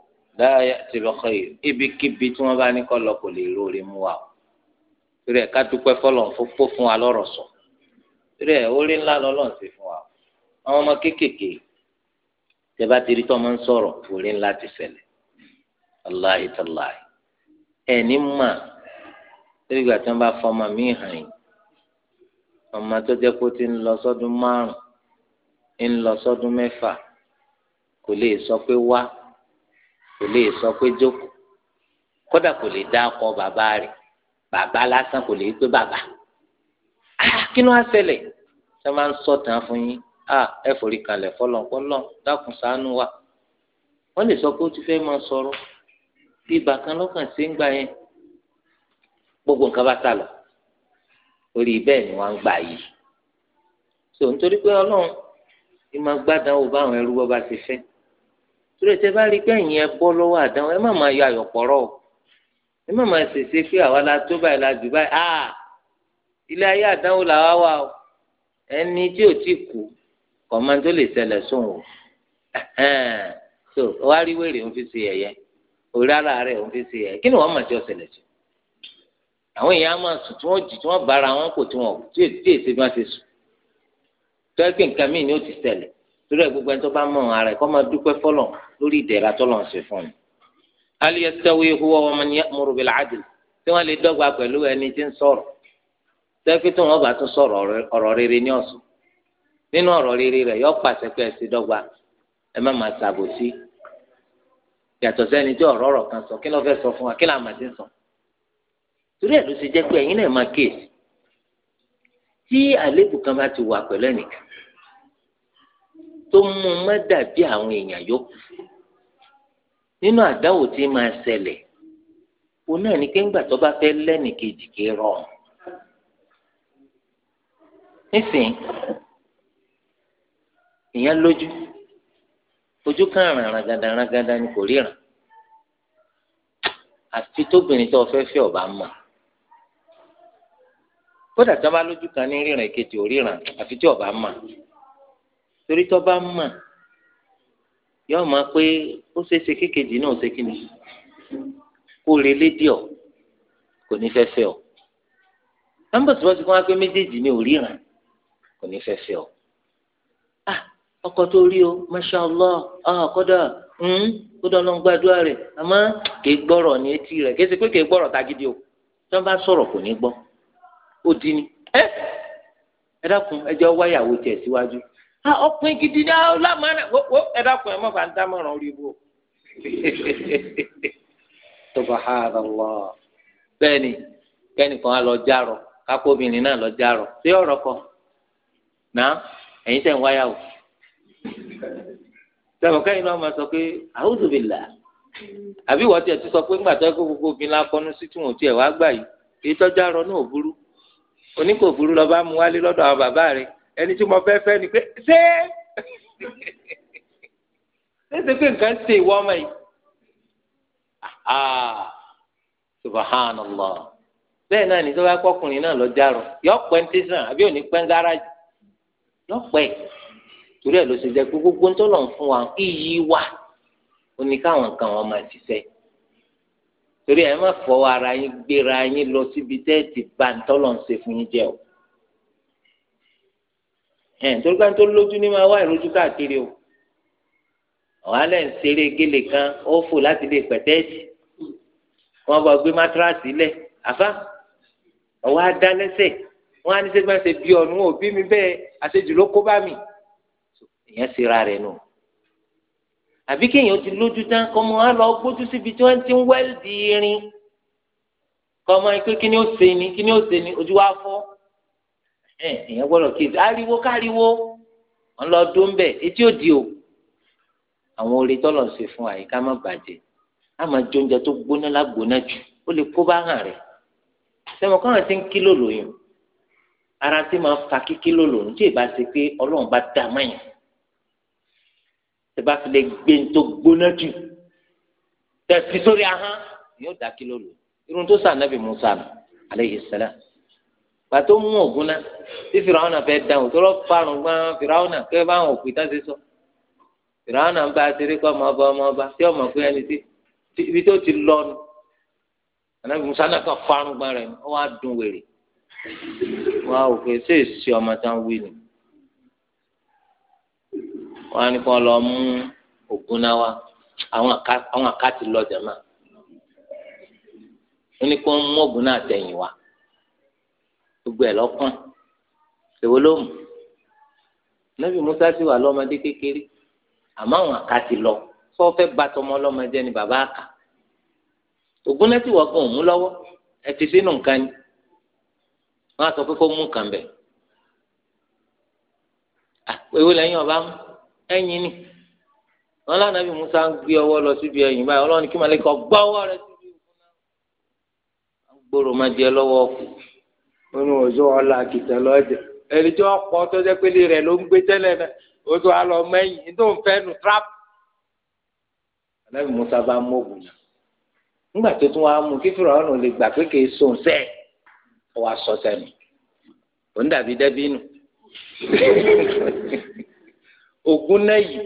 láàyè ti bẹ xeyìr ibikíbi tí wọn bá ní kọ lọ kò lè lóore mú wa torí ẹ ká dúpẹ́ fọlọ fọpọ fún wa lọ́rọ̀ sọ torí ẹ orí ńlá lọlọ ń ṣe fún wa àwọn ọmọ kéékèèké tẹbá ti rí tọmọ ń sọ̀rọ̀ orí ńlá ti ṣẹlẹ̀ aláì tàláì ẹni mà lórí ìgbà tí wọn bá fọmọ mi hàn yín ọmọ tó jẹ kó ti ń lọ sọdún márùn ń lọ sọdún mẹ́fà kò lè sọ pé wá kò lè sọ pé jókòó kódà kò lè dá ọkọ bàbá rẹ̀ bàbá lásán kò lè pé bàbá ah, kí ló á ṣẹlẹ̀ ṣe máa ń sọ̀tàn fún yín ah, ẹ forí kalẹ̀ fọlọ́pọ́lọ́ dákun ṣàánú wa wọ́n lè sọ pé ó ti fẹ́ máa sọ̀rọ̀ bí ibà kan lọ́kàn sí ń gbà yẹn gbogbo nǹkan bá sálọ orí bẹ́ẹ̀ ni wọ́n ń gbà yìí so nítorí pé ọlọ́run ìmọ̀ gbádàn ó bá àwọn ẹrú wọ́n bá ti fẹ́ torí ẹtẹ bá rí i pé ẹ̀yin ẹ bọ́ lọ́wọ́ àdáwọn ẹ má máa yọ àyọ̀pọ̀rọ̀ o ẹ má máa ṣèṣe pé àwa la tó báyìí la jù báyìí ah ilé ayé àdáwọn làwa wa o ẹni tí ò tí kú kọ̀ọ̀mọ́ tó lè ṣẹlẹ̀ sóun o so wá rí wèrè ń fi ṣe ẹ̀yẹ orí ara rẹ̀ ń fi ṣe ẹ̀yẹ kí ni wọ́n máa ṣe ọ̀ṣẹ̀lẹ̀ tó àwọn èèyàn á máa sùn tí wọ́n jì tí wọ́n bára wọn kò tí wọ́n tí èsì máa ṣe sùn tó ẹgbẹ́ nǹkan míì ni ó ti ṣẹlẹ̀ torí ẹ gbogbo ẹni tó bá mọ ara ẹ kó máa dúpẹ́ fọlọ lórí ìdẹ̀ra tó lọ́n ṣe fún mi. tí wọ́n lè dọ́gba pẹ̀lú ẹni tí ń sọ̀rọ̀ sẹ́fí tó bá tún sọ̀rọ̀ ọ̀rọ̀ rere ní ọ̀sùn nínú ọ̀rọ̀ rere rẹ̀ yọ pàṣẹ pé ẹ ti dọ́gba ẹ má máa yàtọ̀ sẹ́ni tí ọ̀rọ̀ ọ̀rọ̀ kan sọ kí ló fẹ́ sọ fún wa kí tó mú un má dàbí àwọn èèyàn yòókù nínú àdáwò tí máa ṣẹlẹ̀ o náà ní bá fẹ́ kí rọrùn nísìnyí èèyàn lójú ojú kan ràn rangada rangada ni kò ríran àti tóbìnrin tó fẹ́ fẹ́ ọba ní ríran èkejì ò tí ọba mọ̀ torí tó bá mọ̀ yóò máa pé ó ṣeéṣe kékejì náà ṣe kí ni ọ kò ní fẹ́ ọ nọ́mbà tí wọ́n ti kọ́ wá pé méjèèjì ni ò ọ ah ọkọ tó rí o masha allah ah kódà hmm, ló ń gbàdúrà rẹ̀ àmọ́ kì í ní etí rẹ kì í ṣe pé kì í o tí bá kò ní Ha, ọkùnrin gidi ni àwọn lámàánà wo ẹ dákun ẹ mọ bá ń dámọ̀ràn orí wo. subahánàlá bẹ́ẹ̀ni kẹ́nìkan á lọ járọ kákóbìnrin náà lọ járọ sí ọ̀rọ̀ kan náà ẹ̀yin tẹ̀ ń wáyà o sọ̀rọ̀ kẹ́yìn náà máa sọ pé àwùjọ bẹ̀ là àbí wọ́n tiẹ̀ ti sọ pé ńgbà tó ẹ kó gbogbo obìnrin lakọ́nú sí tí wọ́n tiẹ̀ wá gbà yìí èyí tọ́jú àrọ náà ò burú oníkò burú lọ́ba mú wálé lọ́dọ̀ àwọn bàbá rẹ̀ ẹni tí mo fẹ́ fẹ́ ni pé ṣé ṣé pé nǹkan ṣe ìwọ ọmọ yìí subhanallah bẹ́ẹ̀ náà ní tó bá kọkùnrin náà lọ járun yọ pẹ́ ní tẹ̀sán àbí òní pẹ́ ń gáràjì yọ pẹ́ torí ẹ̀ ló ṣe jẹ́ pé gbogbo ń tọ́lọ̀ ń fún wa iyì wa ó ní káwọn nǹkan wọn máa ṣiṣẹ́ torí ẹ̀ má fọwọ́ ara yín gbéra yín lọ síbi tẹ́ẹ̀ bá ń tọ́lọ̀ ń ṣe fún yín jẹ́ o ẹ̀ nítorí ká tó lójú ní máa wá ìrójú káàkiri o ọ̀hálẹ̀ ń ṣeré gèlè kan ó fò láti lè pẹ̀tẹ́ẹ̀sì wọ́n bá gbé mátíráàsì lẹ̀ àfa ọ̀wá dá lẹ́sẹ̀ wọ́n á ní sẹ́gbẹ́ ṣe bí ọ̀nù òbí mi bẹ́ẹ̀ àṣejù ló kó bá mi èèyàn ṣera rẹ̀ nù àbí kéèyàn ti lójú tán kọ́mọ á lọ gbójú síbi tí wọ́n ti ń wẹ́ẹ̀lì irin kọ́mọ pé kí ni ó ṣe ni kí ni ó ṣe ni ojú wa fọ́ ẹ èèyàn gbọ́dọ̀ kíyèsí ariwo káriwo wọn lọ dún bẹ etí òdì o àwọn orí tọlọ ṣe fún àyíká má bàjẹ́ a máa jẹ oúnjẹ tó gbóná lágbóná jù ó lè kó bá hàn rẹ sẹmọ káwọn ti ń kí lòlò yìí ara ti máa fa kíkí lòlò ní tí ìbá ṣe pé Ọlọ́run bá dá mọyìn tẹ bá fi lè gbé ní tó gbóná jù tẹ sórí ahọ́n yóò dá kí lòlò irun tó sàn nàbì Musa alayhi salam pàtó mú ògùn náà tí fìràwọnà fẹẹ dáhùn tó lọ parun gbọn fìràwọnà kẹ báwọn òkú ìtàn ṣe sọ fìràwọnà ń bá aṣeré kọ ọmọ ọba ọmọ ọba tí ọmọ pé ẹni tí ibi tó ti lọ nu ànábì musa náà kàn parun gbọn rẹ ó wá dùn wèrè wọn òkè ṣe é ṣe ọmọ tán wí ni wọn á ní kó lọ mú ògùn náà wá àwọn àká ti lọ jẹ máa ó ní kó mú ògùn náà tẹ̀yìn wá gbogbo ẹ̀ lọ́kàn èwo ló mú nẹ́bí musa sì wà lọ́mọdé kékeré àmọ́ àwọn àkàtì lọ sọ́fẹ́ bá tọmọ ọlọ́mọdé ni bàbá àkà ògùn náà ti wọ̀ kan òun lọ́wọ́ ẹ ti sínú nǹkan ni wọ́n á sọ pé kó mú nǹkan bẹ̀ èwo lẹ́yìn ọba mú ẹ̀yìn ni wọn lánàá bí musa ń gbé ọwọ́ lọ síbi ẹ̀yìn báyìí ọlọ́run kí màlẹ́kọ̀ gbọ́ ọwọ́ rẹ síbi òkú gbòòrò má di ẹ ọkùnrin nínú òzò ọ̀la kìtà lọ́jẹ̀ ẹni tí wọ́n kọ́ tó jẹ́ pélé rẹ̀ ló ń gbé tẹ́lẹ̀ náà ó tó alọ mẹ́yìn tó ń fẹ́ nu trap. alábì musa bá mú ògùn náà nígbà tó tún wá mú kí fúnra ọ̀nà lè gbà pé kìí sùn sẹ́ ọ wá sọ sẹ́nu òun dàbí dẹ́bínú ògùn náà yìí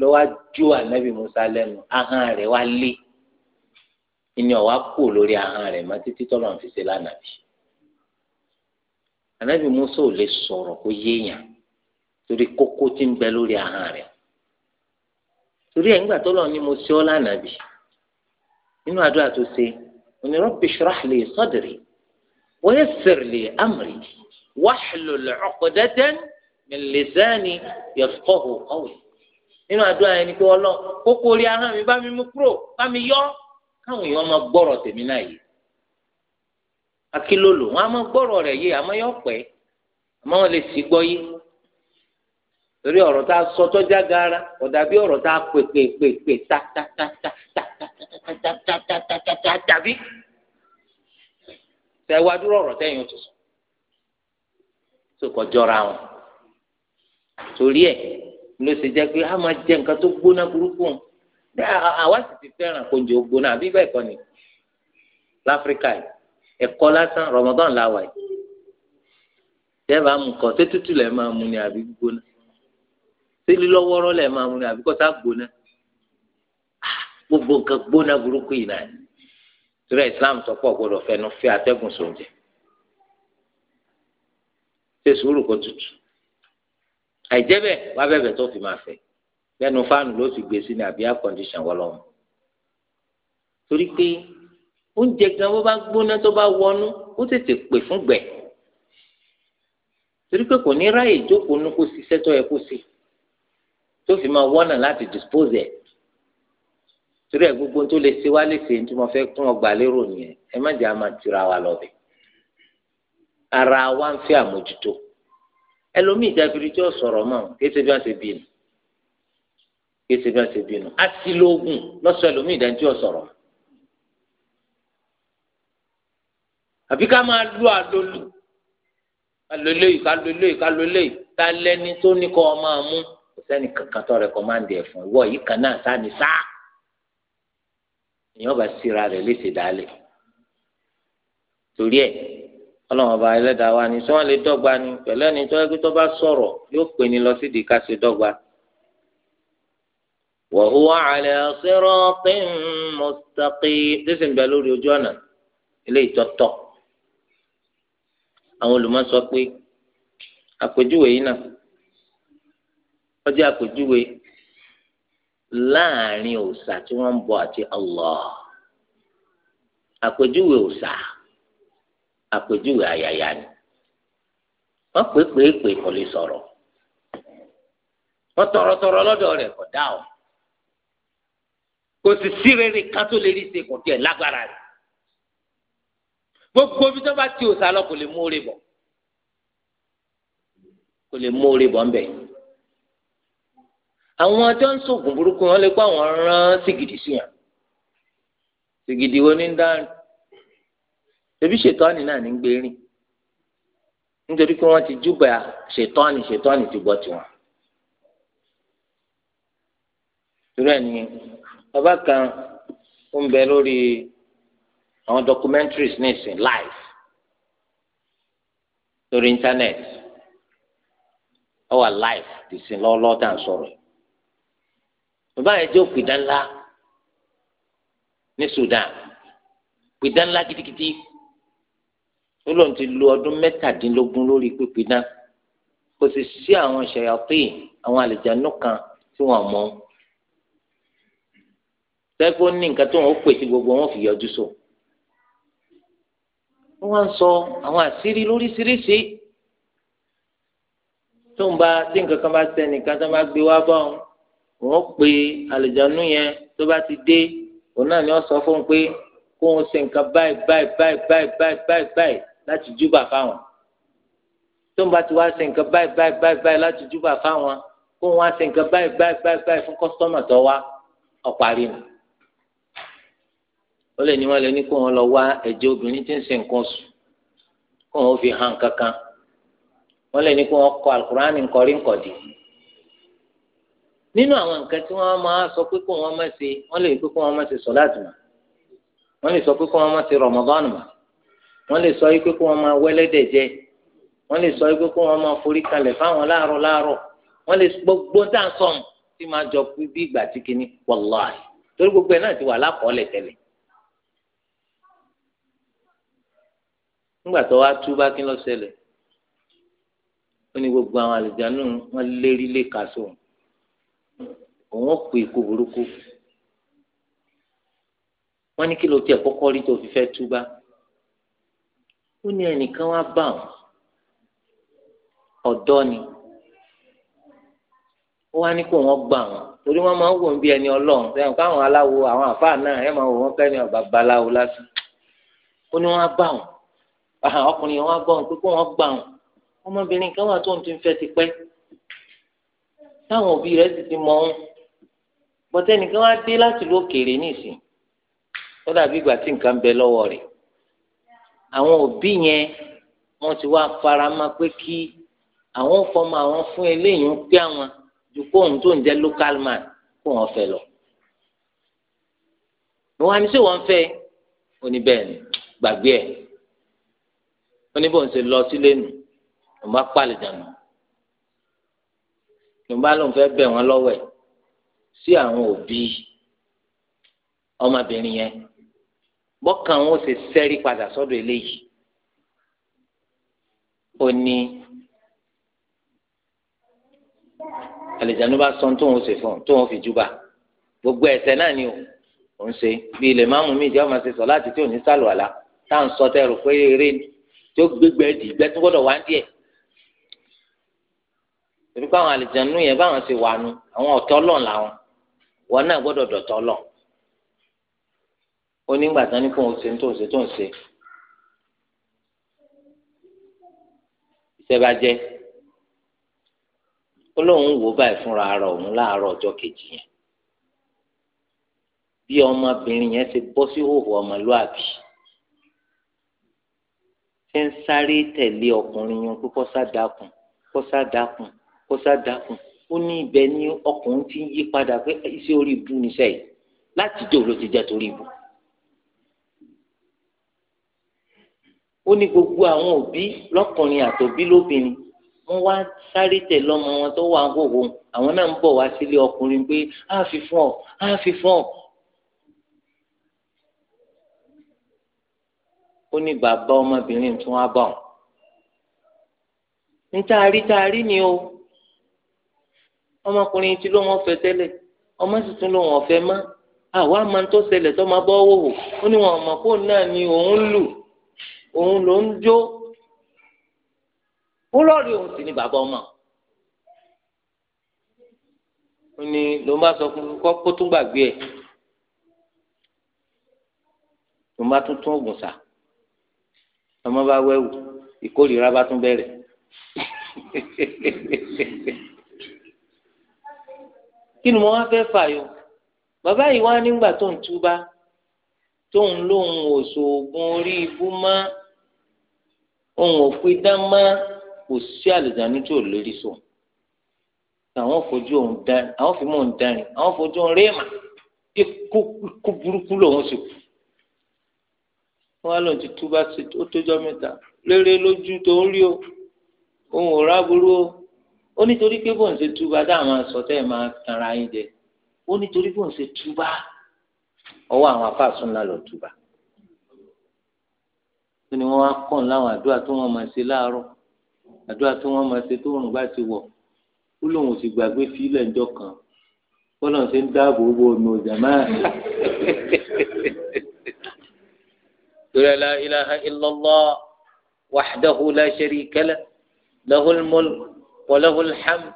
lọ wá jó anábì musa lẹ́nu ahọ́n rẹ̀ wá lé ìní ọ̀wá kù lórí ahọ́n rẹ̀ mọ́ títí tọ́lọ́ fi ṣe lánàá bíi anabi musa ò lè sọ̀rọ̀ kó yéèyàn torí kókó tí ń bẹ lórí ahọ́n rẹ̀ torí ẹ̀ ńgbà tó lọ ní mo ṣe ọ́ lánàbì nínú àdúrà tó ṣe òní rabbi shrah li sadri wa yassir li amri wahlul uqdatan min lisani yafqahu qawli nínú àdúrà yẹn ni pé ọlọ́ kókó orí ahọ́n mi bá mi mú kúrò bá mi yọ káwọn èèyàn máa gbọ́rọ̀ tèmi náà yìí akilolo wọn a máa gbọ́rọ̀ rẹ̀ yé àmọ́ yọ pẹ́ àmọ́ wọn lè sì gbọ́ yé torí ọ̀rọ̀ tá a sọ tọ́já gara ọ̀dà ta ta ta ta ta ta ta ta ta ta ta ta ta dúró tó wọn torí ló pé a jẹ nǹkan tó gbóná burúkú wọn àwa sì ti àbí ni láfíríkà yìí. ẹ̀kọ́ lásán rọmọdán la wà yìí tẹ́ẹ̀bà mú kàn ṣé tútù lẹ̀ máa mú ni àbí gbóná ṣé lílọ́wọ́rọ́ lẹ̀ máa mú ni àbí kọ́sá gbóná ah, gbogbo nǹkan gbóná burúkú yìí náà torí Islam sọ pé ọ̀gbọ́dọ̀ fẹnu fẹ́ atẹ́gùn sóúnjẹ ṣe sùúrù kó tutù àìjẹ́ bẹ́ẹ̀ wá bẹ̀bẹ̀ tó fi máa fẹ́ bẹ́ẹ̀ nu fáànù ló ti gbé sí ni àbí air condition wọ́lọ́mù torí pé oúnjẹ gan bó bá gbóná tó bá wọnú ó tètè pè fún gbẹ torí pé kò ní ráàyè jókòó nu kó ṣiṣẹ́ tó yẹ kó ṣe tó fi máa wọ́nà láti dispose ẹ̀ torí ẹ̀ gbogbo tó lè ṣe wá lè ṣe tí mo fẹ́ kún ọgbà lérò nìyẹn ẹ má jẹ́ àmà tira wa lọ bẹ̀ ara wa ń fẹ́ àmójútó ẹlòmíì jábìrì tí ó sọ̀rọ̀ mọ́ kéṣe bí wọ́n ṣe bínú kéṣe bí wọ́n ṣe bínú á sí lóògùn lọ́sọ̀ ẹlòmíì dájú ó sọ̀rọ̀ àfi ká máa lu àlòlù àlòlù yìí ká lòlù yìí ká lòlù yìí ká lẹni tó ní kọ́ ọ máa mú kò sẹ́ni kankan tó rẹ̀kọ́máǹdì ẹ̀ fún ìwọ yìí kan náà sá ni sá èèyàn bá síra rẹ̀ léṣe dálẹ̀ torí ẹ̀ ọlọ́run ọba ẹlẹ́dàá wa ni sọ wọn lè dọ́gba ni pẹ̀lú ẹni tó ẹgbẹ́ tó bá sọ̀rọ̀ yóò pè ní lọ sídìí ká ṣe dọ́gba. wa huwa ala siratin mustaqim tẹ̀sán bẹ́ẹ̀ lórí ojú ọ̀nà ilé ìtọ́tọ̀. àwọn olùmọ sọ pé àpèjúwe yìí náà ó jẹ́ àpèjúwe láàrin òòṣà tí wọ́n ń bọ àti Allah àpèjúwe òòṣà àpèjúwe àyàyà ni wọ́n pè pé pé kò lè sọ̀rọ̀ wọ́n tọrọtọrọ lọ́dọ̀ rẹ̀ kò dá o kò sì sí rere kan lè rí ṣe kò tiẹ̀ lágbára rẹ̀ gbogbo bí tó bá ti òòṣà lọ kò lè mú orí bọ̀ kò lè mú orí bọ̀ ńbẹ̀ àwọn ọjọ́ ń sògùn burúkú wọn lè kó àwọn rán sìgìdì sí yàn sìgìdì wo ní ń dárin ebi ṣètọ́ni náà ní gbé rìn nítorí pé wọ́n ti júbà ṣètọ́ni ṣètọ́ni ti gbọ́ tiwọn. torí ẹ̀ ni bàbá kan ó ń bẹ lórí àwọn documentaries ní ìsìn live lórí internet ó wà live ìsìn lọ́ọ́lọ́ọ́ tá à ń sọ̀rọ̀ bàbá yẹn jẹ́ òpìdá ńlá ní Sudan òpìdá ńlá gidigidi ó lóun ti lo ọdún mẹ́tàdínlógún lórí pípidá kò sì sí àwọn ṣẹyàpín àwọn àlejànú kan tí wọ́n mọ̀ sẹ́kọ̀ọ́ ní nǹkan tó wọn ó pèsè gbogbo wọn fi yọjú sóò wọ́n sọ àwọn àṣírí lóríṣiríṣi tó ń bá tí nǹkan kan bá sẹ́nìkan tó bá gbé wá bá wọn wọ́n pe àlùjánu yẹn tó bá ti dé òun náà ni wọ́n sọ fún un pé kó wọn ṣe nǹkan báyìí báyìí báyìí báyìí báyìí báyìí báyìí láti júbà fáwọn tó ń bá ti wá ṣe nǹkan báyìí báyìí báyìí báyìí láti júbà fáwọn kó wọn ṣe nǹkan báyìí báyìí báyìí fún kọ́sítọ́mà tó wá ọ̀parí nù ó lè ní wọn lè ní kó wọn lọ wá ẹ̀jẹ̀ obìnrin tí ń ṣe nǹkan sùn kó wọn fi hàn kankan wọn lè ní kó wọn kọ alukur'an nkọrí nkọdí nínú àwọn nǹkan tí wọn máa sọ pé kó wọn má ṣe wọn lè pé kó wọn má ṣe sọláàtì mà wọn lè sọ pé kó wọn má ṣe rọmọdán mà wọn lè sọ pé kó wọn má wẹlẹdẹ jẹ wọn lè sọ pé kó wọn má forí kalẹ̀ fáwọn láàárọ̀ láàárọ̀ wọn lè gbogbo dáńsọm tí máa jọ bí ìgbà tí kìíní wàláì torí gbogbo ẹ náà ti wà lákọọ́lẹ̀ tẹ́lẹ̀ nígbà tó wá tú bá kí ló ṣẹlẹ̀ ó ní gbogbo àwọn àlùjánu wọn lérí lè kà sóun òun pè kó burúkú wọn ní kí ló tiẹ̀ kọ́kọ́ rí tó fi fẹ́ tú bá ó ní ẹnìkan wá bá wọn ọ̀dọ́ ni ó wá ní kó wọn gbà wọn torí wọn máa ń wò ń bí ẹni Ọlọ́run sẹ́yìn káwọn aláwo àwọn àfáà náà ẹ máa wò wọn kẹni ọba babaláwo lásán ó ní wọn á bá wọn ọkùnrin yẹn wọ́n gbọ́ wọn pé kó wọ́n gbà wọn ọmọbìnrin kan wà tó ń ti fẹ́ ti pẹ́ táwọn òbí rẹ̀ sì ti mọ ọ́n bọ́tẹ́nìkan wá dé láti ìlú òkèèrè nìsín ó dàbí ìgbà tí nǹkan bẹ lọ́wọ́ rẹ̀ àwọn òbí yẹn wọ́n ti wá fara mọ́ pé kí àwọn fọmọ àwọn fún eléyìí ń pé àwọn ju kóhun tó ń jẹ́ local man kó wọ́n fẹ́ lọ. ìwọ àníṣe wọ́n fẹ́ oníbẹ̀ẹ́ni gbàgbé ẹ̀ wọn ní bò ń ṣe lọ sílé nù ló bá pàlè dànù ló bá lóun fẹ́ bẹ̀ wọ́n lọ́wẹ̀ sí àwọn òbí ọmọbìnrin yẹn bọ́kàn wọn ó ṣe sẹ́rí padà sọ́dọ̀ eléyìí ó ní àlejànú bá sọ tóun ó ṣe fún un tóun ó fi júbà gbogbo ẹ̀ṣẹ̀ náà ni o ò ń ṣe bí ilẹ̀ máàmù mi ìjọba ṣe sọ láti tí ò ní sálùwàlà tá à ń sọ tẹ́rù pé eré ni tí ó gbégbé ẹ̀dì ìgbẹ́ tó gbọ́dọ̀ wá díẹ̀ torí pé àwọn àlìjánu yẹn báwọn ṣe wà nu àwọn ọ̀tọ̀ Ọlọ́run làwọn wọn náà gbọ́dọ̀ dọ̀tọ̀ Ọlọ́run ó nígbà tán ní kó ń ṣe tó ń ṣe tó ń ṣe iṣẹ́ bá jẹ́ ó lóun wò báyìí fúnra ara òun láàárọ̀ ọjọ́ kejì yẹn bí ọmọbìnrin yẹn ṣe bọ́ sí hòhò ọmọlúàbí ṣe ń sáré tẹ̀lé ọkùnrin yẹn pé kó sá dákun kó sá dákun kó sá dákun ó ní ibẹ̀ ni ọkùnrin ti ń yí padà pé iṣẹ́ orí ibu níṣẹ́ yìí láti jẹ́ òun ló ti jẹ́ torí ibu. ó ní gbogbo àwọn òbí lọ́kùnrin àtòbí lóbìnrin wọ́n wá sáré tẹ̀ lọ́mọ wọn tó wà ń wòwò àwọn náà ń bọ̀ wá sílé ọkùnrin pé á fi fún ọ á fi fún ọ ó ní bàbá ọmọbìnrin tún wá bọ̀ nítaari taari ni o ọmọkùnrin tí ló wọn fẹ́ tẹ́lẹ̀ ọmọ sì tún ló wọn fẹ́ mọ́ àwa máa ń tó ṣẹlẹ̀ tó máa bọ́ wòwò ó ní wọn mọ̀ kó náà ni òun lù òun ló ń jó ó lọ́ọ̀rì òun sì ni bàbá ọmọ ó ní ló ń bá sọ fún kọ́ kó tún gbàgbé ẹ̀ ló ń bá tún tún ògùn sá ọmọ bá wẹ̀wù ìkórìíra bá tún bẹ̀rẹ̀ kí ni mo wá fẹ́ fàyọ bàbá yìí wá nígbà tó ń túbá tó ń lóun òṣoògùn orí ibú mọ́ òun ò pidán mọ́ kò sí àlùjánu tí ò lórí sùn àwọn fojú òun dán àwọn fi mú òun dánrin àwọn fojú òun réèmà ikú burúkú lòun sì kú wọn lọ ti tú bá ṣe ó tójọ mẹ́ta rere lójú tó ń rí o òun ò ráburú o ó nítorí pé bóun ṣe túbà dáhùn máa sọ tẹ́ ẹ̀ máa tanra yín jẹ ó nítorí bóun ṣe túbà ọwọ́ àwọn afáàsùn náà lọ túbà tó ni wọ́n wá kàn láwọn àdúrà tó wọ́n máa ṣe láàárọ̀ àdúrà tó wọ́n máa ṣe tó òrùn bá ti wọ̀ ó lóun ò sì gbàgbé fílẹ̀ ńjọ́ kan bọ́lá ṣe ń dáàbò bo ọ̀nà ìjàmáà ترى لا إله إلا الله وحده لا شريك له له الملك وله الحمد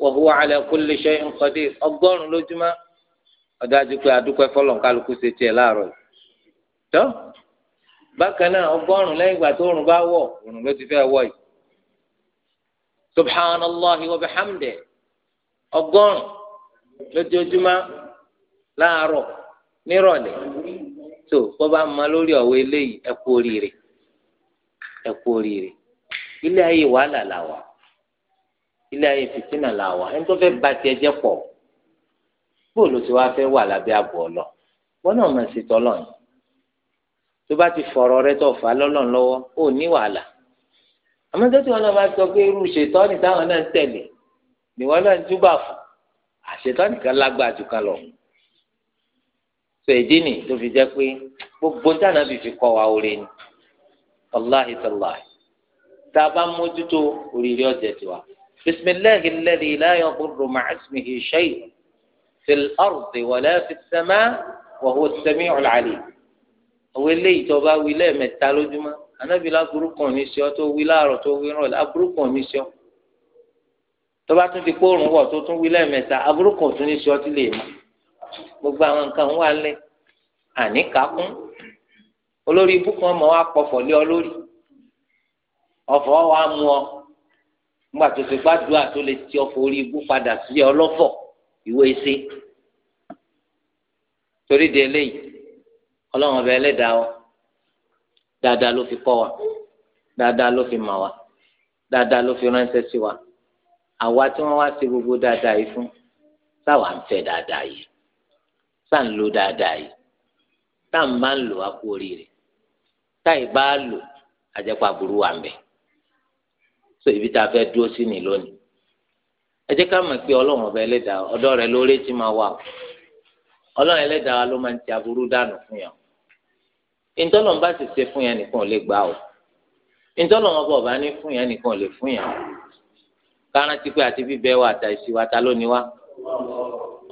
وهو على كل شيء قدير ọgọ́rùn lójúmọ́ ọdájú pé adúpẹ́ fọlọ́n kálukú ṣe tiẹ̀ láàárọ̀ tó bákan náà ọgọ́rùn lẹ́yìn ìgbà tó òrùn bá wọ̀ òrùn ló ti fẹ́ wọ̀ yìí subhanallahi wa bihamdi ọgọ́rùn lójoojúmọ́ láàárọ̀ nírọ̀lẹ́ tó bọ́ba ma lórí ọ̀wọ́ eléyìí ẹ kú oríire ẹ kú oríire ilé ayé wàhálà là wà ilé ayé fìtínà là wà ẹni tó fẹ́ ba tiẹ̀ jẹ́ pọ̀ bóòlù tí wàá fẹ́ wà lábẹ́ ààbò ọ̀lọ́ wọn náà mà sí tọ́lọ̀ yìí tó bá ti fọ̀rọ̀ rẹ tó fà lọ́lọ́n lọ́wọ́ ó ní wàhálà àmọ́ tó tí wọn náà bá sọ pé irú ṣètọ́ni táwọn náà ń tẹ̀lé ni wọn náà ń túbà fún àṣetọ́nìkan lágbàá jù lọ́wọ́ sọ èdè nì tó fi jẹ́ pé gbogbo dáná bí fi kọ́ wa oore ni wàláhi sàlàyé tá a bá mójútó oríire ọ̀jẹ̀ tiwa bisimilahi lẹ́rìí láyọ̀ kúrò màásìmìhì ṣẹ́yìn fìl ọ̀rùdì wọlé fìsẹ́mà wọ̀hó sẹ́mi ọ̀làlì àwọn eléyìí tó bá wí lẹ́ẹ̀mẹ́ta lójúmọ́ anábìlá burúkú ní sọ tó wí láàárọ̀ tó wí rán aburúkú ní sọ tó bá tún ti kó wọ̀ tó tún wí lẹ́ẹ̀mẹ́ta aburúkú tún ní sọ tí lè mú gbogbo àwọn nǹkan wà lẹ àníkàkún olórí ibú kan mọ wá pọfọ lé ọ lórí ọfọ wa mú ọ nígbà tó ti gbàdúrà tó lè ti ọfọ orí ibú padà sí ọlọfọ ìwé ṣe torí de eléyìí Ọlọ́run ọbẹ Ẹlẹ́dàá wa dáadáa ló fi kọ́ wa dáadáa ló fi mà wa dáadáa ló fi ránṣẹ́ sí wa àwa tí wọn wá sí gbogbo dáadáa yìí fún sáwa ń fẹ́ dáadáa yìí sáà ń lo dáadáa yìí tá à ń bá ń lò á oríire tá ì bá lò àjẹpà burú wà ń so ibi tá a fẹ́ dúró sí ni lónìí ẹ jẹ́ ká mọ̀ pé ọlọ́run ọba ẹlẹ́dàá ọ̀dọ̀ rẹ̀ lórí ti máa wà o ọlọ́run ẹlẹ́dàá ló máa ń ti aburú dànù fún yàn ìtọ́lọ́run bá sì ṣe fún yàn nìkan lè gbà o ìtọ́lọ́run ọba ọba ní fún yàn nìkan lè fún yàn o ká pé àti bíbẹ́ wa àtàìsí wa ta ló ní wa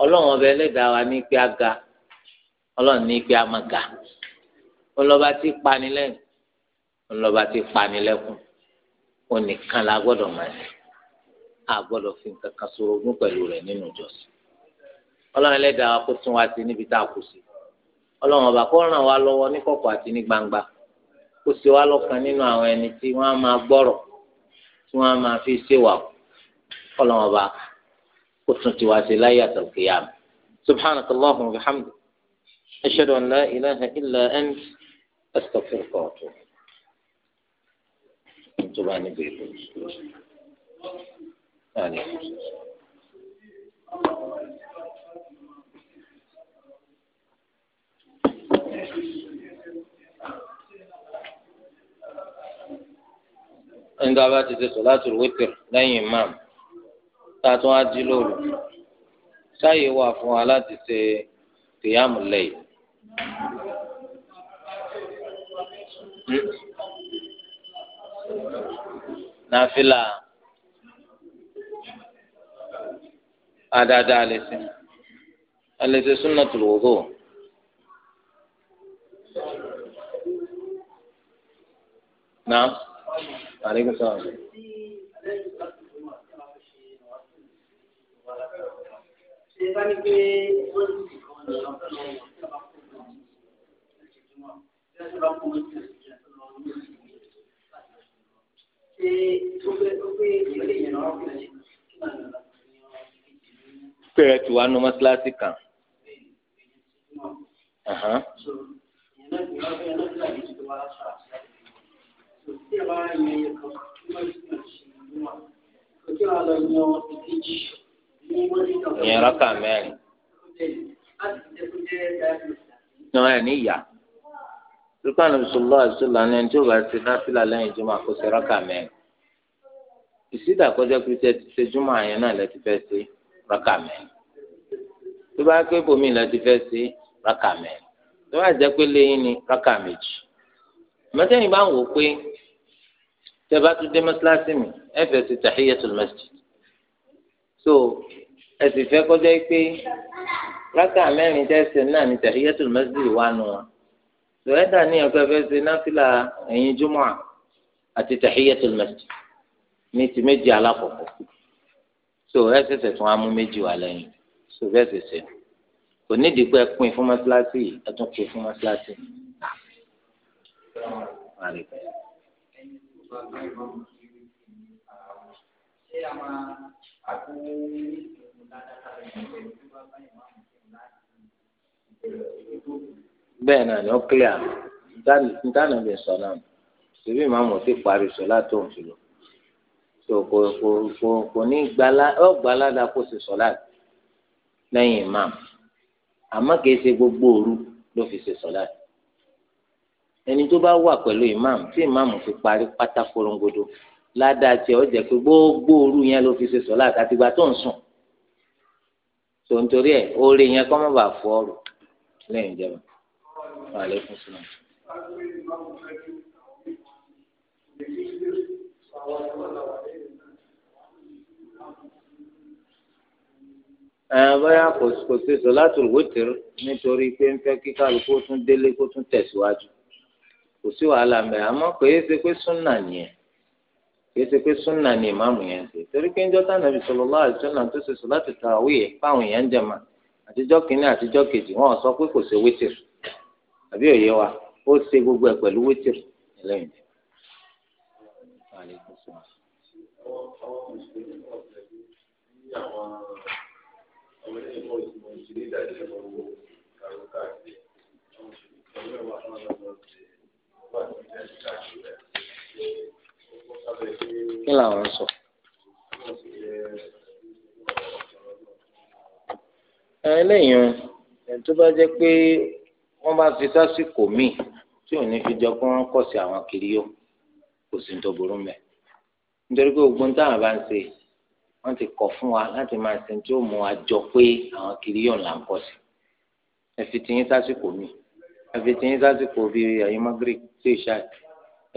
ọlọ́run ọbẹ̀ ẹlẹ́dàá wa ní pé aga ọlọ́run ní pé amaga ọlọ́ba ti pani lẹ́nu ọlọ́ba ti pani lẹ́kùn onìkan la gbọ́dọ̀ máa ṣe a gbọ́dọ̀ fi nǹkan kan sorogún pẹ̀lú rẹ̀ nínú ìjọsìn ọlọ́run ẹlẹ́dàá wa kó tún wa sí níbi tá a kù sí ọlọ́run ọba kó ràn wá lọ́wọ́ ní kọ̀kọ̀ àti ní gbangba kó ṣe wá lọ́kàn nínú àwọn ẹni tí wọ́n á máa gbọ́rọ̀ tí wọ́n á máa fi ṣèwà ọlọ́run ọba وصلت واسي لا القيام سبحانك اللهم وبحمدك أشهد أن لا إله إلا أنت أستغفرك وأتوب عند عبادة صلاة الوتر لا إمام tá a tún á jí lóru sáyé wà fún wa láti ṣe kìyàmù lẹ́yìn. nàfìlà àdáadáa lè sìn alẹ́ ṣe sunnatul wudu. Naam, alaikum salaam. ṣe bá ní pé wọ́n ti kọ́ ọ̀nà ọ̀fẹ́ lọ́wọ́ tí a bá kó ọ̀nà ọ̀hún ṣe tí wọ́n tí wọ́n bá kó ọ̀nà ọ̀hún ṣe tí wọ́n lọ́wọ́ ní ìlú ṣe tó gbé tó gbé ìwé ìyẹn ọ̀rọ̀ fún ẹ̀yìn kí máa ń lọ pẹ̀rẹ̀ tí wàá nu mọ́sálásí kan. Thank you ìyẹn rákà mẹ́rin náà ẹ̀ níyà lukman bisalòlá àṣìlá ní ẹni tí ó bá ti náfìlà lẹ́yìn jùmọ̀ àkóso rákà mẹ́rin ìsídà kọjá pé tẹ ti ṣe jùmọ̀ àyẹn náà lẹ́ti fẹ́ sí rákà mẹ́rin tó bá pé bòmí lẹ́ti fẹ́ sí rákà mẹ́rin tó bá jẹ́ pé lẹ́yìn ni rákà méjì mẹtẹ́yìn bá ń wò pé tẹ bá tún dé mọ́sálásí mi ẹ fẹ́ ti tàhíyẹ́tul masjid so ẹ sì fẹ́ kọjá pé rákà mẹ́rin tẹ́sẹ̀ náà ní tahiyatul masjid wà nù wọn lọ́yẹ́dà ní ẹ̀kọ́ ẹ̀fẹ́ ṣe náfìlà ẹ̀yìn jùmọ̀ àti tahiyatul masjid ní ti méjì alákọ̀ọ́kọ́ so ẹ ṣẹ̀ṣẹ̀ tún amú méjì wà lẹ́yìn so bẹ́ẹ̀ ṣe ṣe kò nídìí pé ẹ pín fún mọ́sálásí yìí ẹ tún pín fún mọ́sálásí yìí àti bẹ́ẹ̀ náà ni ó clear ntánà bẹ sọ náà síbí màmú ti parí sọ láti òun ti lọ tó kò kò kò kò ní gbala ọ gbala da kó ṣe sọ láti lẹ́yìn imam àmọ́ kìí ṣe gbogbo òru ló fi ṣe sọ láti ẹni tó bá wà pẹ̀lú imam tí imam fi parí pátá korongodo ládàá tiẹ̀ ó jẹ́ pé gbogbo òru yẹn ló fi ṣe sọ́lá àtìgbà tó ń sùn tó ń torí ẹ̀ oore yẹn kọ́ mọ́ bàa fọ́ ọ̀rọ̀ lẹ́yìn ìjẹun wàlẹ́kùn sílẹ̀. bóyá kò sí sọláàtúrù wítìrì nítorí pé ń fẹ́ kí kálukú tún délé kó tún tẹ̀síwájú kò sí wàhálà mẹ́ àmọ́ kò yé ṣe pé súnà nìyẹn kìí pé súnà ni ìmáàmù yẹn ṣe torí pé njọ́ta nàbì sallallahu alaihi wasallam tó ṣe sọ̀láàtì tarawih fáwọn èèyàn ń a àtijọ́ kìíní àtijọ́ kejì wọn sọ pé kò ṣe wítìrì àbí òye wa gbogbo ẹ̀ pẹ̀lú wítìrì lẹ́yìn. kí làwọn ń sọ. ẹlẹ́yìn ẹni tó bá jẹ́ pé wọ́n bá fi sásìkò míì tí ò ní fi jọ pé wọ́n kọ̀ sí àwọn kiri yó kò sí ní tó burú mẹ́ nítorí pé ogun táwọn bá ń ṣe wọ́n ti kọ̀ fún wa láti máa ṣe tí ó mú wa jọ pé àwọn kiri yó là ń kọ̀ sí ẹ fi tiyín sásìkò míì ẹ fi tiyín sásìkò bíi ẹ̀yin mọ́gírì tí ì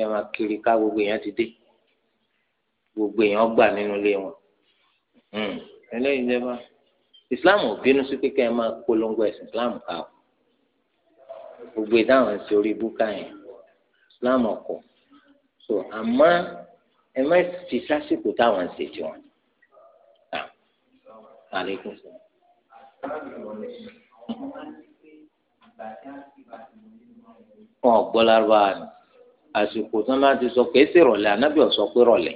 ẹ máa kiri ká gbogbo èèyàn ti dé gbogbo èèyàn gbà nínú ilé wọn hmm. eléyìí jẹba islam ò bínú sí pé kẹ́ ẹ máa polongo ẹ̀sìn islam ká o gbogbo ìdáhùn sí orí búkà yẹn islam ọkọ so àmọ́ ẹ má ti sásìkò táwọn ń ṣe tiwọn. Aleykum salaam wọn ah. gbọ́ lárúbáwá ni àsìkò tí wọn bá ti sọ pé èsì rọ̀lẹ́ anábìọ̀ sọ pé rọ̀lẹ́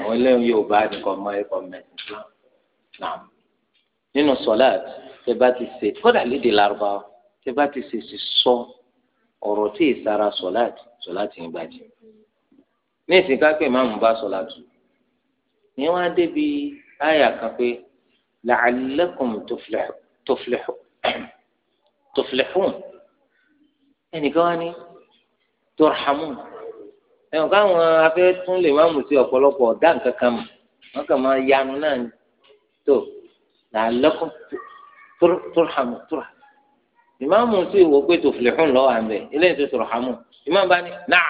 àwọn ẹlẹ́yìn yóò bá nìkan mọ ẹ̀kọ́ mẹ́sìn Islam náà nínú sọlá tẹ bá ti ṣe kódà lédè Lárúbáwá tẹ bá ti ṣe ti sọ ọ̀rọ̀ tí ìsara sọlá sọlá ti ń gbajì ní ìsìn kápẹ́ ìmáàmù bá sọlá tù ní wọn á débi àyà kan pé la'allakum tuflihun ẹnìkan wá ní turhamun ẹ̀wọ̀n káwọn afẹ́ tún lè má mú sí ọ̀pọ̀lọpọ̀ ọ̀dà nǹkan kan mọ̀ wọ́n kàn máa yanu náà ni tó làálọ́kùn tórhàmù tórhà ìmáàmù sí ìwò pé tòfìlẹ̀hùn lọ́wọ́ àmì eléyìí tó tòrhàmù ìmáàmù bá ní náà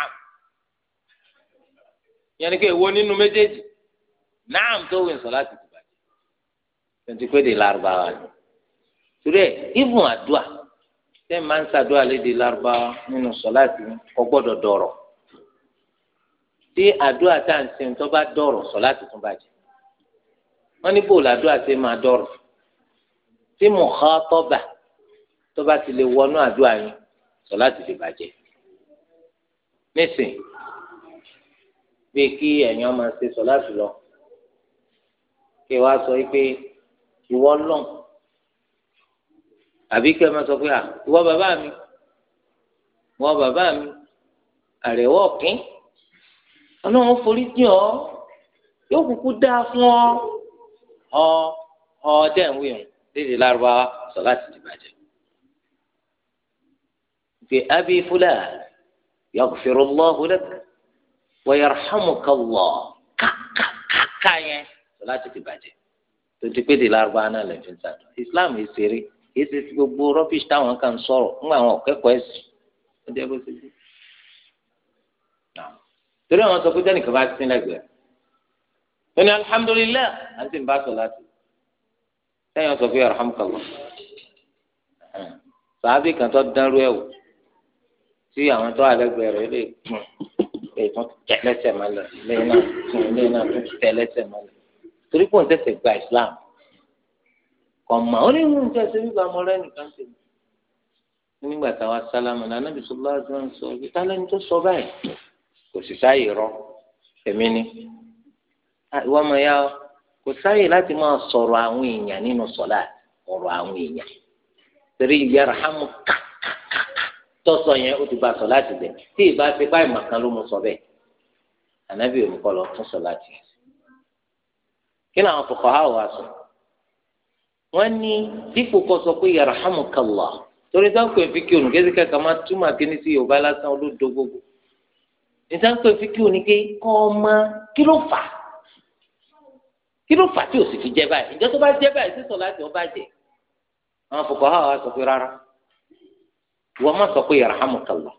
yẹn ni pé èwo nínú méjèèjì náà tó wí nsọ láti tìbà jẹ tuntun pé de lárúbáwá ni torí ẹ ìfún àdúà tẹ́ máa ń sàdúà lédè lárúbáwá nínú sọ láti kọ́ gbọ́dọ̀ dọ̀rọ̀ tí àdúrà tá à ń sìn tó bá dọ̀rọ̀ sọ láti tún bàjẹ́ wọ́n ní bò làdúrà ṣe máa dọ̀rọ̀ tí mukhataba tó bá ti lè wọnú àdúrà yín sọ láti lè bàjẹ́ nísìn pé kí ẹ̀yin ọmọ ṣe sọ láti lọ kí wàá sọ pé ìwọ lọ àbí kí ẹ máa sọ pé à ìwọ bàbá mi ìwọ bàbá mi àrẹwọ kín. ọlọ́run forí jìn ọ́ yóò kúkú dáa fún ọ ọ ọ dẹ́ ń wí òun lédè sọ abi kàkàkàkà yẹn sọ láti pé náà lè fi islam yìí ṣeré gbogbo rọ́bìṣì táwọn kan sọ̀rọ̀ ẹ̀sìn torí àwọn sọ pé jẹ́nìkan bá sí lẹ́gbẹ̀ẹ́ ó ní alihamudulilayi àti nbà sọ láti sẹ́yìn wọn sọ pé arahamukalọ sàábì kan tó dánrú ẹ̀ wò tí àwọn tó àlẹ́gbẹ̀ẹ́ rẹ̀ lè kún lè tún tẹ̀lẹ́sẹ̀ máa lọ lẹ́yìn náà tún lẹ́yìn náà tún tẹ̀lẹ́sẹ̀ máa lọ torí pé òun tẹ̀sẹ̀ gba Islam kọ̀ mà ó ní ìwọ̀n bí ba mọ́rẹ́ nìkan tẹ̀ nígbà táwa sálámù náà anábìsọ̀ bá a sọ ìtàlẹ́ni tó sọ báyìí. kò sì sáyè rọ èmi ni ìwọ ọmọ ya kò sáyè láti máa sọrọ àwọn èèyàn nínú sọ̀lá ọrọ àwọn èèyàn torí ìyára hàmù kàkàkàkà tọ́sọ yẹn ó ti ba sọ̀lá ti tí ìbá ti bá ló mu sọ bẹ́ẹ̀ ànábì lọ fún kí ha wà sùn wọ́n ní dípò kọ́ sọ pé yàrá hàmù kàlá torí fi kí kà máa túmọ̀ sí gbogbo nítorí pé fíkìú ni pé kọ́ ọmọ kí ló fà kí ló fà tí ò sì fi jẹ báyìí ìjọ tó bá jẹ báyìí sísọ láti ọba jẹ àwọn fòkànhà wa sọ pé rárá wọ́n má sọ pé yarhamukallah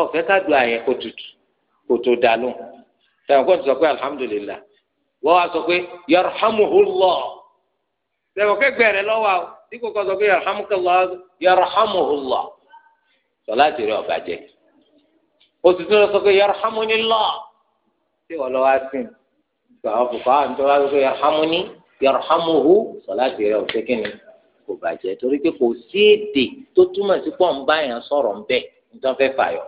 ọ̀fẹ́ ká du àyẹ̀ kó tutù kó tó dá lóhùn tẹ̀wọ́n kó sọ pé alhamdulillah wọ́n wá sọ pé yarhamuhullah tẹ̀wọ́n kẹgbẹ́ rẹ lọ́wọ́ àwọn dípò kó sọ pé yarhamukallah yarhamuhullah sọ láti rí ọ̀bàjẹ́ oṣù tó lọ sọ pé yarhamuni Allah tí wọ́n lọ wá sí gbà á fòfò àwọn tó wá sọ pé yarhamuni yarhamuhu sọláàtì rẹ ò ṣe kí ni kò bàjẹ́ torí pé kò sí èdè tó túmọ̀ sí pọ̀ yẹn sọ̀rọ̀ ń bẹ̀ nítorí wọ́n fẹ́ fàyọ̀.